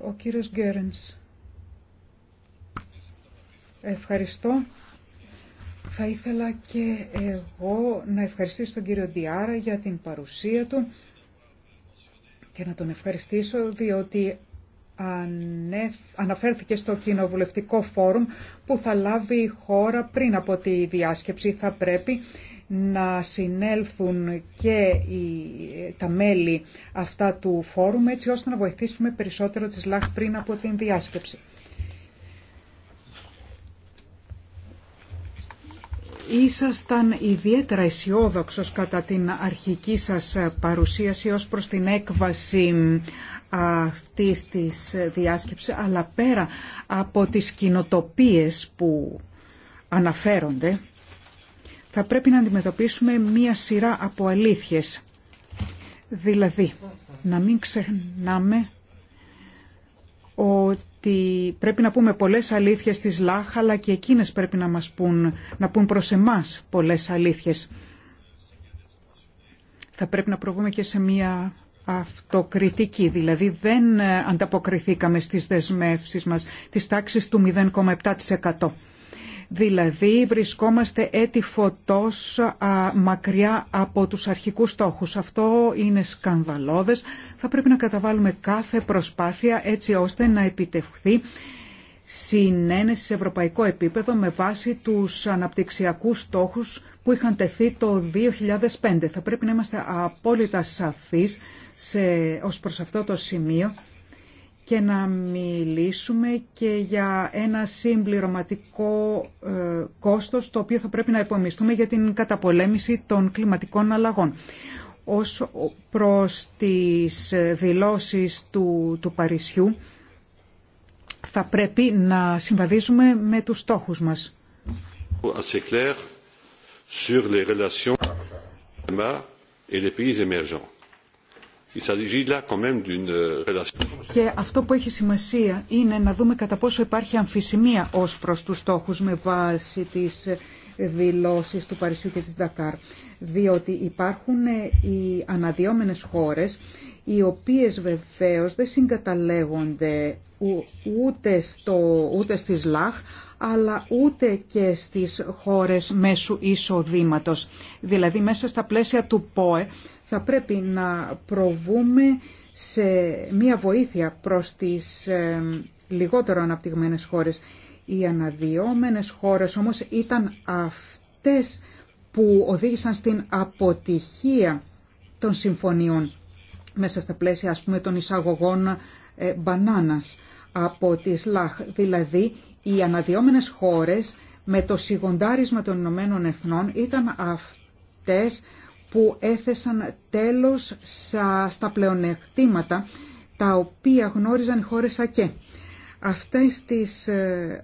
Ο κύριος Γκέρενς. Ευχαριστώ. Θα ήθελα και εγώ να ευχαριστήσω τον κύριο Διάρα για την παρουσία του και να τον ευχαριστήσω διότι αναφέρθηκε στο κοινοβουλευτικό φόρουμ που θα λάβει η χώρα πριν από τη διάσκεψη. Θα πρέπει να συνέλθουν και τα μέλη αυτά του φόρουμ έτσι ώστε να βοηθήσουμε περισσότερο τις ΛΑΧ πριν από την διάσκεψη. ήσασταν ιδιαίτερα αισιόδοξο κατά την αρχική σας παρουσίαση ως προς την έκβαση αυτής της διάσκεψης, αλλά πέρα από τις κοινοτοπίες που αναφέρονται, θα πρέπει να αντιμετωπίσουμε μία σειρά από αλήθειες. Δηλαδή, να μην ξεχνάμε ότι πρέπει να πούμε πολλές αλήθειες στις ΛΑΧ, αλλά και εκείνες πρέπει να μας πούν, να πούν προς εμάς πολλές αλήθειες. Θα πρέπει να προβούμε και σε μία αυτοκριτική, δηλαδή δεν ε, ανταποκριθήκαμε στις δεσμεύσεις μας της τάξης του 0,7%. Δηλαδή βρισκόμαστε έτη φωτός μακριά από τους αρχικούς στόχους. Αυτό είναι σκανδαλώδες, θα πρέπει να καταβάλουμε κάθε προσπάθεια έτσι ώστε να επιτευχθεί συνένεση σε ευρωπαϊκό επίπεδο με βάση τους αναπτυξιακούς στόχους που είχαν τεθεί το 2005. Θα πρέπει να είμαστε απόλυτα σαφείς σε, ως προς αυτό το σημείο και να μιλήσουμε και για ένα συμπληρωματικό ε, κόστος το οποίο θα πρέπει να υπομισθούμε για την καταπολέμηση των κλιματικών αλλαγών ως προς τις δηλώσεις του, του Παρισιού θα πρέπει να συμβαδίζουμε με τους στόχους μας. Sur les relations et les pays émergents. Euh, και αυτό που έχει σημασία είναι να δούμε κατά πόσο υπάρχει αμφισημία ως προς τους στόχους με βάση τις ε, δηλώσεις του Παρισιού και της δακάρ, Διότι υπάρχουν ε, οι αναδιόμενες χώρες οι οποίες βεβαίως δεν συγκαταλέγονται ούτε, στο, ούτε στις ΛΑΧ αλλά ούτε και στις χώρες μέσου εισοδήματος. Δηλαδή μέσα στα πλαίσια του ΠΟΕ θα πρέπει να προβούμε σε μία βοήθεια προς τις ε, λιγότερο αναπτυγμένες χώρες. Οι αναδυόμενες χώρες όμως ήταν αυτές που οδήγησαν στην αποτυχία των συμφωνιών μέσα στα πλαίσια ας πούμε των εισαγωγών ε, μπανάνας από τις ΛΑΧ. Δηλαδή οι αναδυόμενες χώρες με το σιγοντάρισμα των Ηνωμένων Εθνών ήταν αυτές που έθεσαν τέλος στα πλεονεκτήματα τα οποία γνώριζαν οι χώρες ΑΚΕ. Αυτές τις ε,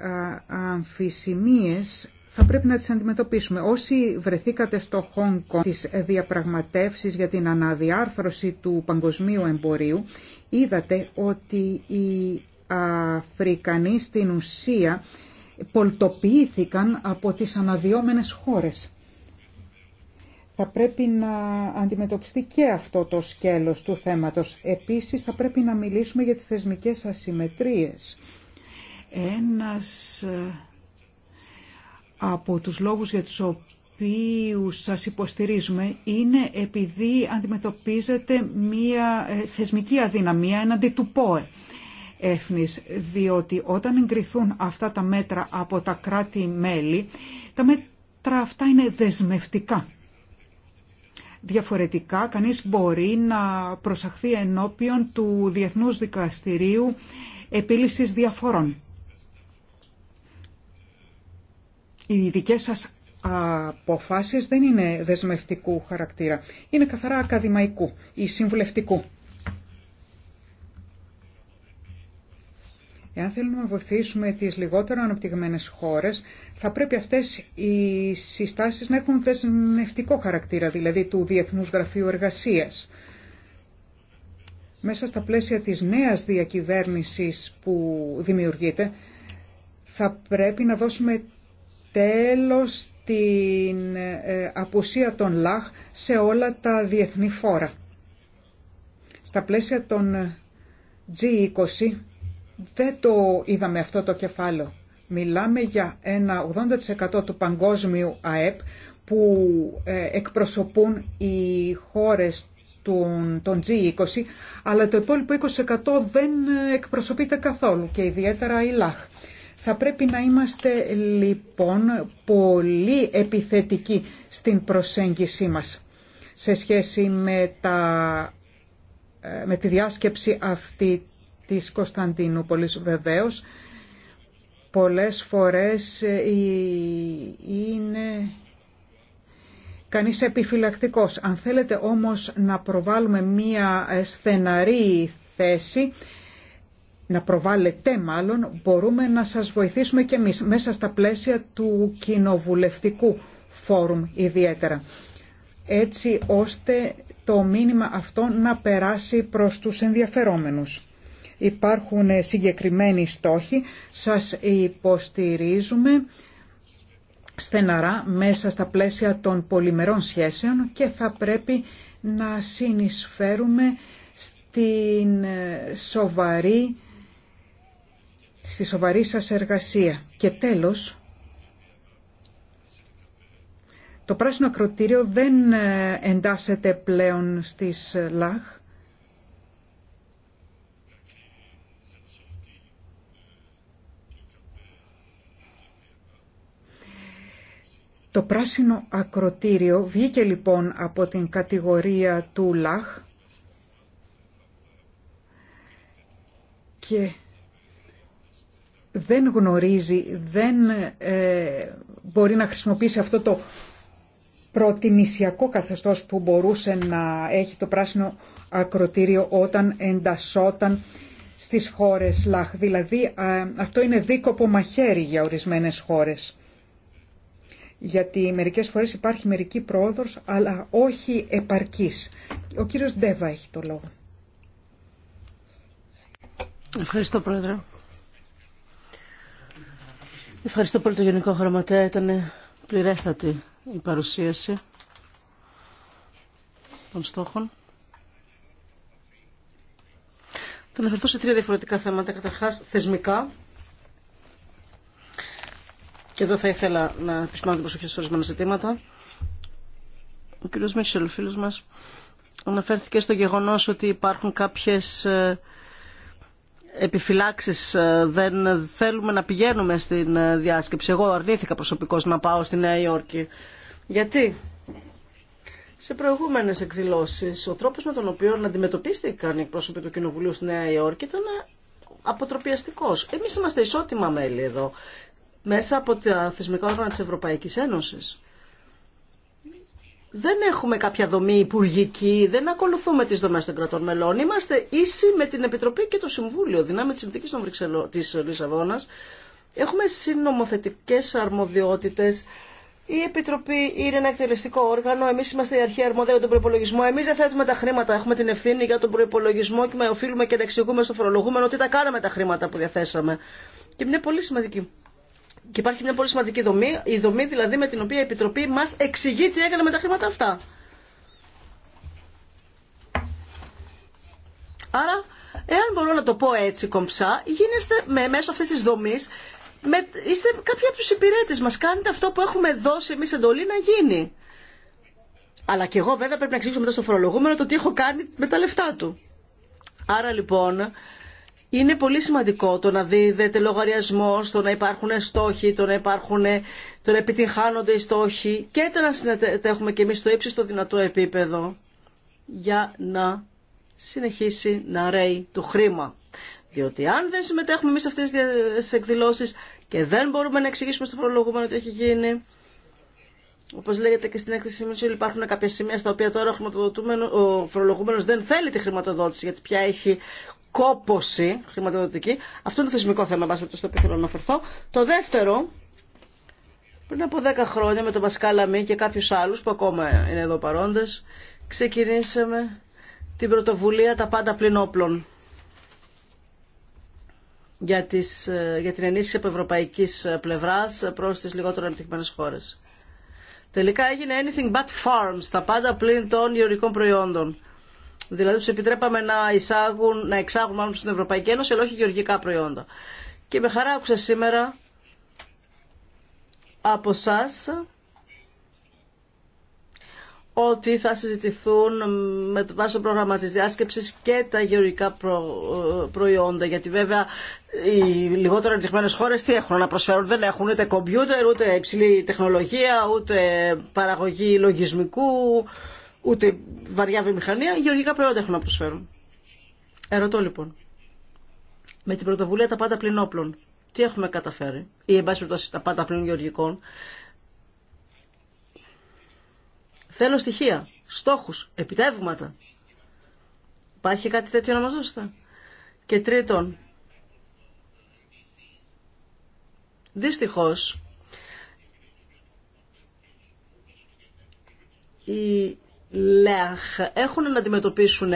αμφισημίες θα πρέπει να τις αντιμετωπίσουμε. Όσοι βρεθήκατε στο Χόνγκ Kong τις διαπραγματεύσεις για την αναδιάρθρωση του παγκοσμίου εμπορίου, είδατε ότι οι Αφρικανοί στην ουσία πολτοποιήθηκαν από τις αναδυόμενες χώρες θα πρέπει να αντιμετωπιστεί και αυτό το σκέλος του θέματος. Επίσης θα πρέπει να μιλήσουμε για τις θεσμικές ασυμμετρίες. Ένας ε, από τους λόγους για τους οποίους σας υποστηρίζουμε είναι επειδή αντιμετωπίζεται μία ε, θεσμική αδυναμία εναντί του ΠΟΕ. διότι όταν εγκριθούν αυτά τα μέτρα από τα κράτη-μέλη, τα μέτρα αυτά είναι δεσμευτικά Διαφορετικά, κανείς μπορεί να προσαχθεί ενώπιον του Διεθνούς Δικαστηρίου Επίλυσης Διαφορών. Οι δικές σας αποφάσεις δεν είναι δεσμευτικού χαρακτήρα. Είναι καθαρά ακαδημαϊκού ή συμβουλευτικού. Εάν θέλουμε να βοηθήσουμε τις λιγότερο αναπτυγμένε χώρες, θα πρέπει αυτές οι συστάσεις να έχουν δεσμευτικό χαρακτήρα, δηλαδή του Διεθνούς Γραφείου εργασία. Μέσα στα πλαίσια της νέας διακυβέρνησης που δημιουργείται, θα πρέπει να δώσουμε τέλος την ε, απουσία των ΛΑΧ σε όλα τα διεθνή φόρα. Στα πλαίσια των ε, G20 δεν το είδαμε αυτό το κεφάλαιο. Μιλάμε για ένα 80% του παγκόσμιου ΑΕΠ που ε, εκπροσωπούν οι χώρες των, των G20, αλλά το υπόλοιπο 20% δεν εκπροσωπείται καθόλου και ιδιαίτερα η ΛΑΧ. Θα πρέπει να είμαστε λοιπόν πολύ επιθετικοί στην προσέγγιση μας σε σχέση με, τα, ε, με τη διάσκεψη αυτή της Κωνσταντινούπολης βεβαίως. Πολλές φορές ε, είναι κανείς επιφυλακτικός. Αν θέλετε όμως να προβάλλουμε μία ε, στεναρή θέση, να προβάλλετε μάλλον, μπορούμε να σας βοηθήσουμε και εμείς μέσα στα πλαίσια του κοινοβουλευτικού φόρουμ ιδιαίτερα. Έτσι ώστε το μήνυμα αυτό να περάσει προς τους ενδιαφερόμενους υπάρχουν συγκεκριμένοι στόχοι. Σας υποστηρίζουμε στεναρά μέσα στα πλαίσια των πολυμερών σχέσεων και θα πρέπει να συνεισφέρουμε στην ε, σοβαρή, στη σοβαρή σας εργασία. Και τέλος, το πράσινο ακροτήριο δεν ε, εντάσσεται πλέον στις ΛΑΧ Το πράσινο ακροτήριο βγήκε λοιπόν από την κατηγορία του ΛΑΧ και δεν γνωρίζει, δεν ε, μπορεί να χρησιμοποιήσει αυτό το προτιμησιακό καθεστώς που μπορούσε να έχει το πράσινο ακροτήριο όταν εντασσόταν στις χώρες ΛΑΧ. Δηλαδή ε, αυτό είναι δίκοπο μαχαίρι για ορισμένες χώρες γιατί μερικές φορές υπάρχει μερική πρόοδος, αλλά όχι επαρκής. Ο κύριος Ντέβα έχει το λόγο. Ευχαριστώ, Πρόεδρε. Ευχαριστώ πολύ το Γενικό Γραμματέα. Ήταν πληρέστατη η παρουσίαση των στόχων. Θα αναφερθώ σε τρία διαφορετικά θέματα. Καταρχάς, θεσμικά, και εδώ θα ήθελα να επισημάνω την προσοχή σε ορισμένα ζητήματα. Ο κ. Μίτσελ, ο φίλος αναφέρθηκε στο γεγονό ότι υπάρχουν κάποιε επιφυλάξει, ε, Δεν θέλουμε να πηγαίνουμε στην ε, διάσκεψη. Εγώ αρνήθηκα προσωπικώ να πάω στη Νέα Υόρκη. Γιατί? Σε προηγούμενε εκδηλώσει, ο τρόπο με τον οποίο αντιμετωπίστηκαν οι εκπρόσωποι του Κοινοβουλίου στη Νέα Υόρκη ήταν ε, αποτροπιαστικό. Εμεί είμαστε ισότιμα μέλη εδώ μέσα από τα θεσμικά όργανα της Ευρωπαϊκής Ένωσης. Δεν έχουμε κάποια δομή υπουργική, δεν ακολουθούμε τις δομές των κρατών μελών. Είμαστε ίσοι με την Επιτροπή και το Συμβούλιο, δυνάμει της συνθήκης της Λισαβόνας. Έχουμε συνομοθετικές αρμοδιότητες. Η Επιτροπή είναι ένα εκτελεστικό όργανο. Εμεί είμαστε η αρχή αρμόδια για τον προπολογισμό. Εμεί δεν θέτουμε τα χρήματα. Έχουμε την ευθύνη για τον προπολογισμό και με οφείλουμε και να εξηγούμε στο φορολογούμενο τι τα κάναμε τα χρήματα που διαθέσαμε. Και μια πολύ σημαντική και υπάρχει μια πολύ σημαντική δομή, η δομή δηλαδή με την οποία η Επιτροπή μας εξηγεί τι έκανε με τα χρήματα αυτά. Άρα, εάν μπορώ να το πω έτσι κομψά, γίνεστε με, μέσω αυτή τη δομή. είστε κάποιοι από τους υπηρέτες μας, κάνετε αυτό που έχουμε δώσει εμεί εντολή να γίνει. Αλλά και εγώ βέβαια πρέπει να εξηγήσω μετά στο φορολογούμενο το τι έχω κάνει με τα λεφτά του. Άρα λοιπόν, είναι πολύ σημαντικό το να δίδεται λογαριασμό, το να υπάρχουν στόχοι, το να, υπάρχουν, το να επιτυγχάνονται οι στόχοι και το να συμμετέχουμε και εμείς στο ύψιστο δυνατό επίπεδο για να συνεχίσει να ρέει το χρήμα. Διότι αν δεν συμμετέχουμε εμείς σε αυτές τις εκδηλώσεις και δεν μπορούμε να εξηγήσουμε στο προλογούμενο ότι έχει γίνει, Όπω λέγεται και στην έκθεση μου, υπάρχουν κάποια σημεία στα οποία τώρα ο, ο φορολογούμενο δεν θέλει τη χρηματοδότηση, γιατί πια έχει κόποση χρηματοδοτική. Αυτό είναι το θεσμικό θέμα, μας το στο οποίο θέλω να αναφερθώ. Το δεύτερο, πριν από 10 χρόνια με τον Μασκάλα Μη και κάποιους άλλους που ακόμα είναι εδώ παρόντες, ξεκινήσαμε την πρωτοβουλία «Τα πάντα πλην όπλων» για, τις, ε, για την ενίσχυση από ευρωπαϊκής ε, πλευράς προς τις λιγότερο ανεπτυγμένες χώρες. Τελικά έγινε anything but farms, τα πάντα πλην των γεωρικών προϊόντων. Δηλαδή του επιτρέπαμε να, εισάγουν, να εξάγουν μάλλον στην Ευρωπαϊκή Ένωση, αλλά όχι γεωργικά προϊόντα. Και με χαρά άκουσα σήμερα από εσά ότι θα συζητηθούν με το βάση το πρόγραμμα της διάσκεψης και τα γεωργικά ε, προϊόντα. Γιατί βέβαια οι λιγότερο ανεπτυγμένες χώρες τι έχουν να προσφέρουν. Δεν έχουν ούτε κομπιούτερ, ούτε υψηλή τεχνολογία, ούτε παραγωγή λογισμικού, ούτε βαριά βιομηχανία, γεωργικά προϊόντα έχουν να προσφέρουν. Ερωτώ λοιπόν, με την πρωτοβουλία τα πάντα πλην όπλων, τι έχουμε καταφέρει, ή εν πάση τα πάντα πλην γεωργικών. Θέλω στοιχεία, στόχους, επιτεύγματα. Υπάρχει κάτι τέτοιο να μας δώσετε. Και τρίτον, δυστυχώς, η ΛΕΑΧ έχουν να αντιμετωπίσουν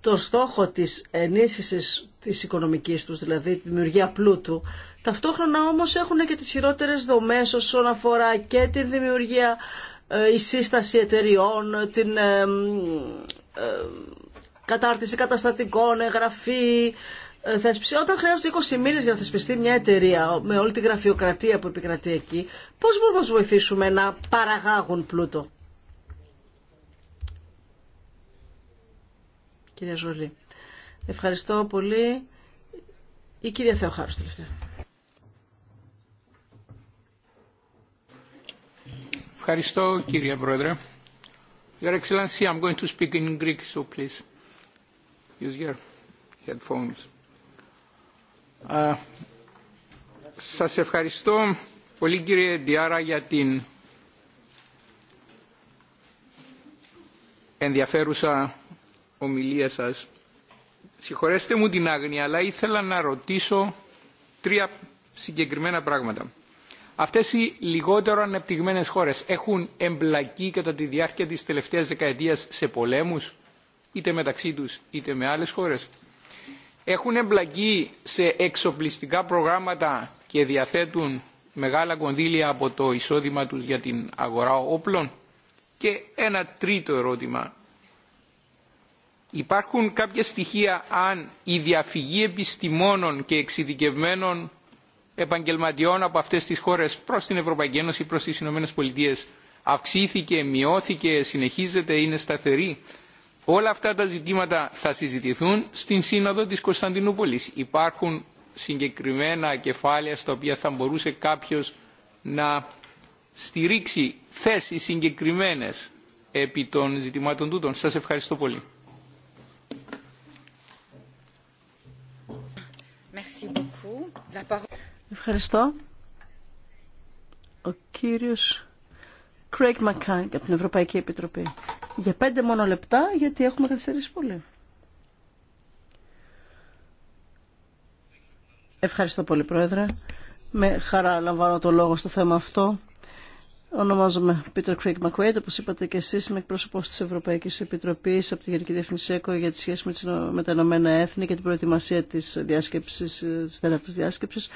το στόχο της ενίσχυσης της οικονομικής τους, δηλαδή τη δημιουργία πλούτου. Ταυτόχρονα όμως έχουν και τις χειρότερες δομές όσον αφορά και τη δημιουργία, ε, η σύσταση εταιριών, την ε, ε, κατάρτιση καταστατικών, εγγραφή, θέσπιση. Όταν χρειάζονται 20 μήνες για να θεσπιστεί μια εταιρεία με όλη τη γραφειοκρατία που επικρατεί εκεί, πώς μπορούμε να βοηθήσουμε να παραγάγουν πλούτο. κυρία Ζωλή. Ευχαριστώ πολύ. Η κυρία Θεοχάρου τελευταία. Ευχαριστώ κύρια Πρόεδρε. Your Excellency, I'm going to speak in Greek, so please use your headphones. Uh, σας ευχαριστώ πολύ κύριε Διάρα για την ενδιαφέρουσα ομιλία σας. Συγχωρέστε μου την άγνοια, αλλά ήθελα να ρωτήσω τρία συγκεκριμένα πράγματα. Αυτές οι λιγότερο ανεπτυγμένες χώρες έχουν εμπλακεί κατά τη διάρκεια της τελευταίας δεκαετίας σε πολέμους, είτε μεταξύ τους είτε με άλλες χώρες. Έχουν εμπλακεί σε εξοπλιστικά προγράμματα και διαθέτουν μεγάλα κονδύλια από το εισόδημα τους για την αγορά όπλων. Και ένα τρίτο ερώτημα. Υπάρχουν κάποια στοιχεία αν η διαφυγή επιστημόνων και εξειδικευμένων επαγγελματιών από αυτές τις χώρες προς την Ευρωπαϊκή Ένωση, προς τις Ηνωμένες Πολιτείες αυξήθηκε, μειώθηκε, συνεχίζεται, είναι σταθερή. Όλα αυτά τα ζητήματα θα συζητηθούν στην Σύνοδο της Κωνσταντινούπολης. Υπάρχουν συγκεκριμένα κεφάλαια στα οποία θα μπορούσε κάποιος να στηρίξει θέσεις συγκεκριμένες επί των ζητημάτων τούτων. Σας ευχαριστώ πολύ. Ευχαριστώ. Ο κύριος Craig McCann από την Ευρωπαϊκή Επιτροπή. Για πέντε μόνο λεπτά, γιατί έχουμε καθυστερήσει πολύ. Ευχαριστώ πολύ, Πρόεδρε. Με χαρά λαμβάνω το λόγο στο θέμα αυτό. Ονομάζομαι Peter Craig McQuaid, όπως είπατε και εσείς, είμαι εκπρόσωπος της Ευρωπαϊκής Επιτροπής από τη Γενική Διεύθυνση ΕΚΟ για τη σχέση με, τα Ηνωμένα Έθνη και την προετοιμασία της διάσκεψης, της τέταρτης διάσκεψης.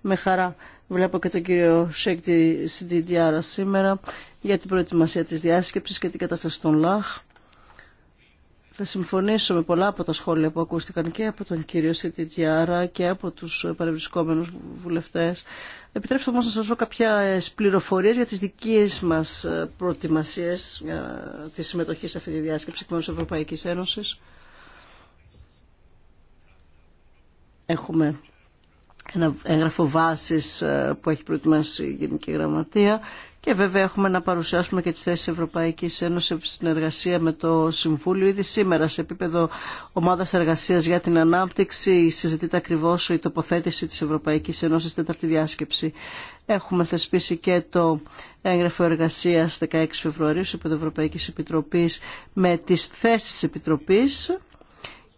Με χαρά βλέπω και τον κύριο Σέκτη Σιντιντιάρα σήμερα για την προετοιμασία της διάσκεψης και την κατάσταση των ΛΑΧ. Θα συμφωνήσω με πολλά από τα σχόλια που ακούστηκαν και από τον κύριο Σιτιτιάρα και από τους παρευρισκόμενους βουλευτές. Επιτρέψτε όμως να σας δώσω κάποιες πληροφορίες για τις δικές μας ε, προετοιμασίες για ε, τη συμμετοχή σε αυτή τη διάσκεψη εκ Ευρωπαϊκής Ένωσης. Έχουμε ένα έγγραφο βάσης ε, που έχει προετοιμάσει η Γενική Γραμματεία και βέβαια έχουμε να παρουσιάσουμε και τις θέσεις Ευρωπαϊκής Ένωσης στην συνεργασία με το Συμβούλιο. Ήδη σήμερα σε επίπεδο ομάδας εργασίας για την ανάπτυξη συζητείται ακριβώς η τοποθέτηση της Ευρωπαϊκής Ένωσης τέταρτη διάσκεψη. Έχουμε θεσπίσει και το έγγραφο εργασίας 16 Φεβρουαρίου σε επίπεδο Ευρωπαϊκής Επιτροπής με τις θέσεις Επιτροπής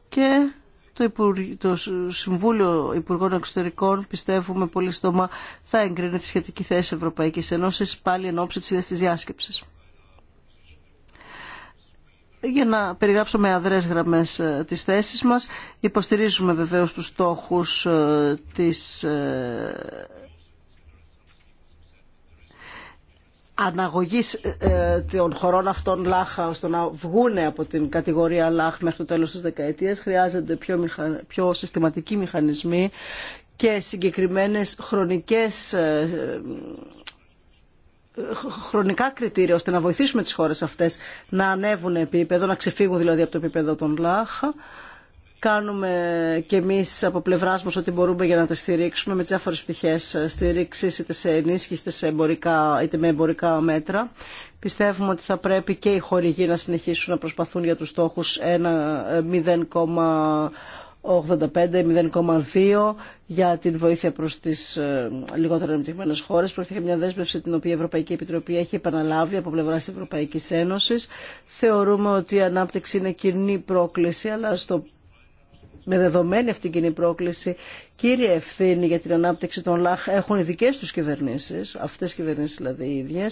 και το, το Συμβούλιο Υπουργών Εξωτερικών πιστεύουμε πολύ στόμα θα εγκρίνει τη σχετική θέση Ευρωπαϊκής Ενώσης πάλι εν ώψη της ίδιας της διάσκεψης. Για να περιγράψω με αδρές γραμμές ε, τις θέσεις μας, υποστηρίζουμε βεβαίως τους στόχους ε, της ε, αναγωγής ε, ε, των χωρών αυτών λάχα ώστε να βγουν από την κατηγορία λάχ μέχρι το τέλος της δεκαετίας χρειάζονται πιο, πιο συστηματικοί μηχανισμοί και συγκεκριμένες χρονικές ε, χρονικά κριτήρια ώστε να βοηθήσουμε τις χώρες αυτές να ανέβουν επίπεδο, να ξεφύγουν δηλαδή από το επίπεδο των λάχα κάνουμε κι εμεί από πλευρά μα ό,τι μπορούμε για να τα στηρίξουμε με τι διάφορε πτυχέ στήριξη, είτε σε ενίσχυση είτε, εμπορικά, είτε με εμπορικά μέτρα. Πιστεύουμε ότι θα πρέπει και οι χορηγοί να συνεχίσουν να προσπαθούν για τους στόχους 0,85 85-0,2 ε, για την βοήθεια προς τις ε, λιγότερο ανεπτυγμένες χώρες. Πρόκειται για μια δέσμευση την οποία η Ευρωπαϊκή Επιτροπή έχει επαναλάβει από πλευρά της Ευρωπαϊκής Ένωσης. Θεωρούμε ότι η ανάπτυξη είναι κοινή πρόκληση, αλλά στο με δεδομένη αυτή την πρόκληση κύρια ευθύνη για την ανάπτυξη των ΛΑΧ έχουν οι δικέ του κυβερνήσει, αυτέ οι κυβερνήσει δηλαδή οι ίδιε.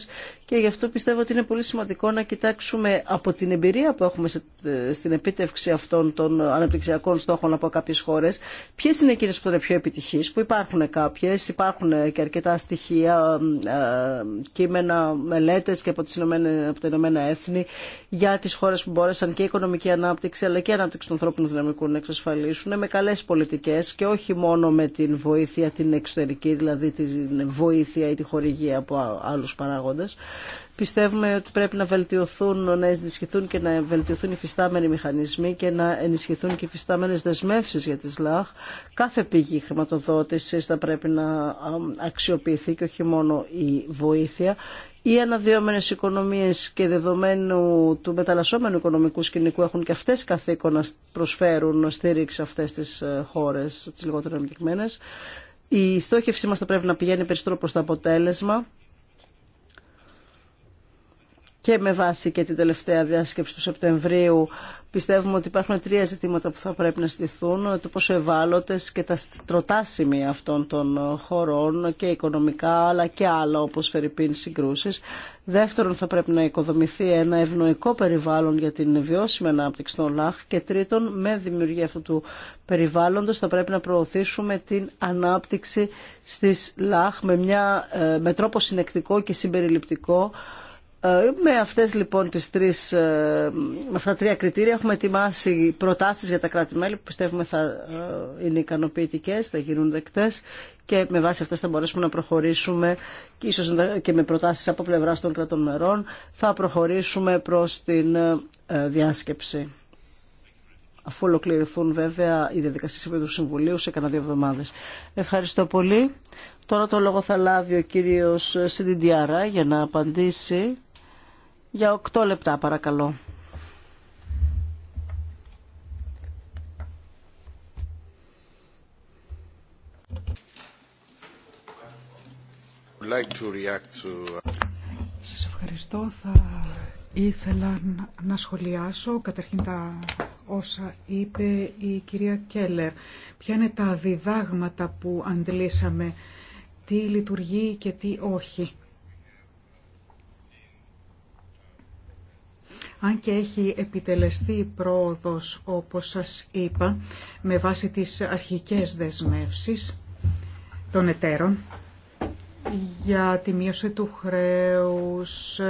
Και γι' αυτό πιστεύω ότι είναι πολύ σημαντικό να κοιτάξουμε από την εμπειρία που έχουμε ε, στην επίτευξη αυτών των αναπτυξιακών στόχων από κάποιε χώρε, ποιε είναι εκείνε που είναι πιο επιτυχεί, που υπάρχουν κάποιε, υπάρχουν και αρκετά στοιχεία, ε, κείμενα, μελέτε και από, τις Ηνωμένα, από τα Ηνωμένα Έθνη για τι χώρε που μπόρεσαν και οικονομική ανάπτυξη αλλά και ανάπτυξη του ανθρώπινου δυναμικού να εξασφαλίσουν με καλέ πολιτικέ και όχι μόνο μόνο με την βοήθεια την εξωτερική, δηλαδή την βοήθεια ή τη χορηγία από άλλους παράγοντες. Πιστεύουμε ότι πρέπει να βελτιωθούν, να ενισχυθούν και να βελτιωθούν οι φυστάμενοι μηχανισμοί και να ενισχυθούν και οι φυστάμενε δεσμεύσει για τις ΛΑΧ. Κάθε πηγή χρηματοδότηση θα πρέπει να αξιοποιηθεί και όχι μόνο η βοήθεια. Οι αναδυόμενες οικονομίες και δεδομένου του μεταλλασσόμενου οικονομικού σκηνικού έχουν και αυτές καθήκον να προσφέρουν στήριξη σε αυτές τις ε, χώρες, τις λιγότερο ανεπτυγμένες. Η στόχευσή μας θα πρέπει να πηγαίνει περισσότερο προς το αποτέλεσμα και με βάση και την τελευταία διάσκεψη του Σεπτεμβρίου πιστεύουμε ότι υπάρχουν τρία ζητήματα που θα πρέπει να στηθούν, το πόσο ευάλωτε και τα στρωτά σημεία αυτών των χωρών και οικονομικά αλλά και άλλα όπως φερειπίν συγκρούσεις. Δεύτερον θα πρέπει να οικοδομηθεί ένα ευνοϊκό περιβάλλον για την βιώσιμη ανάπτυξη των ΛΑΧ και τρίτον με δημιουργία αυτού του περιβάλλοντος θα πρέπει να προωθήσουμε την ανάπτυξη στις ΛΑΧ με, μια, ε, με τρόπο συνεκτικό και συμπεριληπτικό ε, με αυτές λοιπόν τις τρεις, ε, αυτά τρία κριτήρια έχουμε ετοιμάσει προτάσεις για τα κράτη-μέλη που πιστεύουμε θα ε, είναι ικανοποιητικές, θα γίνουν δεκτές και με βάση αυτές θα μπορέσουμε να προχωρήσουμε και ίσως και με προτάσεις από πλευρά των κρατών μερών θα προχωρήσουμε προς την διάσκεψη. Αφού ολοκληρωθούν βέβαια οι διαδικασίες του Συμβουλίου σε κανένα δύο εβδομάδες. Ευχαριστώ πολύ. Τώρα το λόγο θα λάβει ο κύριος Σιντιντιάρα για να απαντήσει για οκτώ λεπτά παρακαλώ. Like Σας ευχαριστώ. Θα ήθελα να σχολιάσω καταρχήν τα όσα είπε η κυρία Κέλλερ. Ποια είναι τα διδάγματα που αντλήσαμε, τι λειτουργεί και τι όχι. Αν και έχει επιτελεστεί πρόοδος, όπως σας είπα, με βάση τις αρχικές δεσμεύσεις των εταίρων, για τη μείωση του χρέους,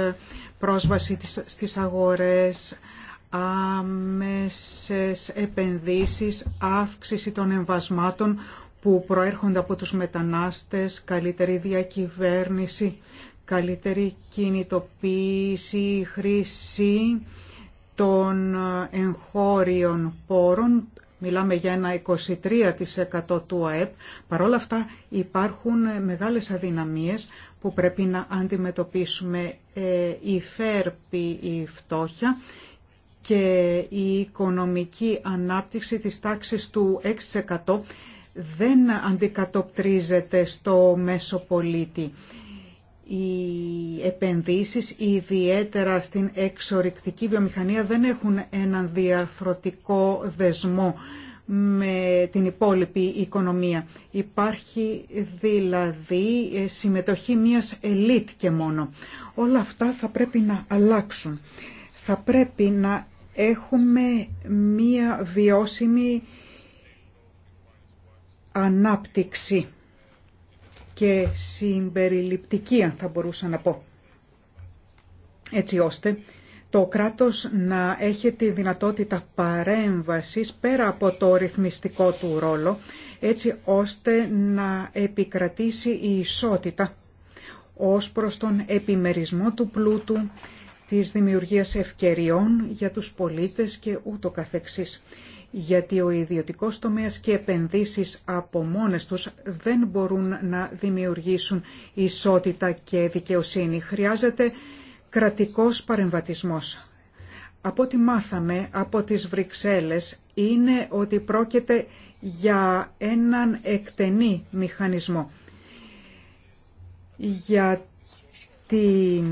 πρόσβαση στις αγορές, άμεσες επενδύσεις, αύξηση των εμβασμάτων που προέρχονται από τους μετανάστες, καλύτερη διακυβέρνηση καλύτερη κινητοποίηση, χρήση των εγχώριων πόρων, μιλάμε για ένα 23% του ΑΕΠ, παρόλα αυτά υπάρχουν μεγάλες αδυναμίες που πρέπει να αντιμετωπίσουμε ε, η φέρπη, η φτώχεια και η οικονομική ανάπτυξη της τάξης του 6% δεν αντικατοπτρίζεται στο μέσο πολίτη οι επενδύσεις, ιδιαίτερα στην εξορυκτική βιομηχανία, δεν έχουν έναν διαφορετικό δεσμό με την υπόλοιπη οικονομία. Υπάρχει δηλαδή συμμετοχή μιας ελίτ και μόνο. Όλα αυτά θα πρέπει να αλλάξουν. Θα πρέπει να έχουμε μία βιώσιμη ανάπτυξη και συμπεριληπτική, αν θα μπορούσα να πω. Έτσι ώστε το κράτος να έχει τη δυνατότητα παρέμβασης πέρα από το ρυθμιστικό του ρόλο, έτσι ώστε να επικρατήσει η ισότητα ως προς τον επιμερισμό του πλούτου, της δημιουργίας ευκαιριών για τους πολίτες και ούτω καθεξής γιατί ο ιδιωτικός τομέας και επενδύσεις από μόνες τους δεν μπορούν να δημιουργήσουν ισότητα και δικαιοσύνη. Χρειάζεται κρατικός παρεμβατισμός. Από ό,τι μάθαμε από τις Βρυξέλλες είναι ότι πρόκειται για έναν εκτενή μηχανισμό. Γιατί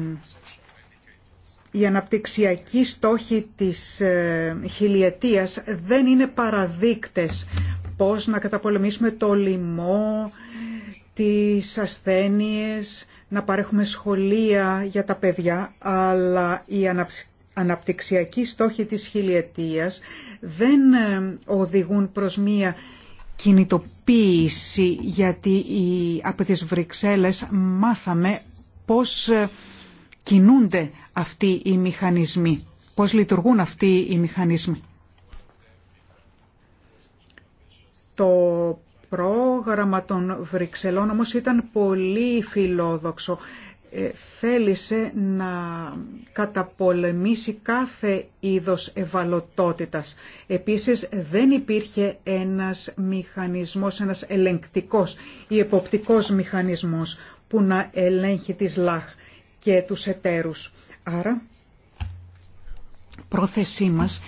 η αναπτυξιακοί στόχοι της ε, χιλιετίας δεν είναι παραδείκτες πώς να καταπολεμήσουμε το λοιμό, τις ασθένειες, να παρέχουμε σχολεία για τα παιδιά, αλλά η αναπτυξιακοί στόχοι της χιλιετίας δεν ε, οδηγούν προς μία κινητοποίηση γιατί από τις Βρυξέλλες μάθαμε πώς ε, κινούνται αυτοί οι μηχανισμοί, πώς λειτουργούν αυτοί οι μηχανισμοί. Το πρόγραμμα των Βρυξελών όμως ήταν πολύ φιλόδοξο. Ε, θέλησε να καταπολεμήσει κάθε είδος ευαλωτότητας. Επίσης δεν υπήρχε ένας μηχανισμός, ένας ελεγκτικός ή εποπτικός μηχανισμός που να ελέγχει τις ΛΑΧ και τους εταίρους. Άρα, πρόθεσή μας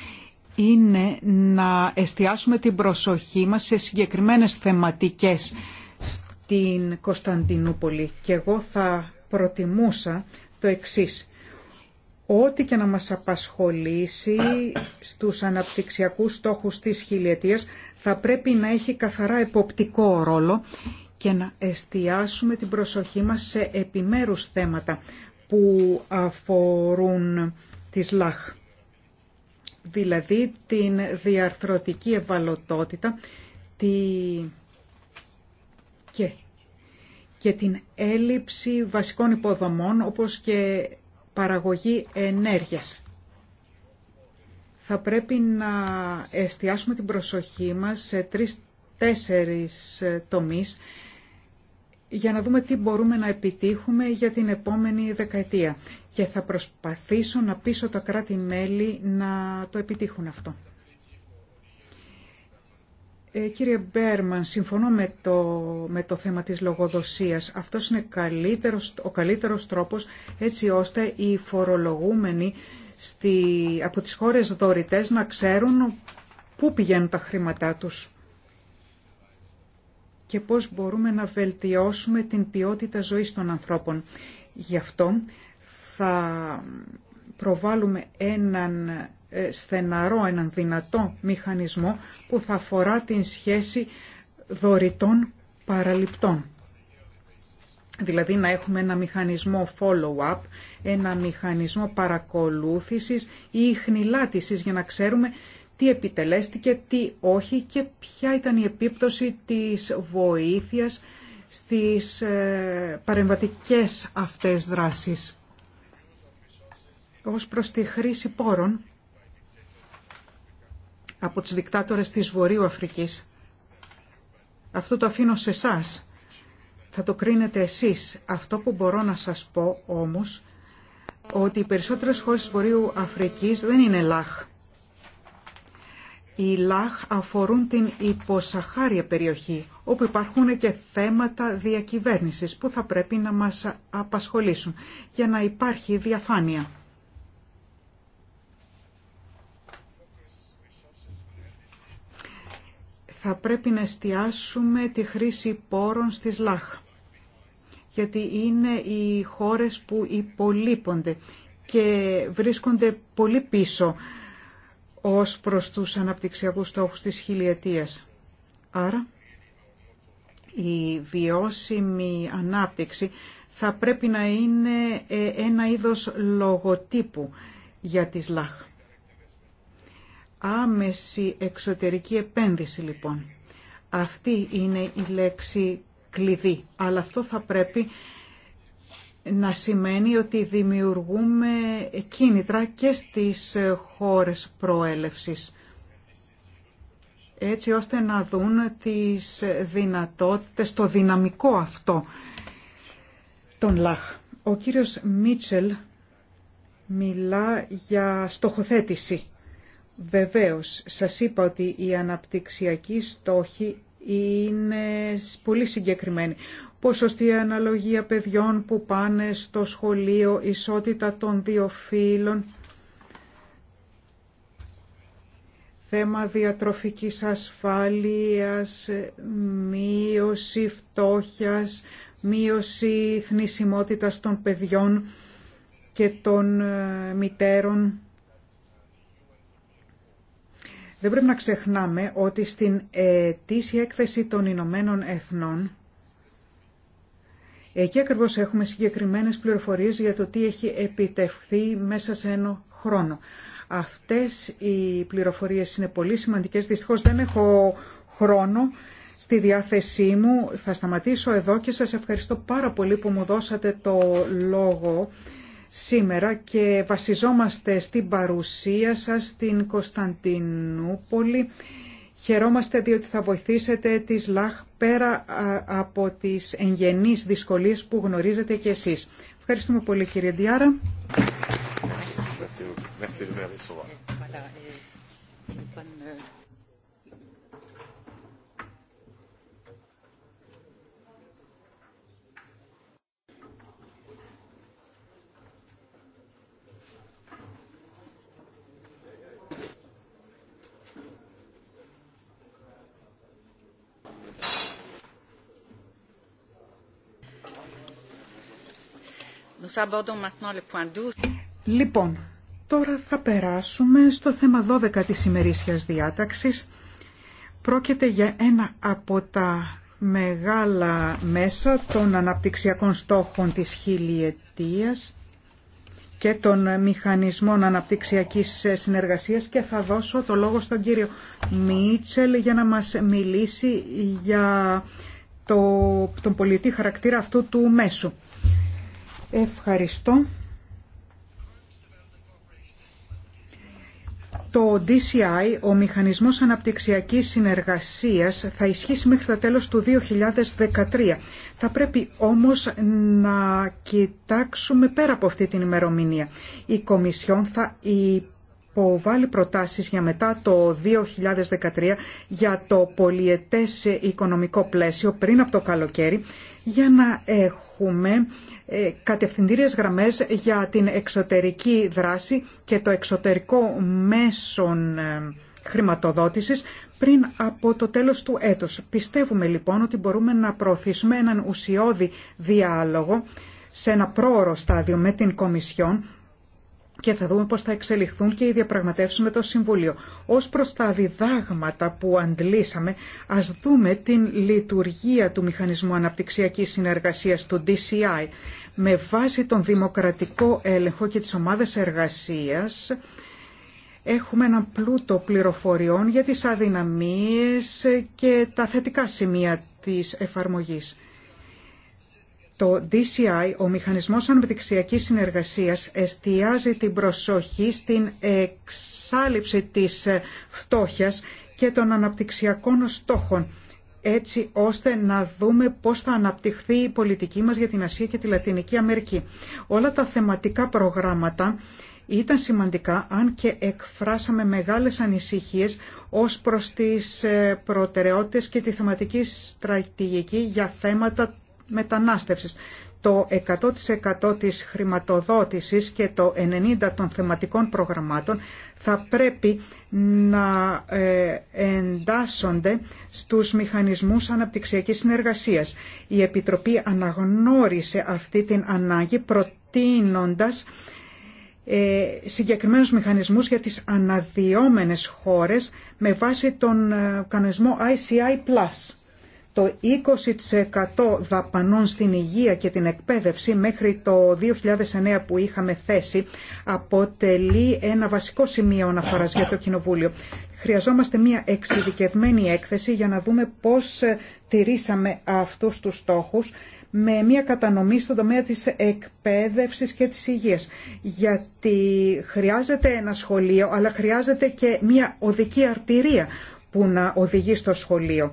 είναι να εστιάσουμε την προσοχή μας σε συγκεκριμένες θεματικές στην Κωνσταντινούπολη. Και εγώ θα προτιμούσα το εξής. Ό,τι και να μας απασχολήσει στους αναπτυξιακούς στόχους της χιλιετίας θα πρέπει να έχει καθαρά εποπτικό ρόλο και να εστιάσουμε την προσοχή μας σε επιμέρους θέματα που αφορούν τις ΛΑΧ. Δηλαδή την διαρθρωτική ευαλωτότητα τη... και... και την έλλειψη βασικών υποδομών όπως και παραγωγή ενέργειας. Θα πρέπει να εστιάσουμε την προσοχή μας σε τρεις-τέσσερις τομείς για να δούμε τι μπορούμε να επιτύχουμε για την επόμενη δεκαετία. Και θα προσπαθήσω να πείσω τα κράτη-μέλη να το επιτύχουν αυτό. Ε, κύριε Μπέρμαν, συμφωνώ με το, με το θέμα της λογοδοσίας. αυτό είναι καλύτερος, ο καλύτερος τρόπος έτσι ώστε οι φορολογούμενοι στη, από τις χώρες δωρητές να ξέρουν πού πηγαίνουν τα χρήματά τους και πώς μπορούμε να βελτιώσουμε την ποιότητα ζωής των ανθρώπων. Γι' αυτό θα προβάλλουμε έναν ε, στεναρό, έναν δυνατό μηχανισμό που θα αφορά την σχέση δωρητών παραληπτών. Δηλαδή να έχουμε ένα μηχανισμό follow-up, ένα μηχανισμό παρακολούθησης ή για να ξέρουμε τι επιτελέστηκε, τι όχι και ποια ήταν η επίπτωση της βοήθειας στις ε, παρεμβατικές αυτές δράσεις. Ως προς τη χρήση πόρων από τους δικτάτορες της Βορείου Αφρικής. Αυτό το αφήνω σε εσά. Θα το κρίνετε εσείς. Αυτό που μπορώ να σας πω όμως, ότι οι περισσότερες χώρες της Βορείου Αφρικής δεν είναι λάχ οι ΛΑΧ αφορούν την υποσαχάρια περιοχή, όπου υπάρχουν και θέματα διακυβέρνησης που θα πρέπει να μας απασχολήσουν για να υπάρχει διαφάνεια. Θα πρέπει να εστιάσουμε τη χρήση πόρων στις ΛΑΧ, γιατί είναι οι χώρες που υπολείπονται και βρίσκονται πολύ πίσω ως προς τους αναπτυξιακούς στόχους της χιλιετίας. Άρα, η βιώσιμη ανάπτυξη θα πρέπει να είναι ε, ένα είδος λογοτύπου για τις ΛΑΧ. Άμεση εξωτερική επένδυση λοιπόν. Αυτή είναι η λέξη κλειδί, αλλά αυτό θα πρέπει να σημαίνει ότι δημιουργούμε κίνητρα και στις χώρες προέλευσης έτσι ώστε να δουν τις δυνατότητες, το δυναμικό αυτό των ΛΑΧ. Ο κύριος Μίτσελ μιλά για στοχοθέτηση. Βεβαίως, σας είπα ότι οι αναπτυξιακοί στόχοι είναι πολύ συγκεκριμένοι ποσοστή αναλογία παιδιών που πάνε στο σχολείο, ισότητα των δύο φύλων, θέμα διατροφικής ασφάλειας, μείωση φτώχειας, μείωση θνησιμότητας των παιδιών και των ε, μητέρων. Δεν πρέπει να ξεχνάμε ότι στην ετήσια έκθεση των Ηνωμένων Εθνών Εκεί ακριβώς έχουμε συγκεκριμένες πληροφορίες για το τι έχει επιτευχθεί μέσα σε ένα χρόνο. Αυτές οι πληροφορίες είναι πολύ σημαντικές. Δυστυχώς δεν έχω χρόνο στη διάθεσή μου. Θα σταματήσω εδώ και σας ευχαριστώ πάρα πολύ που μου δώσατε το λόγο σήμερα και βασιζόμαστε στην παρουσία σας στην Κωνσταντινούπολη Χαιρόμαστε διότι θα βοηθήσετε τις ΛΑΧ πέρα από τις εγγενείς δυσκολίες που γνωρίζετε και εσείς. Ευχαριστούμε πολύ κύριε Ντιάρα. Λοιπόν, τώρα θα περάσουμε στο θέμα 12 της ημερήσιας διάταξης. Πρόκειται για ένα από τα μεγάλα μέσα των αναπτυξιακών στόχων της χιλιετίας και των μηχανισμών αναπτυξιακής συνεργασίας και θα δώσω το λόγο στον κύριο Μίτσελ για να μας μιλήσει για το, τον πολιτή χαρακτήρα αυτού του μέσου. Ευχαριστώ. Το DCI, ο Μηχανισμός Αναπτυξιακής Συνεργασίας, θα ισχύσει μέχρι το τέλος του 2013. Θα πρέπει όμως να κοιτάξουμε πέρα από αυτή την ημερομηνία. Η Κομισιόν θα υποβάλει προτάσεις για μετά το 2013 για το πολιετές οικονομικό πλαίσιο πριν από το καλοκαίρι για να έχουμε ε, κατευθυντήριες γραμμές για την εξωτερική δράση και το εξωτερικό μέσον ε, χρηματοδότησης πριν από το τέλος του έτους. Πιστεύουμε λοιπόν ότι μπορούμε να προωθήσουμε έναν ουσιώδη διάλογο σε ένα πρόωρο στάδιο με την Κομισιόν και θα δούμε πώς θα εξελιχθούν και οι διαπραγματεύσεις με το Συμβούλιο. Ως προς τα διδάγματα που αντλήσαμε, ας δούμε την λειτουργία του Μηχανισμού Αναπτυξιακής Συνεργασίας, του DCI, με βάση τον δημοκρατικό έλεγχο και τις ομάδες εργασίας, Έχουμε ένα πλούτο πληροφοριών για τις αδυναμίες και τα θετικά σημεία της εφαρμογής. Το DCI, ο Μηχανισμός Αναπτυξιακής Συνεργασίας, εστιάζει την προσοχή στην εξάλληψη της φτώχειας και των αναπτυξιακών στόχων, έτσι ώστε να δούμε πώς θα αναπτυχθεί η πολιτική μας για την Ασία και τη Λατινική Αμερική. Όλα τα θεματικά προγράμματα ήταν σημαντικά, αν και εκφράσαμε μεγάλες ανησυχίες ως προς τις ε, προτεραιότητες και τη θεματική στρατηγική για θέματα μετανάστευσης. Το 100% της χρηματοδότησης και το 90% των θεματικών προγραμμάτων θα πρέπει να ε, εντάσσονται στους μηχανισμούς αναπτυξιακής συνεργασίας. Η Επιτροπή αναγνώρισε αυτή την ανάγκη προτείνοντας ε, συγκεκριμένους μηχανισμούς για τις αναδυόμενες χώρες με βάση τον ε, κανονισμό ICI+ το 20% δαπανών στην υγεία και την εκπαίδευση μέχρι το 2009 που είχαμε θέσει αποτελεί ένα βασικό σημείο αναφοράς για το Κοινοβούλιο. Χρειαζόμαστε μια εξειδικευμένη έκθεση για να δούμε πώς ε, τηρήσαμε αυτούς τους στόχους με μια κατανομή στον τομέα της εκπαίδευσης και της υγείας. Γιατί χρειάζεται ένα σχολείο, αλλά χρειάζεται και μια οδική αρτηρία που να οδηγεί στο σχολείο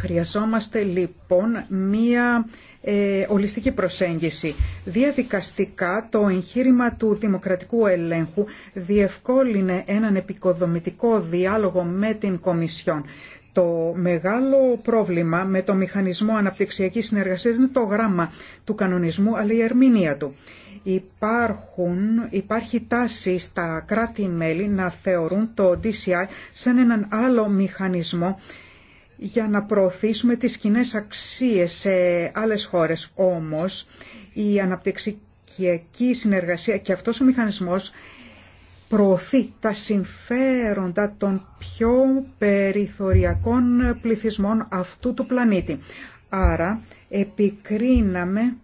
Χρειαζόμαστε λοιπόν μία ε, ολιστική προσέγγιση. Διαδικαστικά το εγχείρημα του δημοκρατικού ελέγχου διευκόλυνε έναν επικοδομητικό διάλογο με την Κομισιόν. Το μεγάλο πρόβλημα με το μηχανισμό αναπτυξιακής συνεργασίας είναι το γράμμα του κανονισμού αλλά η ερμηνεία του. Υπάρχουν, υπάρχει τάση στα κράτη-μέλη να θεωρούν το DCI σαν έναν άλλο μηχανισμό για να προωθήσουμε τις κοινέ αξίες σε άλλες χώρες. Όμως, η αναπτυξιακή συνεργασία και αυτός ο μηχανισμός προωθεί τα συμφέροντα των πιο περιθωριακών πληθυσμών αυτού του πλανήτη. Άρα, επικρίναμε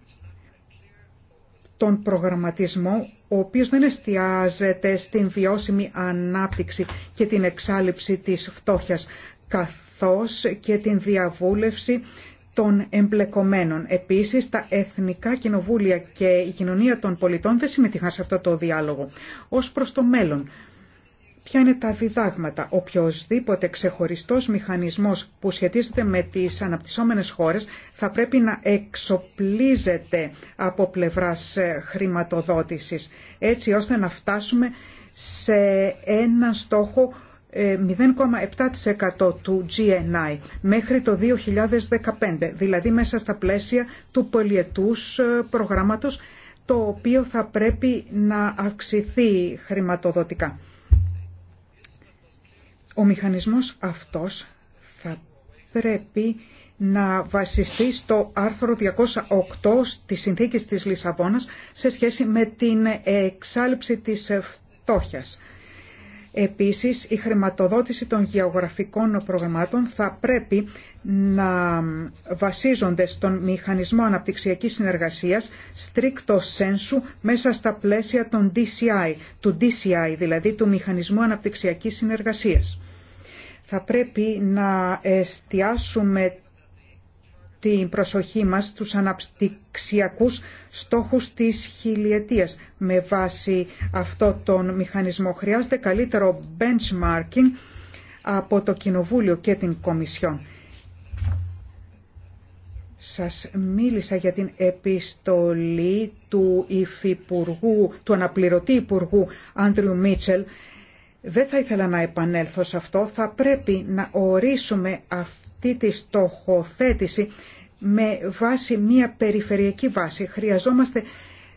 τον προγραμματισμό ο οποίος δεν εστιάζεται στην βιώσιμη ανάπτυξη και την εξάλληψη της φτώχειας, και την διαβούλευση των εμπλεκομένων. Επίσης, τα Εθνικά Κοινοβούλια και η Κοινωνία των Πολιτών δεν συμμετείχαν σε αυτό το διάλογο. Ως προς το μέλλον, ποια είναι τα διδάγματα. Οποιοδήποτε ξεχωριστός μηχανισμός που σχετίζεται με τις αναπτυσσόμενες χώρες θα πρέπει να εξοπλίζεται από πλευράς ε, χρηματοδότησης, έτσι ώστε να φτάσουμε σε ένα στόχο 0,7% ε, του GNI μέχρι το 2015, δηλαδή μέσα στα πλαίσια του πολιετούς ε, προγράμματος, το οποίο θα πρέπει να αυξηθεί χρηματοδοτικά. Ο μηχανισμός αυτός θα πρέπει να βασιστεί στο άρθρο 208 της Συνθήκης της Λισαβόνας σε σχέση με την εξάλληψη της φτώχειας. Επίσης, η χρηματοδότηση των γεωγραφικών προγραμμάτων θα πρέπει να βασίζονται στον μηχανισμό αναπτυξιακής συνεργασίας στρίκτο σένσου μέσα στα πλαίσια των DCI, του DCI, δηλαδή του Μηχανισμού Αναπτυξιακής Συνεργασίας. Θα πρέπει να εστιάσουμε την προσοχή μας στους αναπτυξιακούς στόχους της χιλιετίας. Με βάση αυτό τον μηχανισμό χρειάζεται καλύτερο benchmarking από το Κοινοβούλιο και την Κομισιόν. Σας μίλησα για την επιστολή του Υφυπουργού, του αναπληρωτή Υπουργού Άντριου Μίτσελ. Δεν θα ήθελα να επανέλθω σε αυτό. Θα πρέπει να ορίσουμε αυτό αυτή τη στοχοθέτηση με βάση μια περιφερειακή βάση. Χρειαζόμαστε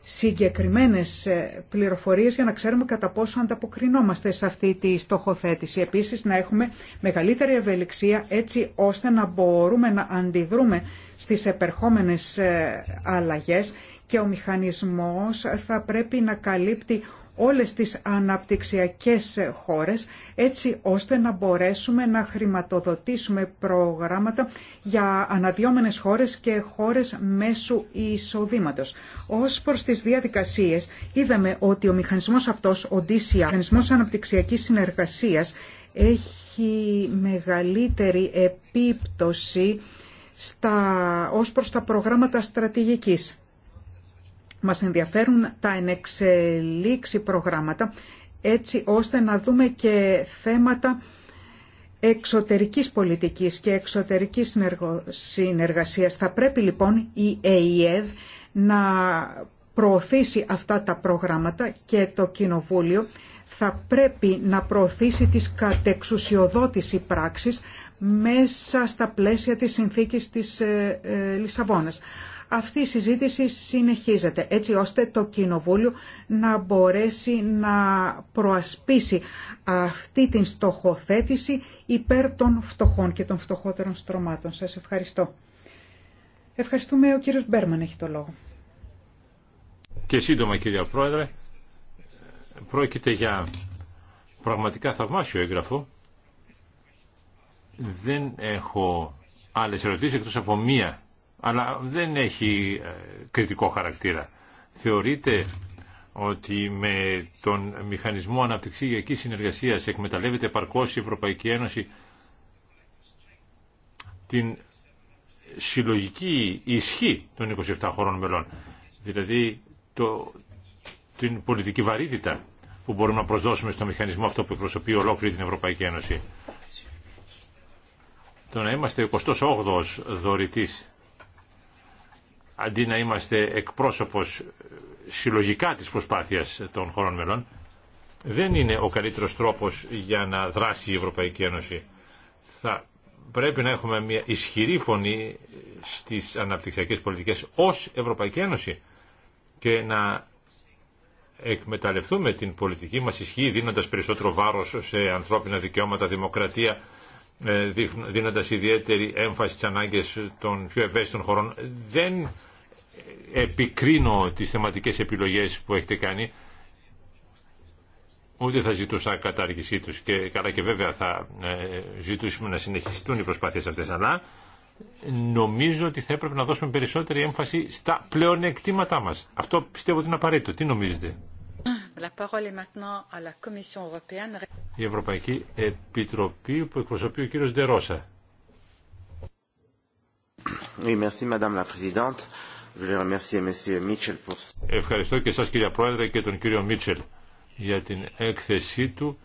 συγκεκριμένες ε, πληροφορίες για να ξέρουμε κατά πόσο ανταποκρινόμαστε σε αυτή τη στοχοθέτηση. Επίσης να έχουμε μεγαλύτερη ευελιξία έτσι ώστε να μπορούμε να αντιδρούμε στις επερχόμενες ε, αλλαγές και ο μηχανισμός θα πρέπει να καλύπτει όλες τις αναπτυξιακές χώρες έτσι ώστε να μπορέσουμε να χρηματοδοτήσουμε προγράμματα για αναδιόμενες χώρες και χώρες μέσου εισοδήματος. Ως προς τις διαδικασίες είδαμε ότι ο μηχανισμός αυτός, ο DCI, ο μηχανισμός αναπτυξιακής συνεργασίας έχει μεγαλύτερη επίπτωση στα, ως προς τα προγράμματα στρατηγικής. Μας ενδιαφέρουν τα ενεξελίξη προγράμματα έτσι ώστε να δούμε και θέματα εξωτερικής πολιτικής και εξωτερικής συνεργασίας. Θα πρέπει λοιπόν η ΕΕΔ να προωθήσει αυτά τα προγράμματα και το Κοινοβούλιο θα πρέπει να προωθήσει τις κατεξουσιοδότηση πράξης μέσα στα πλαίσια της συνθήκης της ε, ε, Λισαβόνας αυτή η συζήτηση συνεχίζεται έτσι ώστε το Κοινοβούλιο να μπορέσει να προασπίσει αυτή την στοχοθέτηση υπέρ των φτωχών και των φτωχότερων στρωμάτων. Σας ευχαριστώ. Ευχαριστούμε. Ο κύριος Μπέρμαν έχει το λόγο. Και σύντομα κύριε Πρόεδρε, πρόκειται για πραγματικά θαυμάσιο έγγραφο. Δεν έχω άλλες ερωτήσεις εκτός από μία αλλά δεν έχει ε, κριτικό χαρακτήρα. Θεωρείτε ότι με τον μηχανισμό αναπτυξιακής συνεργασίας εκμεταλλεύεται παρκώς η Ευρωπαϊκή Ένωση την συλλογική ισχύ των 27 χωρών μελών, δηλαδή το, την πολιτική βαρύτητα που μπορούμε να προσδώσουμε στο μηχανισμό αυτό που εκπροσωπεί ολόκληρη την Ευρωπαϊκή Ένωση. Το να είμαστε δωρητής αντί να είμαστε εκπρόσωπος συλλογικά της προσπάθειας των χωρών μελών, δεν είναι ο καλύτερος τρόπος για να δράσει η Ευρωπαϊκή Ένωση. Θα πρέπει να έχουμε μια ισχυρή φωνή στις αναπτυξιακές πολιτικές ως Ευρωπαϊκή Ένωση και να εκμεταλλευτούμε την πολιτική μας ισχύ δίνοντας περισσότερο βάρος σε ανθρώπινα δικαιώματα, δημοκρατία, ε, δίνοντας ιδιαίτερη έμφαση στις ανάγκες των πιο ευαίσθητων χωρών. Δεν επικρίνω τις θεματικές επιλογές που έχετε κάνει, ούτε θα ζητούσα κατάργησή τους και καλά και βέβαια θα ε, ζητούσουμε να συνεχιστούν οι προσπάθειες αυτές, αλλά νομίζω ότι θα έπρεπε να δώσουμε περισσότερη έμφαση στα πλεονεκτήματά μας. Αυτό πιστεύω ότι είναι απαραίτητο. Τι νομίζετε. Η Ευρωπαϊκή Επιτροπή που εκπροσωπεί ο κύριος Ντερόσα. Ευχαριστώ και σας κύριε Πρόεδρε και τον κύριο Μίτσελ για την έκθεσή του.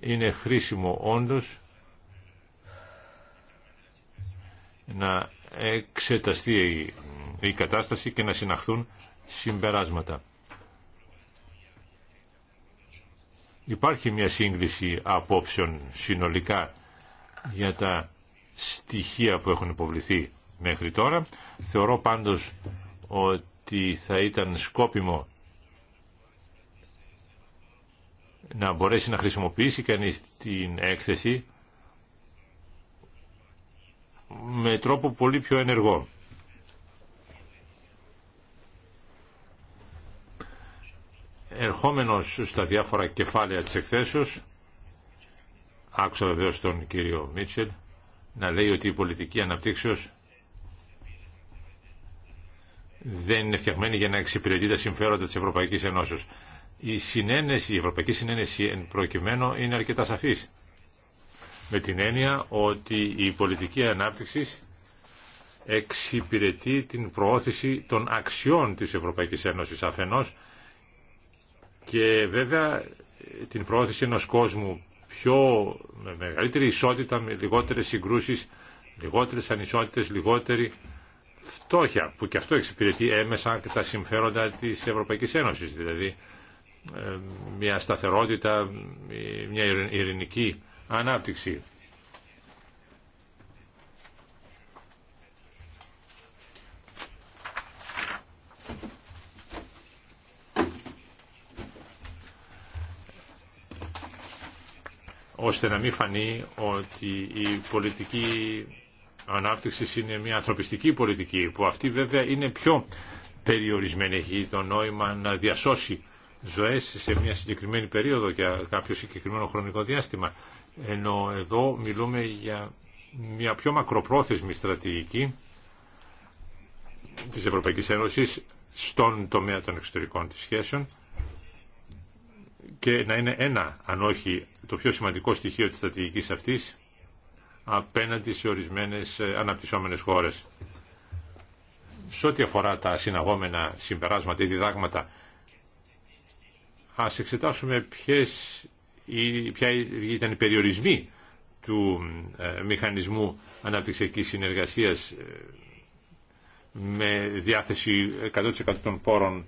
Είναι χρήσιμο όντως να εξεταστεί η κατάσταση και να συναχθούν συμπεράσματα. Υπάρχει μια σύγκριση απόψεων συνολικά για τα στοιχεία που έχουν υποβληθεί μέχρι τώρα. Θεωρώ πάντως ότι θα ήταν σκόπιμο να μπορέσει να χρησιμοποιήσει κανείς την έκθεση με τρόπο πολύ πιο ενεργό. ερχόμενος στα διάφορα κεφάλαια της εκθέσεως, άκουσα βεβαίως τον κύριο Μίτσελ, να λέει ότι η πολιτική αναπτύξεως δεν είναι φτιαγμένη για να εξυπηρετεί τα συμφέροντα της Ευρωπαϊκής Ενώσεως. Η, συνένεση, η Ευρωπαϊκή Συνένεση εν προκειμένου είναι αρκετά σαφής. Με την έννοια ότι η πολιτική ανάπτυξη εξυπηρετεί την προώθηση των αξιών της Ευρωπαϊκής Ένωσης αφενός και βέβαια την πρόθεση ενός κόσμου πιο με μεγαλύτερη ισότητα, με λιγότερες συγκρούσεις, λιγότερες ανισότητες, λιγότερη φτώχεια, που και αυτό εξυπηρετεί έμεσα και τα συμφέροντα της Ευρωπαϊκής Ένωσης, δηλαδή ε, μια σταθερότητα, μια ειρηνική ανάπτυξη. ώστε να μην φανεί ότι η πολιτική ανάπτυξη είναι μια ανθρωπιστική πολιτική, που αυτή βέβαια είναι πιο περιορισμένη. Έχει το νόημα να διασώσει ζωές σε μια συγκεκριμένη περίοδο για κάποιο συγκεκριμένο χρονικό διάστημα. Ενώ εδώ μιλούμε για μια πιο μακροπρόθεσμη στρατηγική της Ευρωπαϊκής Ένωσης στον τομέα των εξωτερικών της σχέσεων και να είναι ένα, αν όχι το πιο σημαντικό στοιχείο της στρατηγικής αυτής, απέναντι σε ορισμένες ε, αναπτυσσόμενες χώρες. Σε ό,τι αφορά τα συναγόμενα συμπεράσματα ή διδάγματα, ας εξετάσουμε ποιες, ποια ήταν οι περιορισμοί του ε, μηχανισμού αναπτυξιακής συνεργασίας ε, με διάθεση 100% των πόρων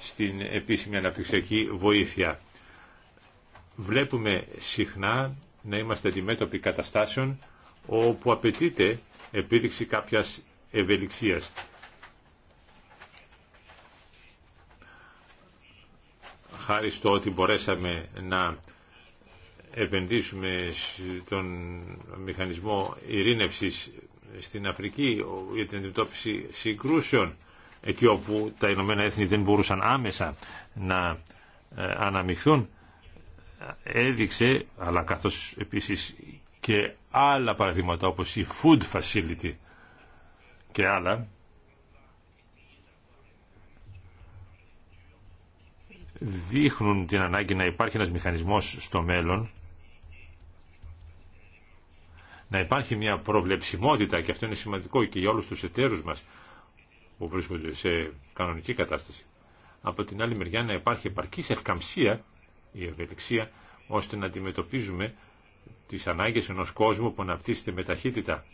στην επίσημη αναπτυξιακή βοήθεια βλέπουμε συχνά να είμαστε αντιμέτωποι καταστάσεων όπου απαιτείται επίδειξη κάποιας ευελιξίας. Χάρη στο ότι μπορέσαμε να επενδύσουμε τον μηχανισμό ειρήνευσης στην Αφρική για την αντιμετώπιση συγκρούσεων εκεί όπου τα Ηνωμένα Έθνη δεν μπορούσαν άμεσα να ε, αναμειχθούν έδειξε, αλλά καθώς επίσης και άλλα παραδείγματα όπως η Food Facility και άλλα, δείχνουν την ανάγκη να υπάρχει ένας μηχανισμός στο μέλλον, να υπάρχει μια προβλεψιμότητα και αυτό είναι σημαντικό και για όλους τους εταίρους μας που βρίσκονται σε κανονική κατάσταση. Από την άλλη μεριά να υπάρχει επαρκής ευκαμψία η ευελιξία ώστε να αντιμετωπίζουμε τις ανάγκες ενός κόσμου που αναπτύσσεται με ταχύτητα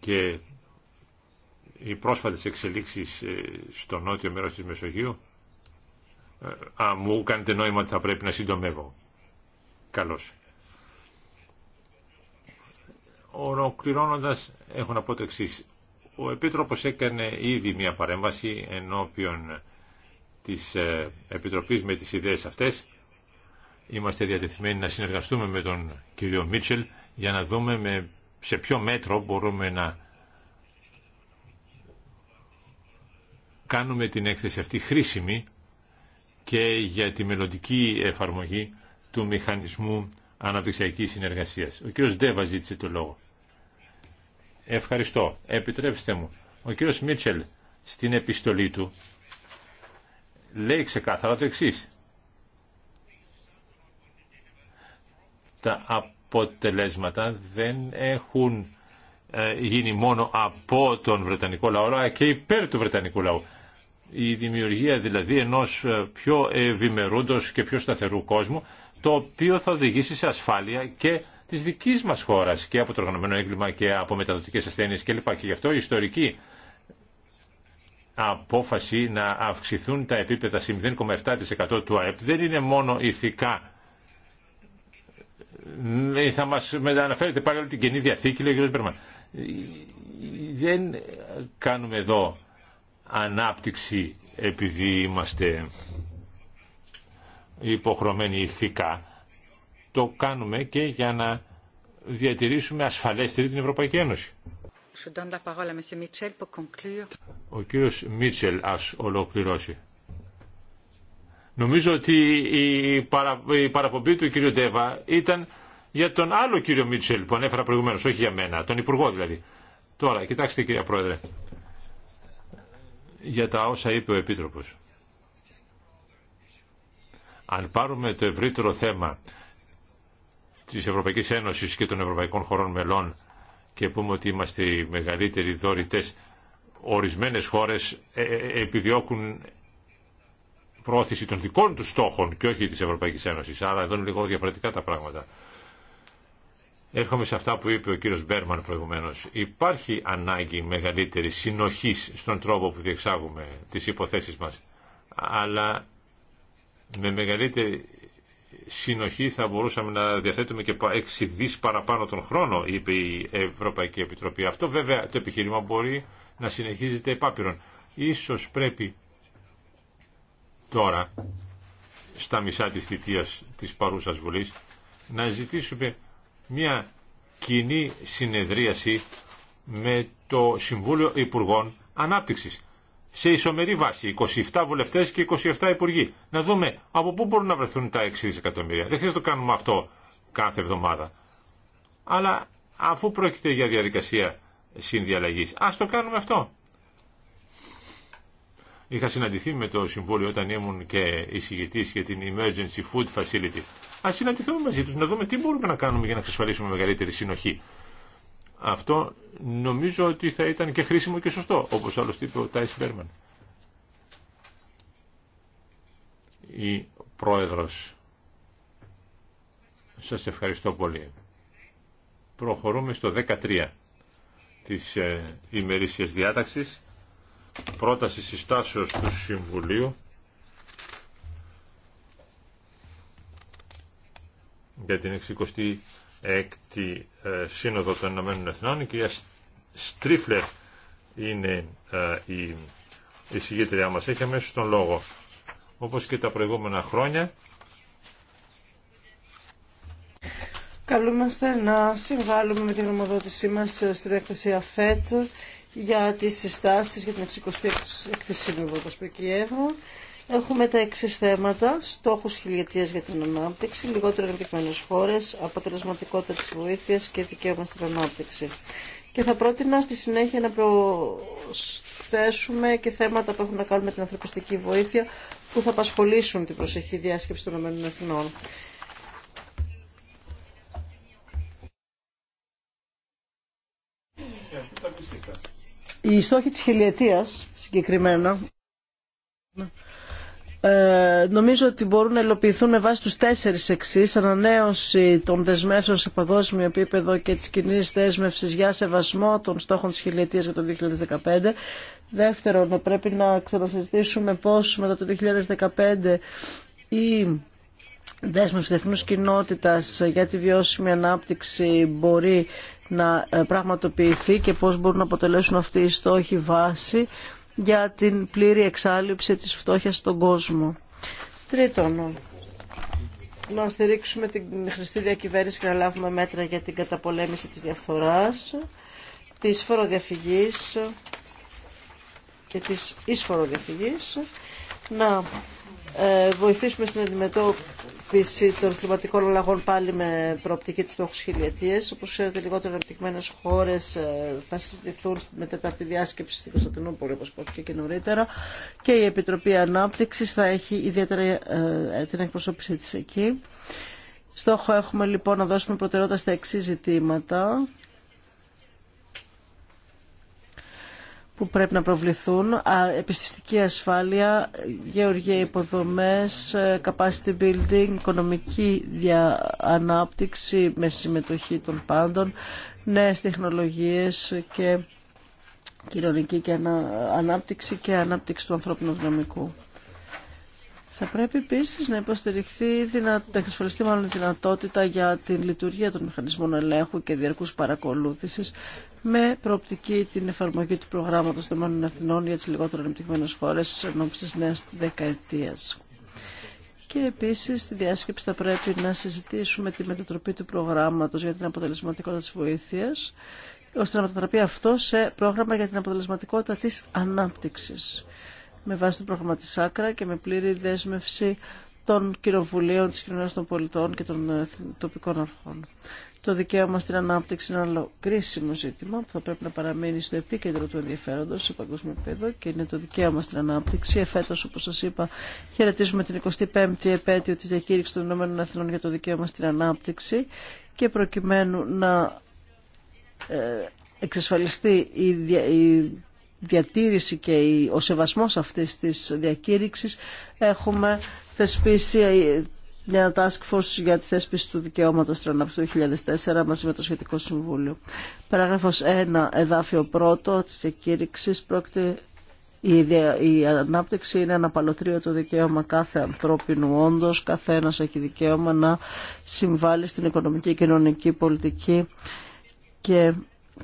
και οι πρόσφατες εξελίξεις ε, στο νότιο μέρος της Μεσογείου ε, α, μου κάνετε νόημα ότι θα πρέπει να συντομεύω καλώς ολοκληρώνοντας έχω να πω το εξής ο Επίτροπος έκανε ήδη μια παρέμβαση ενώπιον της ε, Επιτροπής με τις ιδέες αυτές. Είμαστε διατεθειμένοι να συνεργαστούμε με τον κύριο Μίτσελ για να δούμε με, σε ποιο μέτρο μπορούμε να κάνουμε την έκθεση αυτή χρήσιμη και για τη μελλοντική εφαρμογή του μηχανισμού αναπτυξιακής συνεργασίας. Ο κύριος Ντέβα ζήτησε το λόγο. Ευχαριστώ. Επιτρέψτε μου. Ο κύριος Μίτσελ στην επιστολή του λέει ξεκάθαρα το εξή. Τα αποτελέσματα δεν έχουν ε, γίνει μόνο από τον Βρετανικό λαό, αλλά και υπέρ του Βρετανικού λαού. Η δημιουργία δηλαδή ενός ε, πιο ευημερούντος και πιο σταθερού κόσμου, το οποίο θα οδηγήσει σε ασφάλεια και της δικής μας χώρας και από το οργανωμένο έγκλημα και από μεταδοτικές ασθένειες κλπ. Και γι' αυτό η ιστορική απόφαση να αυξηθούν τα επίπεδα σε 0,7% του ΑΕΠ δεν είναι μόνο ηθικά. Ε, θα μας μεταναφέρετε πάλι όλη την Καινή Διαθήκη, λέει ο κ. Δεν κάνουμε εδώ ανάπτυξη επειδή είμαστε υποχρωμένοι ηθικά. Το κάνουμε και για να διατηρήσουμε ασφαλέστερη την Ευρωπαϊκή Ένωση. Ο κύριος Μίτσελ ας ολοκληρώσει. Νομίζω ότι η, παρα, παραπομπή του κύριου Ντέβα ήταν για τον άλλο κύριο Μίτσελ που ανέφερα προηγουμένως, όχι για μένα, τον Υπουργό δηλαδή. Τώρα, κοιτάξτε κύριε Πρόεδρε, για τα όσα είπε ο Επίτροπος. Αν πάρουμε το ευρύτερο θέμα της Ευρωπαϊκής Ένωσης και των Ευρωπαϊκών χωρών μελών και πούμε ότι είμαστε οι μεγαλύτεροι δωρητές, ορισμένες χώρες ε, ε, ε, επιδιώκουν πρόθεση των δικών τους στόχων και όχι της Ευρωπαϊκής Ένωσης. Άρα εδώ είναι λίγο διαφορετικά τα πράγματα. Έρχομαι σε αυτά που είπε ο κύριος Μπέρμαν προηγουμένως. Υπάρχει ανάγκη μεγαλύτερη συνοχής στον τρόπο που διεξάγουμε τις υποθέσεις μας, αλλά με μεγαλύτερη συνοχή θα μπορούσαμε να διαθέτουμε και 6 δις παραπάνω τον χρόνο, είπε η Ευρωπαϊκή Επιτροπή. Αυτό βέβαια το επιχείρημα μπορεί να συνεχίζεται επάπειρον. Ίσως πρέπει τώρα, στα μισά της θητείας της παρούσας Βουλής, να ζητήσουμε μια κοινή συνεδρίαση με το Συμβούλιο Υπουργών Ανάπτυξης σε ισομερή βάση. 27 βουλευτέ και 27 υπουργοί. Να δούμε από πού μπορούν να βρεθούν τα 6 δισεκατομμύρια. Δεν χρειάζεται να το κάνουμε αυτό κάθε εβδομάδα. Αλλά αφού πρόκειται για διαδικασία συνδιαλλαγή, α το κάνουμε αυτό. Είχα συναντηθεί με το Συμβούλιο όταν ήμουν και εισηγητή για την Emergency Food Facility. Α συναντηθούμε μαζί του να δούμε τι μπορούμε να κάνουμε για να εξασφαλίσουμε μεγαλύτερη συνοχή. Αυτό νομίζω ότι θα ήταν και χρήσιμο και σωστό, όπως άλλωστε είπε ο Τάις Μπέρμαν. Η πρόεδρος. Σας ευχαριστώ πολύ. Προχωρούμε στο 13 της ε, ημερήσιας διάταξης. Πρόταση συστάσεως του Συμβουλίου για την 60 έκτη ε, σύνοδο των Ηνωμένων Εθνών. Η κυρία Στρίφλερ είναι ε, η εισηγήτριά μας. Έχει αμέσως τον λόγο. Όπως και τα προηγούμενα χρόνια, Καλούμαστε να συμβάλλουμε με την ομοδότησή μας ε, στην έκθεση ΑΦΕΤ για τις συστάσεις για την 66η έκθεση Σύνοδο, όπως Έχουμε τα εξή θέματα. Στόχου χιλιετία για την ανάπτυξη, λιγότερο αναπτυγμένε χώρε, αποτελεσματικότητα τη βοήθεια και δικαίωμα στην ανάπτυξη. Και θα πρότεινα στη συνέχεια να προσθέσουμε και θέματα που έχουν να κάνουν με την ανθρωπιστική βοήθεια που θα απασχολήσουν την προσεχή διάσκεψη των ΗΠΑ. Η στόχη της χιλιετίας συγκεκριμένα ε, νομίζω ότι μπορούν να υλοποιηθούν με βάση τους τέσσερις εξής ανανέωση των δεσμεύσεων σε παγκόσμιο επίπεδο και της κοινή δέσμευση για σεβασμό των στόχων της χιλιετίας για το 2015 δεύτερον να πρέπει να ξανασυζητήσουμε πώς μετά το 2015 η δέσμευση διεθνούς κοινότητας για τη βιώσιμη ανάπτυξη μπορεί να ε, πραγματοποιηθεί και πώς μπορούν να αποτελέσουν αυτοί οι στόχοι βάση για την πλήρη εξάλληψη της φτώχειας στον κόσμο. Τρίτον, να στηρίξουμε την χρηστή διακυβέρνηση και να λάβουμε μέτρα για την καταπολέμηση της διαφθοράς, της φοροδιαφυγής και της εισφοροδιαφυγής, να ε, βοηθήσουμε στην αντιμετώπιση αντιμετώπιση των κλιματικών αλλαγών πάλι με προοπτική του στόχου χιλιετίε. Όπω ξέρετε, λιγότερο αναπτυγμένε χώρε ε, θα συζητηθούν με τέταρτη διάσκεψη στην Κωνσταντινούπολη, όπω υπόθηκε και νωρίτερα. Και η Επιτροπή Ανάπτυξη θα έχει ιδιαίτερα ε, την εκπροσώπησή τη εκεί. Στόχο έχουμε λοιπόν να δώσουμε προτεραιότητα στα εξή ζητήματα που πρέπει να προβληθούν, επιστηστική ασφάλεια, γεωργία υποδομές, ε, capacity building, οικονομική ανάπτυξη με συμμετοχή των πάντων, νέες τεχνολογίες και κοινωνική και ανάπτυξη και ανάπτυξη του ανθρώπινου δυναμικού. Θα πρέπει επίσης να υποστηριχθεί, να εξασφαλιστεί μάλλον δυνατότητα για την λειτουργία των μηχανισμών ελέγχου και διαρκού παρακολούθησης με προοπτική την εφαρμογή του προγράμματος των μόνων Αθηνών για τις λιγότερο ανεπτυγμένες χώρες ενώπιση της νέας δεκαετίας. Και επίσης στη διάσκεψη θα πρέπει να συζητήσουμε τη μετατροπή του προγράμματος για την αποτελεσματικότητα της βοήθειας ώστε να μετατραπεί αυτό σε πρόγραμμα για την αποτελεσματικότητα της ανάπτυξης με βάση το πρόγραμμα της Άκρα και με πλήρη δέσμευση των κοινοβουλίων της κοινωνίας των πολιτών και των ε, τοπικών αρχών. Το δικαίωμα στην ανάπτυξη είναι ένα κρίσιμο ζήτημα που θα πρέπει να παραμείνει στο επίκεντρο του ενδιαφέροντο σε παγκόσμιο επίπεδο και είναι το δικαίωμα στην ανάπτυξη. Εφέτο, όπω σα είπα, χαιρετίζουμε την 25η επέτειο τη διακήρυξη των ΗΠΑ για το δικαίωμα στην ανάπτυξη και προκειμένου να ε, εξασφαλιστεί η διατήρηση και ο σεβασμός αυτής της διακήρυξης έχουμε θεσπίσει ε, μια task force για τη θέσπιση του δικαιώματο του 2004 μαζί με το σχετικό συμβούλιο. Παράγραφό 1, εδάφιο 1 τη εκήρυξη πρόκειται η, η ανάπτυξη είναι παλωτρίο το δικαίωμα κάθε ανθρώπινου όντως, κάθε έχει δικαίωμα να συμβάλλει στην οικονομική, κοινωνική, πολιτική και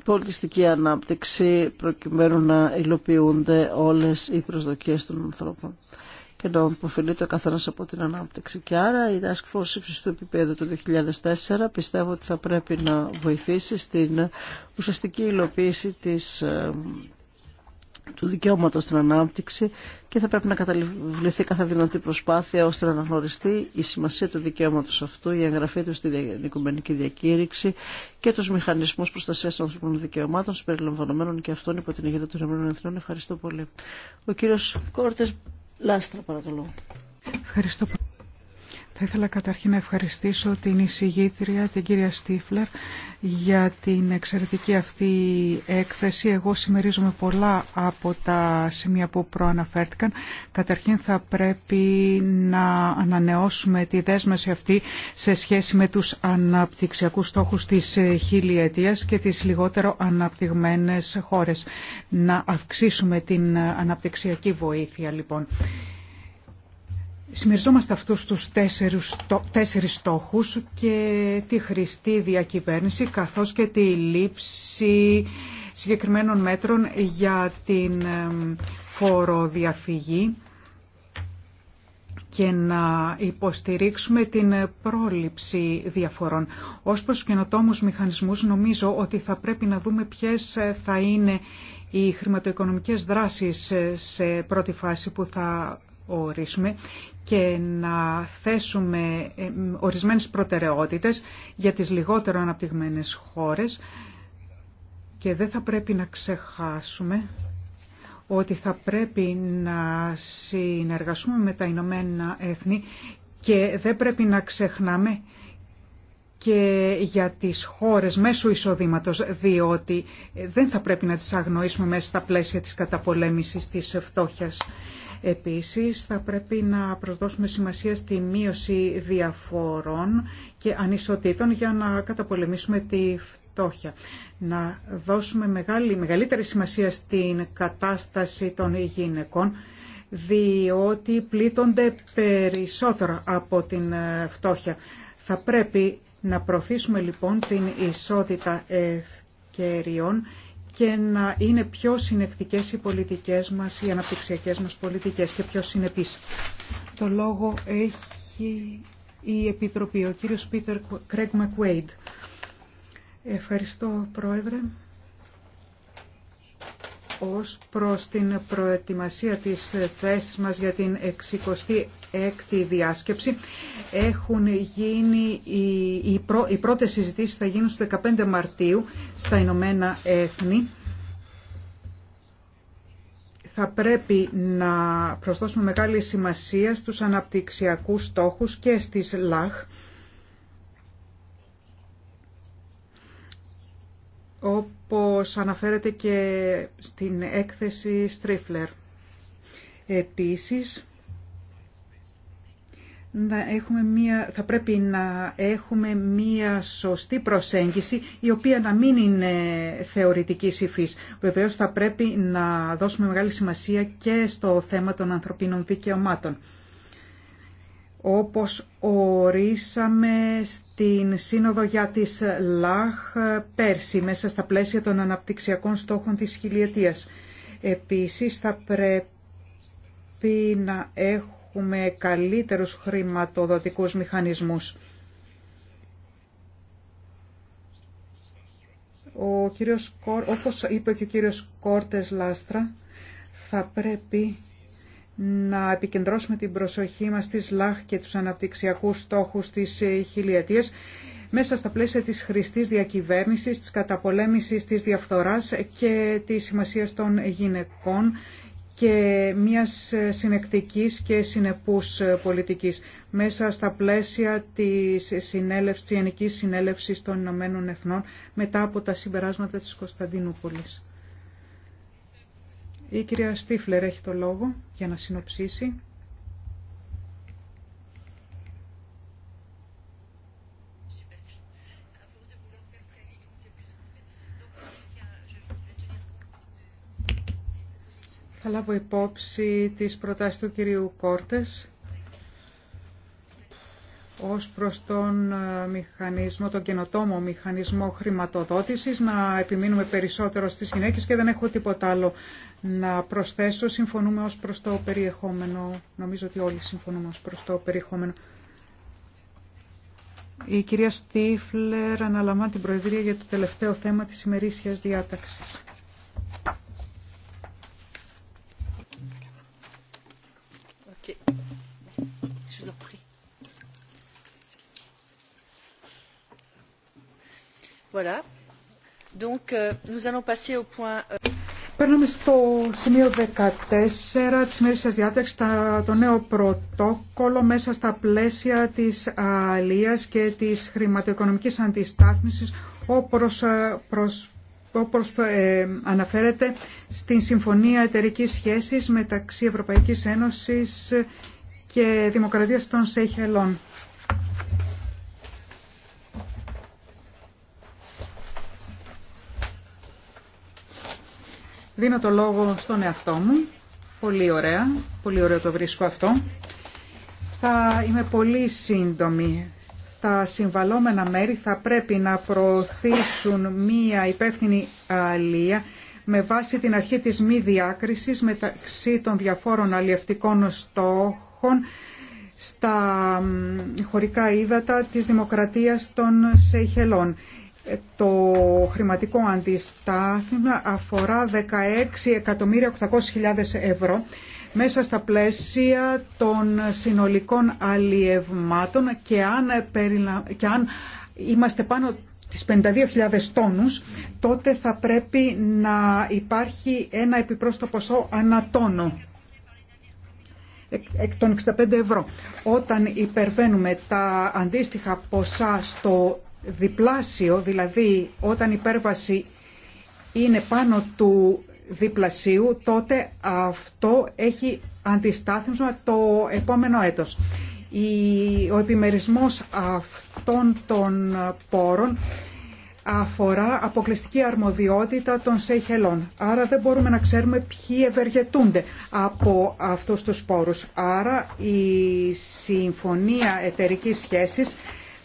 πολιτιστική ανάπτυξη προκειμένου να υλοποιούνται όλες οι προσδοκίες των ανθρώπων και να αποφυλείται ο καθένα από την ανάπτυξη. Και άρα η Task Force υψηστού επίπεδου του 2004 πιστεύω ότι θα πρέπει να βοηθήσει στην ουσιαστική υλοποίηση της, ε, του δικαιώματο στην ανάπτυξη και θα πρέπει να καταβληθεί κάθε δυνατή προσπάθεια ώστε να αναγνωριστεί η σημασία του δικαιώματο αυτού, η εγγραφή του στην Οικουμενική Διακήρυξη και του μηχανισμού προστασία των ανθρωπίνων δικαιωμάτων, συμπεριλαμβανομένων και αυτών υπό την αιγύδα των ΗΠΑ. Ευχαριστώ πολύ. Ο κύριο Κόρτε Λάστρα παρακαλώ. Ευχαριστώ πολύ. Θα ήθελα καταρχήν να ευχαριστήσω την εισηγήτρια, την κυρία Στίφλερ, για την εξαιρετική αυτή έκθεση. Εγώ συμμερίζομαι πολλά από τα σημεία που προαναφέρθηκαν. Καταρχήν θα πρέπει να ανανεώσουμε τη δέσμευση αυτή σε σχέση με τους αναπτυξιακούς στόχους της χιλιετίας και τις λιγότερο αναπτυγμένες χώρες. Να αυξήσουμε την αναπτυξιακή βοήθεια λοιπόν. Συμμεριζόμαστε αυτούς τους τέσσερις, τέσσερις στόχους και τη χρηστή διακυβέρνηση καθώς και τη λήψη συγκεκριμένων μέτρων για την φοροδιαφυγή και να υποστηρίξουμε την πρόληψη διαφορών. Ως προς καινοτόμους μηχανισμούς νομίζω ότι θα πρέπει να δούμε ποιες θα είναι οι χρηματοοικονομικές δράσεις σε πρώτη φάση που θα ορίσουμε και να θέσουμε ε, ορισμένες προτεραιότητες για τις λιγότερο αναπτυγμένες χώρες και δεν θα πρέπει να ξεχάσουμε ότι θα πρέπει να συνεργαστούμε με τα Ηνωμένα Έθνη και δεν πρέπει να ξεχνάμε και για τις χώρες μέσω εισοδήματος, διότι δεν θα πρέπει να τις αγνοήσουμε μέσα στα πλαίσια της καταπολέμησης της φτώχειας. Επίσης, θα πρέπει να προσδώσουμε σημασία στη μείωση διαφορών και ανισοτήτων για να καταπολεμήσουμε τη φτώχεια. Να δώσουμε μεγάλη, μεγαλύτερη σημασία στην κατάσταση των γυναικών, διότι πλήττονται περισσότερο από την ε, φτώχεια. Θα πρέπει να προωθήσουμε λοιπόν την ισότητα ευκαιριών και να είναι πιο συνεκτικές οι πολιτικές μας, οι αναπτυξιακές μας πολιτικές και πιο συνεπείς. Το λόγο έχει η Επιτροπή, ο κύριος Πίτερ Κρέγκ Μακουέιντ. Ευχαριστώ, Πρόεδρε. Ως προς την προετοιμασία της θέσης μας για την 66η διάσκεψη, έχουν γίνει, οι, οι, πρώτες συζητήσεις θα γίνουν στις 15 Μαρτίου στα Ηνωμένα Έθνη. Θα πρέπει να προσδώσουμε μεγάλη σημασία στους αναπτυξιακούς στόχους και στις ΛΑΧ. όπως αναφέρεται και στην έκθεση Στρίφλερ. Επίσης, έχουμε μία, θα πρέπει να έχουμε μία σωστή προσέγγιση η οποία να μην είναι θεωρητική υφής. Βεβαίως θα πρέπει να δώσουμε μεγάλη σημασία και στο θέμα των ανθρωπίνων δικαιωμάτων. Όπως ορίσαμε στην Σύνοδο για τις ΛΑΧ πέρσι μέσα στα πλαίσια των αναπτυξιακών στόχων της χιλιετίας. Επίσης θα πρέπει να έχουμε έχουμε καλύτερους χρηματοδοτικούς μηχανισμούς. Ο κύριος Κορ, όπως είπε και ο κύριος Κόρτες Λάστρα, θα πρέπει να επικεντρώσουμε την προσοχή μας στις ΛΑΧ και τους αναπτυξιακούς στόχους της χιλιετίας μέσα στα πλαίσια της χρηστής διακυβέρνησης, της καταπολέμησης της διαφθοράς και της σημασίας των γυναικών και μιας συνεκτικής και συνεπούς πολιτικής μέσα στα πλαίσια της συνέλευσης, της Συνέλευσης των Ηνωμένων Εθνών μετά από τα συμπεράσματα της Κωνσταντινούπολης. Η κυρία Στίφλερ έχει το λόγο για να συνοψίσει. Θα λάβω υπόψη τις προτάσεις του κυρίου Κόρτες ως προς τον ε, μηχανισμό, τον καινοτόμο μηχανισμό χρηματοδότησης, να επιμείνουμε περισσότερο στις γυναίκες και δεν έχω τίποτα άλλο να προσθέσω. Συμφωνούμε ως προς το περιεχόμενο. Νομίζω ότι όλοι συμφωνούμε ως προς το περιεχόμενο. Η κυρία Στίφλερ αναλαμβάνει την Προεδρία για το τελευταίο θέμα της ημερήσιας διάταξης. Euh, euh, Παίρνουμε στο σημείο 14 της μέρη σας διάταξης το νέο πρωτόκολλο μέσα στα πλαίσια της αλίας και της χρηματοοικονομικής αντιστάθμισης όπως ε, ε, αναφέρεται στην Συμφωνία Εταιρικής Σχέσης μεταξύ Ευρωπαϊκής Ένωσης και Δημοκρατίας των Σεϊχελών. Δίνω το λόγο στον εαυτό μου. Πολύ ωραία. Πολύ ωραίο το βρίσκω αυτό. Θα είμαι πολύ σύντομη. Τα συμβαλόμενα μέρη θα πρέπει να προωθήσουν μία υπεύθυνη αλία με βάση την αρχή της μη διάκρισης μεταξύ των διαφόρων αλλιευτικών στόχων στα χωρικά ύδατα της Δημοκρατίας των Σεϊχελών. Το χρηματικό αντιστάθμιμα αφορά 16.800.000 ευρώ μέσα στα πλαίσια των συνολικών αλλιευμάτων και αν, αν είμαστε πάνω τις 52.000 τόνους, τότε θα πρέπει να υπάρχει ένα επιπρόσθετο ποσό ανατόνο εκ των 65 ευρώ. Όταν υπερβαίνουμε τα αντίστοιχα ποσά στο διπλάσιο, δηλαδή όταν η υπέρβαση είναι πάνω του διπλασίου, τότε αυτό έχει αντιστάθμισμα το επόμενο έτος. Ο επιμερισμός αυτών των πόρων αφορά αποκλειστική αρμοδιότητα των Σεϊχελών. Άρα δεν μπορούμε να ξέρουμε ποιοι ευεργετούνται από αυτούς τους πόρους. Άρα η Συμφωνία Εταιρικής Σχέσης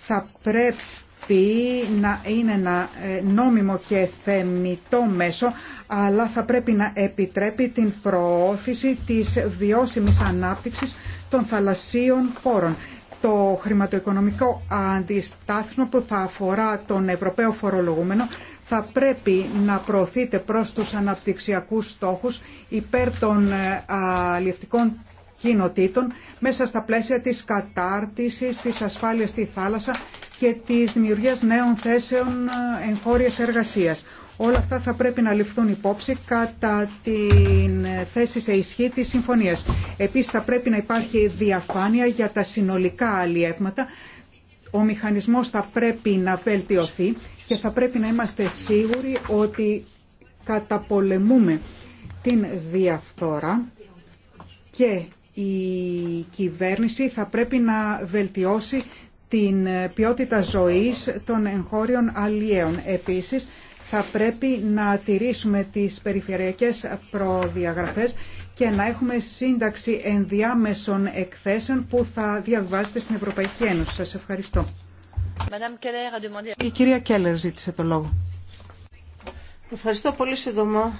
θα πρέπει να είναι ένα ε, νόμιμο και θεμητό μέσο, αλλά θα πρέπει να επιτρέπει την προώθηση της βιώσιμης ανάπτυξης των θαλασσίων χώρων. Το χρηματοοικονομικό αντιστάθμο που θα αφορά τον Ευρωπαίο φορολογούμενο θα πρέπει να προωθείται προς τους αναπτυξιακούς στόχους υπέρ των ε, αλληλευτικών κοινοτήτων μέσα στα πλαίσια της κατάρτισης, της ασφάλειας στη θάλασσα και τη δημιουργία νέων θέσεων ε, εγχώρια εργασίας. Όλα αυτά θα πρέπει να ληφθούν υπόψη κατά την ε, θέση σε ισχύ της συμφωνίας. Επίσης θα πρέπει να υπάρχει διαφάνεια για τα συνολικά αλλιεύματα. Ο μηχανισμός θα πρέπει να βελτιωθεί και θα πρέπει να είμαστε σίγουροι ότι καταπολεμούμε την διαφθόρα και η κυβέρνηση θα πρέπει να βελτιώσει την ε, ποιότητα ζωής των εγχώριων αλλιέων. Επίσης, θα πρέπει να τηρήσουμε τις περιφερειακές προδιαγραφές και να έχουμε σύνταξη ενδιάμεσων εκθέσεων που θα διαβάζεται στην Ευρωπαϊκή Ένωση. Σας ευχαριστώ. Η κυρία Κέλλερ ζήτησε το λόγο. Ευχαριστώ πολύ σύντομα.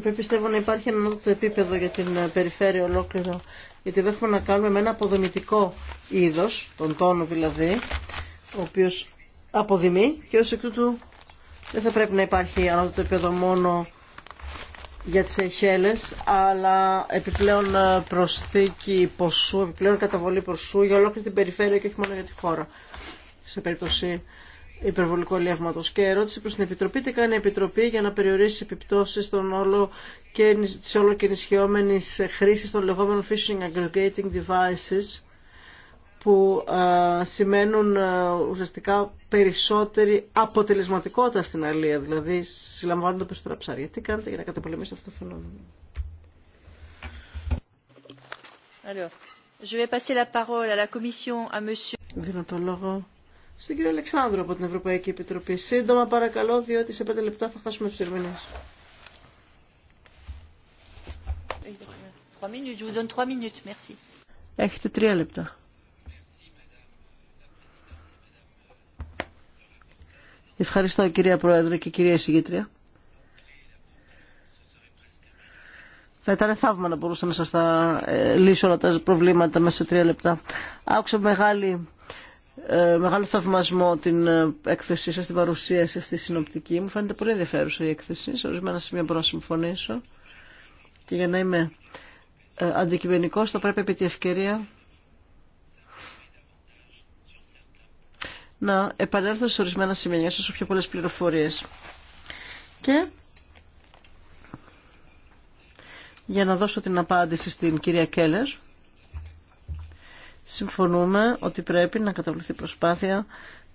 Πρέπει πιστεύω να υπάρχει ένα νότο επίπεδο για την ε, περιφέρεια ολόκληρο, γιατί εδώ έχουμε να κάνουμε με ένα αποδομητικό είδο, τον τόνο δηλαδή, ο οποίο αποδημεί και ως εκ τούτου δεν θα πρέπει να υπάρχει ανώτατο επίπεδο μόνο για τις Αιχέλες, αλλά επιπλέον ε, προσθήκη ποσού, επιπλέον καταβολή ποσού για ολόκληρη την περιφέρεια και όχι μόνο για τη χώρα. Σε περίπτωση Υπερβολικό λεύματο. Και ερώτηση προ την Επιτροπή, τι κάνει η Επιτροπή για να περιορίσει επιπτώσεις τη όλο και, ενισχυόμενη όλο των λεγόμενων fishing aggregating devices που σημαίνουν ουσιαστικά περισσότερη αποτελεσματικότητα στην αλία, δηλαδή συλλαμβάνονται περισσότερα ψάρια. Τι κάνετε για να καταπολεμήσετε αυτό το φαινόμενο. Alors, je vais passer la parole à la Commission à Monsieur. Δίνω το λόγο στον κύριο Αλεξάνδρου από την Ευρωπαϊκή Επιτροπή. Σύντομα παρακαλώ, διότι σε πέντε λεπτά θα χάσουμε τους ερμηνείς. Έχετε τρία λεπτά. Ευχαριστώ κυρία Πρόεδρε και κυρία Συγγήτρια. Θα ήταν θαύμα να μπορούσα να σας τα ε, λύσω όλα τα προβλήματα μέσα σε τρία λεπτά. Άκουσα μεγάλη ε, μεγάλο θαυμασμό την ε, έκθεσή σας, την παρουσίαση αυτή συνοπτική. Μου φαίνεται πολύ ενδιαφέρουσα η έκθεση, σε ορισμένα σημεία μπορώ να συμφωνήσω. Και για να είμαι ε, αντικειμενικός θα πρέπει επί τη ευκαιρία να επανέλθω σε ορισμένα σημεία, για όσο πιο πολλές πληροφορίες. Και για να δώσω την απάντηση στην κυρία Κέλλερ, συμφωνούμε ότι πρέπει να καταβληθεί προσπάθεια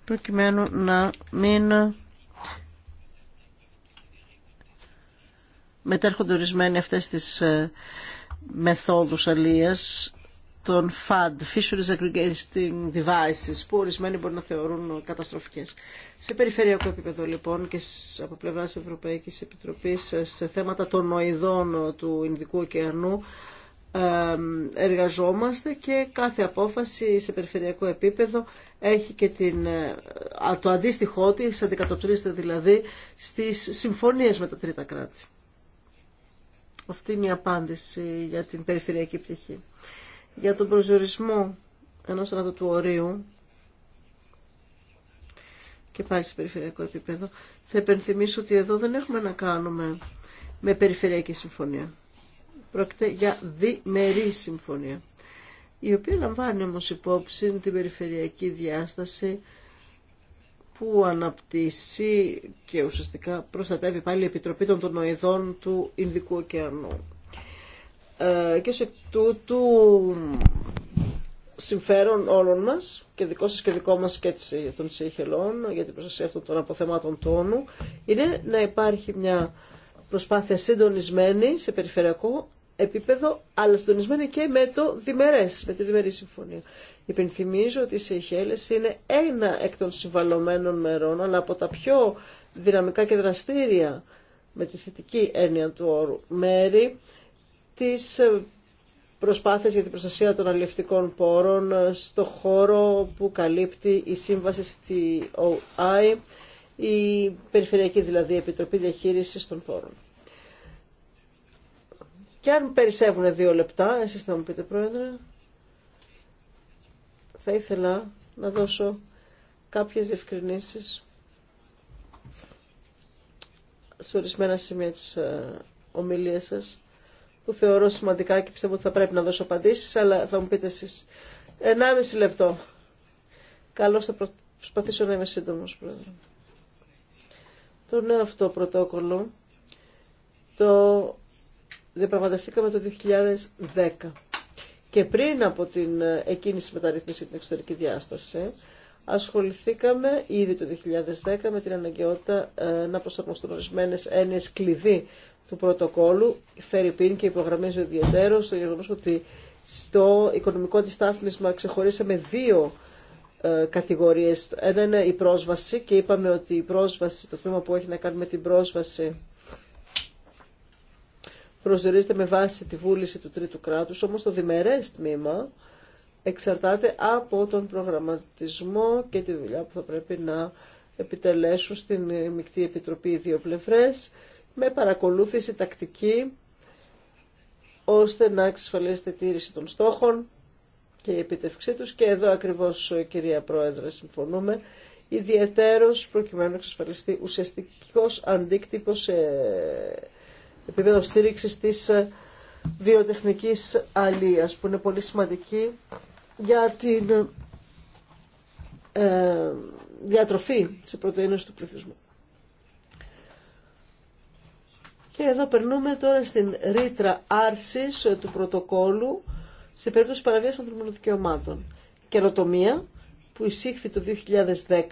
προκειμένου να μην μετέρχονται ορισμένοι αυτές τις ε, μεθόδους αλίας των FAD, Fisheries Aggregating Devices, που ορισμένοι μπορεί να θεωρούν καταστροφικές. Σε περιφερειακό επίπεδο λοιπόν και από πλευράς Ευρωπαϊκής Επιτροπής ε, σε θέματα των νοηδών του Ινδικού ωκεανού εργαζόμαστε και κάθε απόφαση σε περιφερειακό επίπεδο έχει και την, ε, το αντίστοιχό της, αντικατοπτρίζεται δηλαδή στις συμφωνίες με τα τρίτα κράτη. Αυτή είναι η απάντηση για την περιφερειακή πτυχή. Για τον προσδιορισμό ενός του ορίου, και πάλι σε περιφερειακό επίπεδο, θα επενθυμίσω ότι εδώ δεν έχουμε να κάνουμε με περιφερειακή συμφωνία. Πρόκειται για διμερή συμφωνία, η οποία λαμβάνει όμως υπόψη την περιφερειακή διάσταση που αναπτύσσει και ουσιαστικά προστατεύει πάλι η Επιτροπή των Τονοειδών του Ινδικού Ωκεανού. Ε, και σε τούτου συμφέρον όλων μας και δικό σας και δικό μας και των ΣΥΧΕΛΟΝ για την προστασία αυτών των αποθεμάτων τόνου είναι να υπάρχει μια προσπάθεια συντονισμένη σε περιφερειακό επίπεδο, αλλά συντονισμένα και με το διμερές, με τη διμερή συμφωνία. Υπενθυμίζω ότι η Σεϊχέλες είναι ένα εκ των συμβαλωμένων μερών, αλλά από τα πιο δυναμικά και δραστήρια, με τη θετική έννοια του όρου, μέρη της ε, προσπάθειας για την προστασία των αλληλευτικών πόρων ε, στο χώρο που καλύπτει η σύμβαση OI, η Περιφερειακή δηλαδή Επιτροπή Διαχείρισης των Πόρων. Και αν περισσεύουν δύο λεπτά, εσεί θα μου πείτε πρόεδρε, θα ήθελα να δώσω κάποιες διευκρινήσει σε ορισμένα σημεία της ε, ομιλία σας που θεωρώ σημαντικά και πιστεύω ότι θα πρέπει να δώσω απαντήσει, αλλά θα μου πείτε εσεί. ενάμιση λεπτό. Καλώ θα προσπαθήσω να είμαι σύντομο. πρόεδρε. Το νέο αυτό πρωτόκολλο το διαπραγματευτήκαμε το 2010. Και πριν από την ε, εκκίνηση μεταρρύθμιση την εξωτερική διάσταση, ασχοληθήκαμε ήδη το 2010 με την αναγκαιότητα ε, να προσαρμοστούν ορισμένε έννοιε κλειδί του πρωτοκόλου, φέρει πίν και υπογραμμίζει ιδιαίτερο στο γεγονό ότι στο οικονομικό αντιστάθμισμα ξεχωρίσαμε δύο ε, κατηγορίες. Ένα είναι η πρόσβαση και είπαμε ότι η πρόσβαση, το τμήμα που έχει να κάνει με την πρόσβαση προσδιορίζεται με βάση τη βούληση του τρίτου κράτους, όμως το διμερές τμήμα εξαρτάται από τον προγραμματισμό και τη δουλειά που θα πρέπει να επιτελέσουν στην Μικτή Επιτροπή οι δύο πλευρές με παρακολούθηση τακτική ώστε να εξασφαλίσετε τη τήρηση των στόχων και η επιτευξή τους και εδώ ακριβώς κυρία Πρόεδρε συμφωνούμε ιδιαίτερος προκειμένου να εξασφαλιστεί ουσιαστικός αντίκτυπος επίπεδο στήριξης της ε, βιοτεχνικής αλίας που είναι πολύ σημαντική για την ε, ε, διατροφή σε πρωτεΐνες του πληθυσμού. Και εδώ περνούμε τώρα στην ρήτρα άρσης του πρωτοκόλου σε περίπτωση παραβίας ανθρωπινών δικαιωμάτων. Καιροτομία που εισήχθη το 2010,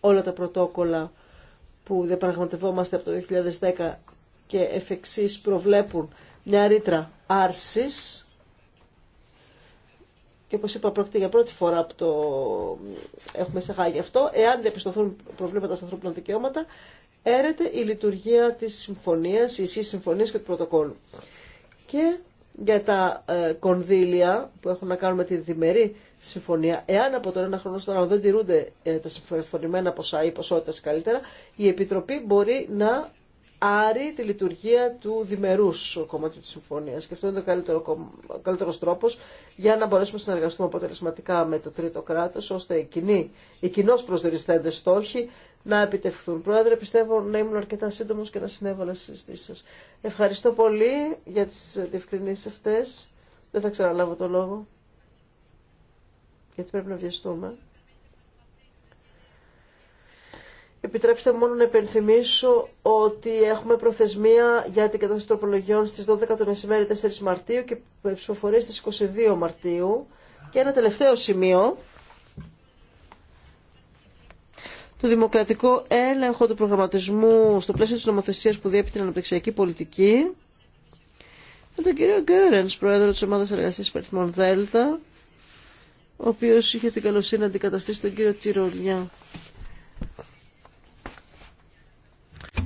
όλα τα πρωτόκολλα που διαπραγματευόμαστε από το 2010 και εξής προβλέπουν μια ρήτρα άρσης και όπως είπα πρόκειται για πρώτη φορά που το έχουμε αυτό, εάν διαπιστωθούν προβλήματα στα ανθρώπινα δικαιώματα, έρεται η λειτουργία της συμφωνίας, η ισχύ συμφωνίας και του πρωτοκόλου Και για τα ε, κονδύλια που έχουν να κάνουν με τη διμερή συμφωνία, εάν από τον ένα χρόνο στον άλλο δεν τηρούνται ε, τα συμφωνημένα ποσά ή ποσότητε καλύτερα, η Επιτροπή μπορεί να άρει τη λειτουργία του διμερούς κομμάτιου της συμφωνίας. Και αυτό είναι το καλύτερο, ο καλύτερος τρόπος για να μπορέσουμε να συνεργαστούμε αποτελεσματικά με το τρίτο κράτος, ώστε οι, κοινοί, οι κοινώς στόχοι να επιτευχθούν. Πρόεδρε, πιστεύω να ήμουν αρκετά σύντομο και να συνέβαλα στις συζητήσεις σας. Ευχαριστώ πολύ για τις διευκρινήσεις αυτές. Δεν θα ξαναλάβω το λόγο, γιατί πρέπει να βιαστούμε. Επιτρέψτε μόνο να υπενθυμίσω ότι έχουμε προθεσμία για την κατάσταση τροπολογιών στις 12 το μεσημέρι 4 Μαρτίου και ψηφοφορία στις 22 Μαρτίου. Και ένα τελευταίο σημείο, το δημοκρατικό έλεγχο του προγραμματισμού στο πλαίσιο της νομοθεσίας που διέπει την αναπτυξιακή πολιτική, με τον κύριο Γκέρενς, πρόεδρο της ομάδας εργασίας Περιθμών ΔΕΛΤΑ, ο οποίος είχε την καλοσύνη να αντικαταστήσει τον κύριο Τσιρολιά.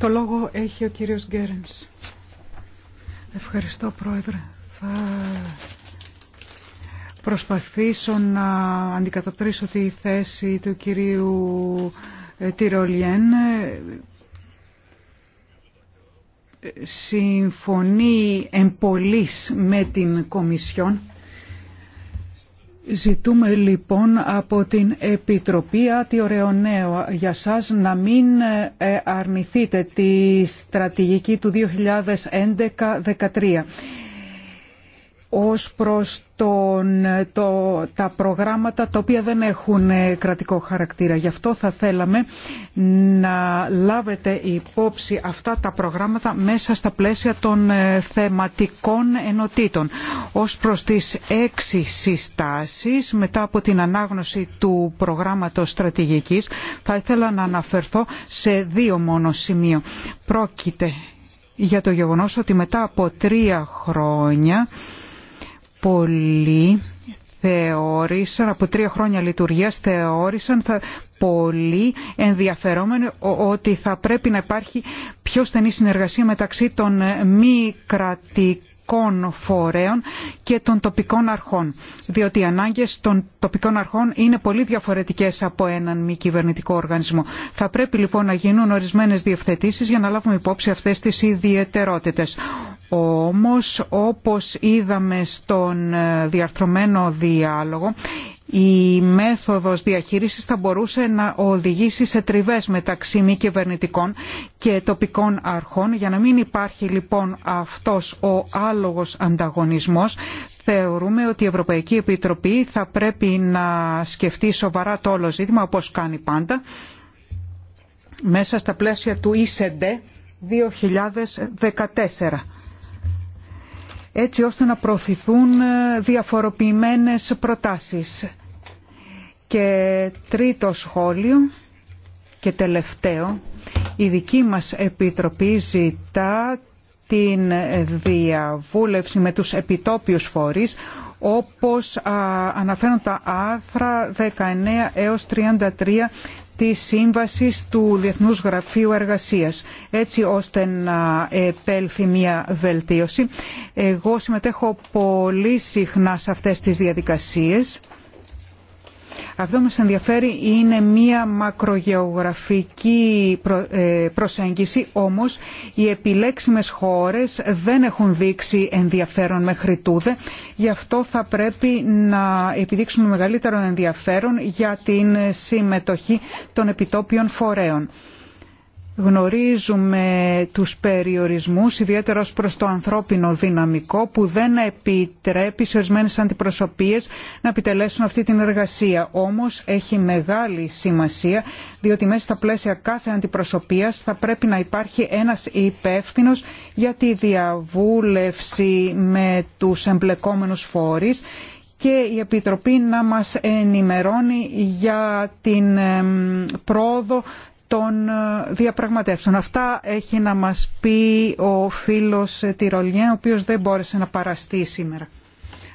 Το λόγο έχει ο κύριος Γκέρενς. Ευχαριστώ πρόεδρε. Θα προσπαθήσω να αντικατοπτρίσω τη θέση του κυρίου ε, Τιρολιέν. Ε, συμφωνεί εμπολής με την Κομισιόν Ζητούμε λοιπόν από την Επιτροπή Άτιο Ρεωνέο για σας να μην ε, αρνηθείτε τη στρατηγική του 2011-2013 ως προς το, τα προγράμματα τα οποία δεν έχουν κρατικό χαρακτήρα. Γι' αυτό θα θέλαμε να λάβετε υπόψη αυτά τα προγράμματα μέσα στα πλαίσια των ε, θεματικών ενωτήτων. Ως προς τις έξι συστάσεις, μετά από την ανάγνωση του προγράμματος στρατηγικής, θα ήθελα να αναφερθώ σε δύο μόνο σημείο. Πρόκειται για το γεγονός ότι μετά από τρία χρόνια πολλοί θεώρησαν, από τρία χρόνια λειτουργίας θεώρησαν θα, πολύ ενδιαφερόμενοι ότι θα πρέπει να υπάρχει πιο στενή συνεργασία μεταξύ των μη κρατικών τοπικών φορέων και των τοπικών αρχών. Διότι οι ανάγκες των τοπικών αρχών είναι πολύ διαφορετικές από έναν μη κυβερνητικό οργανισμό. Θα πρέπει λοιπόν να γίνουν ορισμένες διευθετήσεις για να λάβουμε υπόψη αυτές τις ιδιαιτερότητες. Όμω, όπως είδαμε στον ε, διαρθρωμένο διάλογο, η μέθοδος διαχείρισης θα μπορούσε να οδηγήσει σε τριβές μεταξύ μη κυβερνητικών και τοπικών αρχών. Για να μην υπάρχει λοιπόν αυτός ο άλογος ανταγωνισμός, θεωρούμε ότι η Ευρωπαϊκή Επιτροπή θα πρέπει να σκεφτεί σοβαρά το όλο ζήτημα, όπως κάνει πάντα, μέσα στα πλαίσια του ΙΣΕΝΤΕ 2014 έτσι ώστε να προωθηθούν διαφοροποιημένες προτάσεις. Και τρίτο σχόλιο και τελευταίο, η δική μας Επιτροπή ζητά την διαβούλευση με τους επιτόπιους φορείς όπως αναφέρουν τα άρθρα 19 έως 33 της Σύμβασης του Διεθνούς Γραφείου Εργασίας, έτσι ώστε να επέλθει μια βελτίωση. Εγώ συμμετέχω πολύ συχνά σε αυτές τις διαδικασίες αυτό που μας ενδιαφέρει είναι μία μακρογεωγραφική ε, προσέγγιση, όμως οι επιλέξιμες χώρες δεν έχουν δείξει ενδιαφέρον μέχρι τούδε, γι' αυτό θα πρέπει να επιδείξουμε μεγαλύτερο ενδιαφέρον για την συμμετοχή των επιτόπιων φορέων. Γνωρίζουμε τους περιορισμούς, ιδιαίτερα ως προς το ανθρώπινο δυναμικό, που δεν επιτρέπει σε ορισμένε αντιπροσωπείες να επιτελέσουν αυτή την εργασία. Όμως έχει μεγάλη σημασία, διότι μέσα στα πλαίσια κάθε αντιπροσωπείας θα πρέπει να υπάρχει ένας υπεύθυνος για τη διαβούλευση με τους εμπλεκόμενους φορείς και η Επιτροπή να μας ενημερώνει για την πρόοδο των ε, διαπραγματεύσεων. Αυτά έχει να μας πει ο φίλος Τυρολιέ ο οποίος δεν μπόρεσε να παραστεί σήμερα.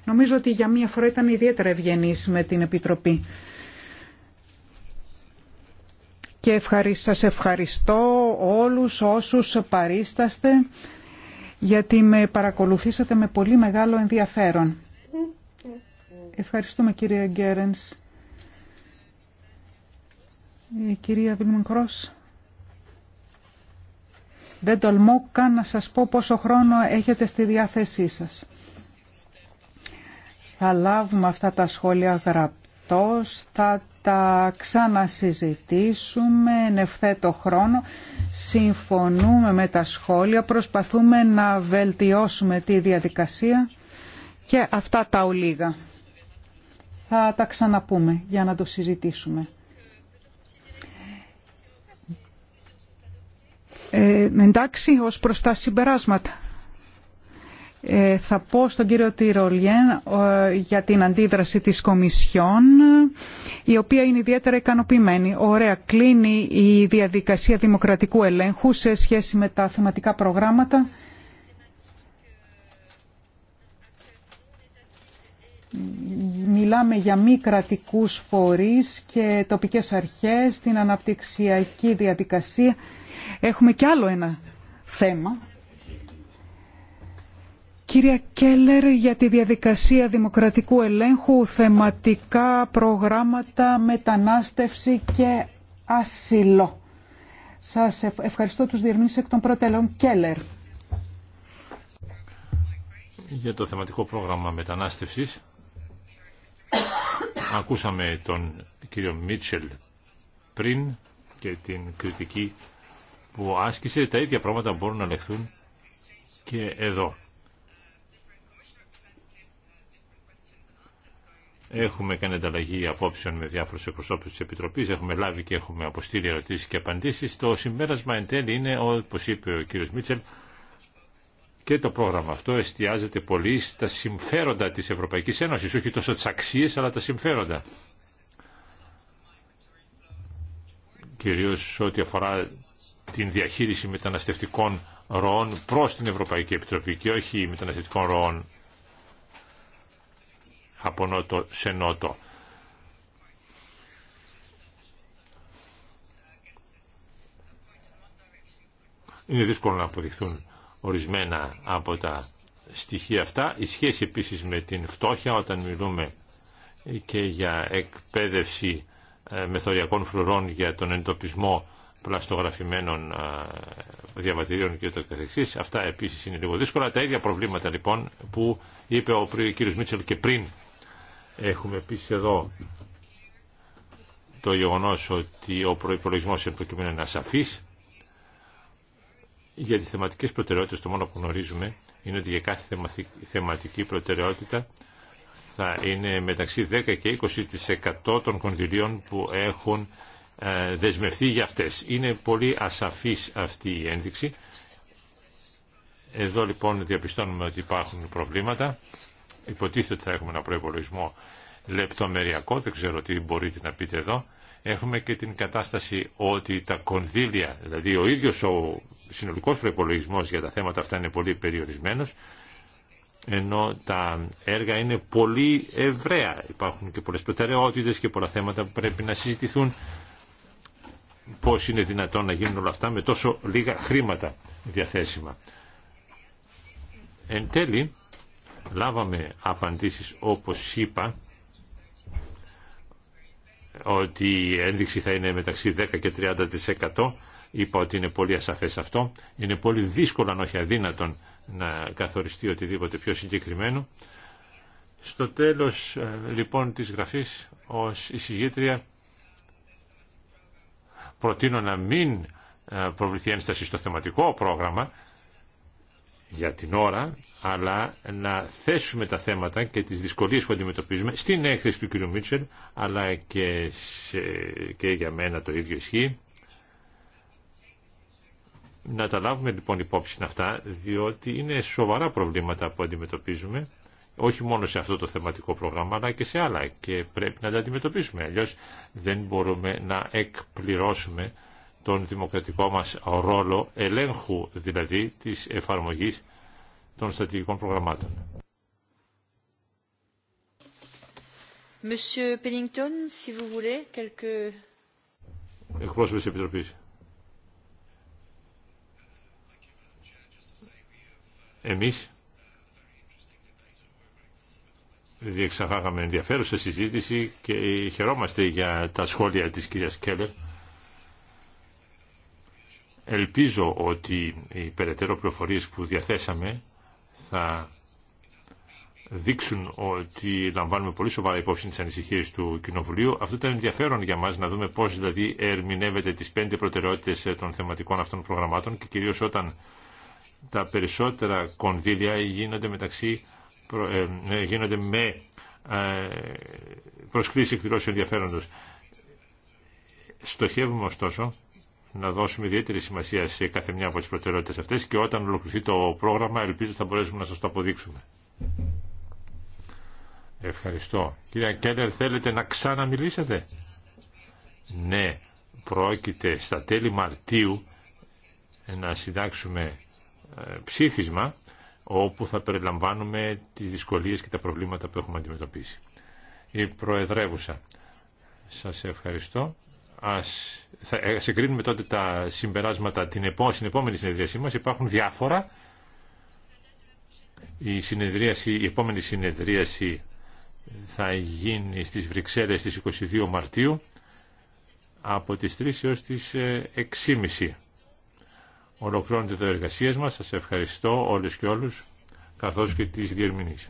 Νομίζω ότι για μία φορά ήταν ιδιαίτερα ευγενής με την Επιτροπή. Και ευχαρι... σας ευχαριστώ όλους όσους παρίσταστε, γιατί με παρακολουθήσατε με πολύ μεγάλο ενδιαφέρον. Ευχαριστούμε κύριε Γκέρενς. Η κυρία Βίλμαν Δεν τολμώ καν να σας πω πόσο χρόνο έχετε στη διάθεσή σας. Θα λάβουμε αυτά τα σχόλια γραπτός, θα τα ξανασυζητήσουμε εν ευθέτω χρόνο. Συμφωνούμε με τα σχόλια, προσπαθούμε να βελτιώσουμε τη διαδικασία και αυτά τα ολίγα. Θα τα ξαναπούμε για να το συζητήσουμε. Ε, εντάξει, ως προς τα συμπεράσματα. Ε, θα πω στον κύριο Τυρολιέν για την αντίδραση της Κομισιόν, η οποία είναι ιδιαίτερα ικανοποιημένη. Ωραία, κλείνει η διαδικασία δημοκρατικού ελέγχου σε σχέση με τα θεματικά προγράμματα. Μιλάμε για μη κρατικούς φορείς και τοπικές αρχές, την αναπτυξιακή διαδικασία Έχουμε κι άλλο ένα θέμα. Κύρια Κέλλερ, για τη διαδικασία δημοκρατικού ελέγχου, θεματικά προγράμματα, μετανάστευση και άσυλο. Σας ευχαριστώ τους διερμήνες εκ των προτελών Κέλλερ. Για το θεματικό πρόγραμμα μετανάστευσης, ακούσαμε τον κύριο Μίτσελ πριν και την κριτική που άσκησε τα ίδια πράγματα μπορούν να λεχθούν και εδώ. Έχουμε κάνει ανταλλαγή απόψεων με διάφορους εκπροσώπους της Επιτροπής, έχουμε λάβει και έχουμε αποστείλει ερωτήσεις και απαντήσεις. Το συμπέρασμα εν τέλει είναι, όπως είπε ο κύριος Μίτσελ, και το πρόγραμμα αυτό εστιάζεται πολύ στα συμφέροντα της Ευρωπαϊκής Ένωσης, όχι τόσο τις αξίες, αλλά τα συμφέροντα. Κυρίως ό,τι αφορά την διαχείριση μεταναστευτικών ροών προς την Ευρωπαϊκή Επιτροπή και όχι μεταναστευτικών ροών από νότο σε νότο. Είναι δύσκολο να αποδειχθούν ορισμένα από τα στοιχεία αυτά. Η σχέση επίσης με την φτώχεια όταν μιλούμε και για εκπαίδευση ε, μεθοριακών φρουρών για τον εντοπισμό πλαστογραφημένων διαβατηρίων και ούτω καθεξής. Αυτά επίσης είναι λίγο δύσκολα. Τα ίδια προβλήματα λοιπόν που είπε ο κύριος Μίτσελ και πριν. Έχουμε επίσης εδώ το γεγονός ότι ο προϋπολογισμός προκειμένου είναι ασαφής. Για τι θεματικές προτεραιότητες το μόνο που γνωρίζουμε είναι ότι για κάθε θεματική προτεραιότητα θα είναι μεταξύ 10 και 20% των κονδυλίων που έχουν ε, δεσμευτεί για αυτές. Είναι πολύ ασαφής αυτή η ένδειξη. Εδώ λοιπόν διαπιστώνουμε ότι υπάρχουν προβλήματα. Υποτίθεται ότι θα έχουμε ένα προϋπολογισμό λεπτομεριακό, δεν ξέρω τι μπορείτε να πείτε εδώ. Έχουμε και την κατάσταση ότι τα κονδύλια, δηλαδή ο ίδιος ο συνολικός προϋπολογισμός για τα θέματα αυτά είναι πολύ περιορισμένος, ενώ τα έργα είναι πολύ ευραία. Υπάρχουν και πολλές προτεραιότητες και πολλά θέματα που πρέπει να συζητηθούν πώς είναι δυνατόν να γίνουν όλα αυτά με τόσο λίγα χρήματα διαθέσιμα. Εν τέλει, λάβαμε απαντήσεις όπως είπα ότι η ένδειξη θα είναι μεταξύ 10 και 30%. Είπα ότι είναι πολύ ασαφές αυτό. Είναι πολύ δύσκολο αν όχι αδύνατον να καθοριστεί οτιδήποτε πιο συγκεκριμένο. Στο τέλος ε, λοιπόν της γραφής ως εισηγήτρια προτείνω να μην ε, προβληθεί ένσταση στο θεματικό πρόγραμμα για την ώρα, αλλά να θέσουμε τα θέματα και τις δυσκολίες που αντιμετωπίζουμε στην έκθεση του κ. Μίτσελ, αλλά και, και για μένα το ίδιο ισχύει. Να τα λάβουμε λοιπόν υπόψη αυτά, διότι είναι σοβαρά προβλήματα που αντιμετωπίζουμε όχι μόνο σε αυτό το θεματικό πρόγραμμα αλλά και σε άλλα και πρέπει να τα αντιμετωπίσουμε αλλιώς δεν μπορούμε να εκπληρώσουμε τον δημοκρατικό μας ρόλο ελέγχου δηλαδή της εφαρμογής των στρατηγικών προγραμμάτων. Monsieur Pennington, si vous voulez, quelques διεξαγάγαμε ενδιαφέρουσα συζήτηση και χαιρόμαστε για τα σχόλια της κυρίας Κέλλερ. Ελπίζω ότι οι περαιτέρω πληροφορίες που διαθέσαμε θα δείξουν ότι λαμβάνουμε πολύ σοβαρά υπόψη τις ανησυχίε του Κοινοβουλίου. Αυτό ήταν ενδιαφέρον για μας να δούμε πώς δηλαδή ερμηνεύεται τις πέντε προτεραιότητες των θεματικών αυτών προγραμμάτων και κυρίως όταν τα περισσότερα κονδύλια γίνονται μεταξύ ε, ε, γίνονται με ε, προσκλήσεις εκδηλώσεων ενδιαφέροντος. Στοχεύουμε ωστόσο να δώσουμε ιδιαίτερη σημασία σε κάθε μια από τις προτεραιότητες αυτές και όταν ολοκληρωθεί το πρόγραμμα ελπίζω θα μπορέσουμε να σας το αποδείξουμε. Ευχαριστώ. Κυρία Κέλλερ, θέλετε να ξαναμιλήσετε. Ναι, πρόκειται στα τέλη Μαρτίου να συντάξουμε ψήφισμα όπου θα περιλαμβάνουμε τις δυσκολίες και τα προβλήματα που έχουμε αντιμετωπίσει. Η Προεδρεύουσα, σας ευχαριστώ. Ας, θα ε, τότε τα συμπεράσματα την στην επόμενη συνεδρίασή μας. Υπάρχουν διάφορα. Η, συνεδρίαση, η επόμενη συνεδρίαση θα γίνει στις Βρυξέλλες στις 22 Μαρτίου από τις 3 έως τις 6.30. Ε, Ολοκληρώνεται το εργασία μας. Σας ευχαριστώ όλες και όλους, καθώς και τις διερμηνείς.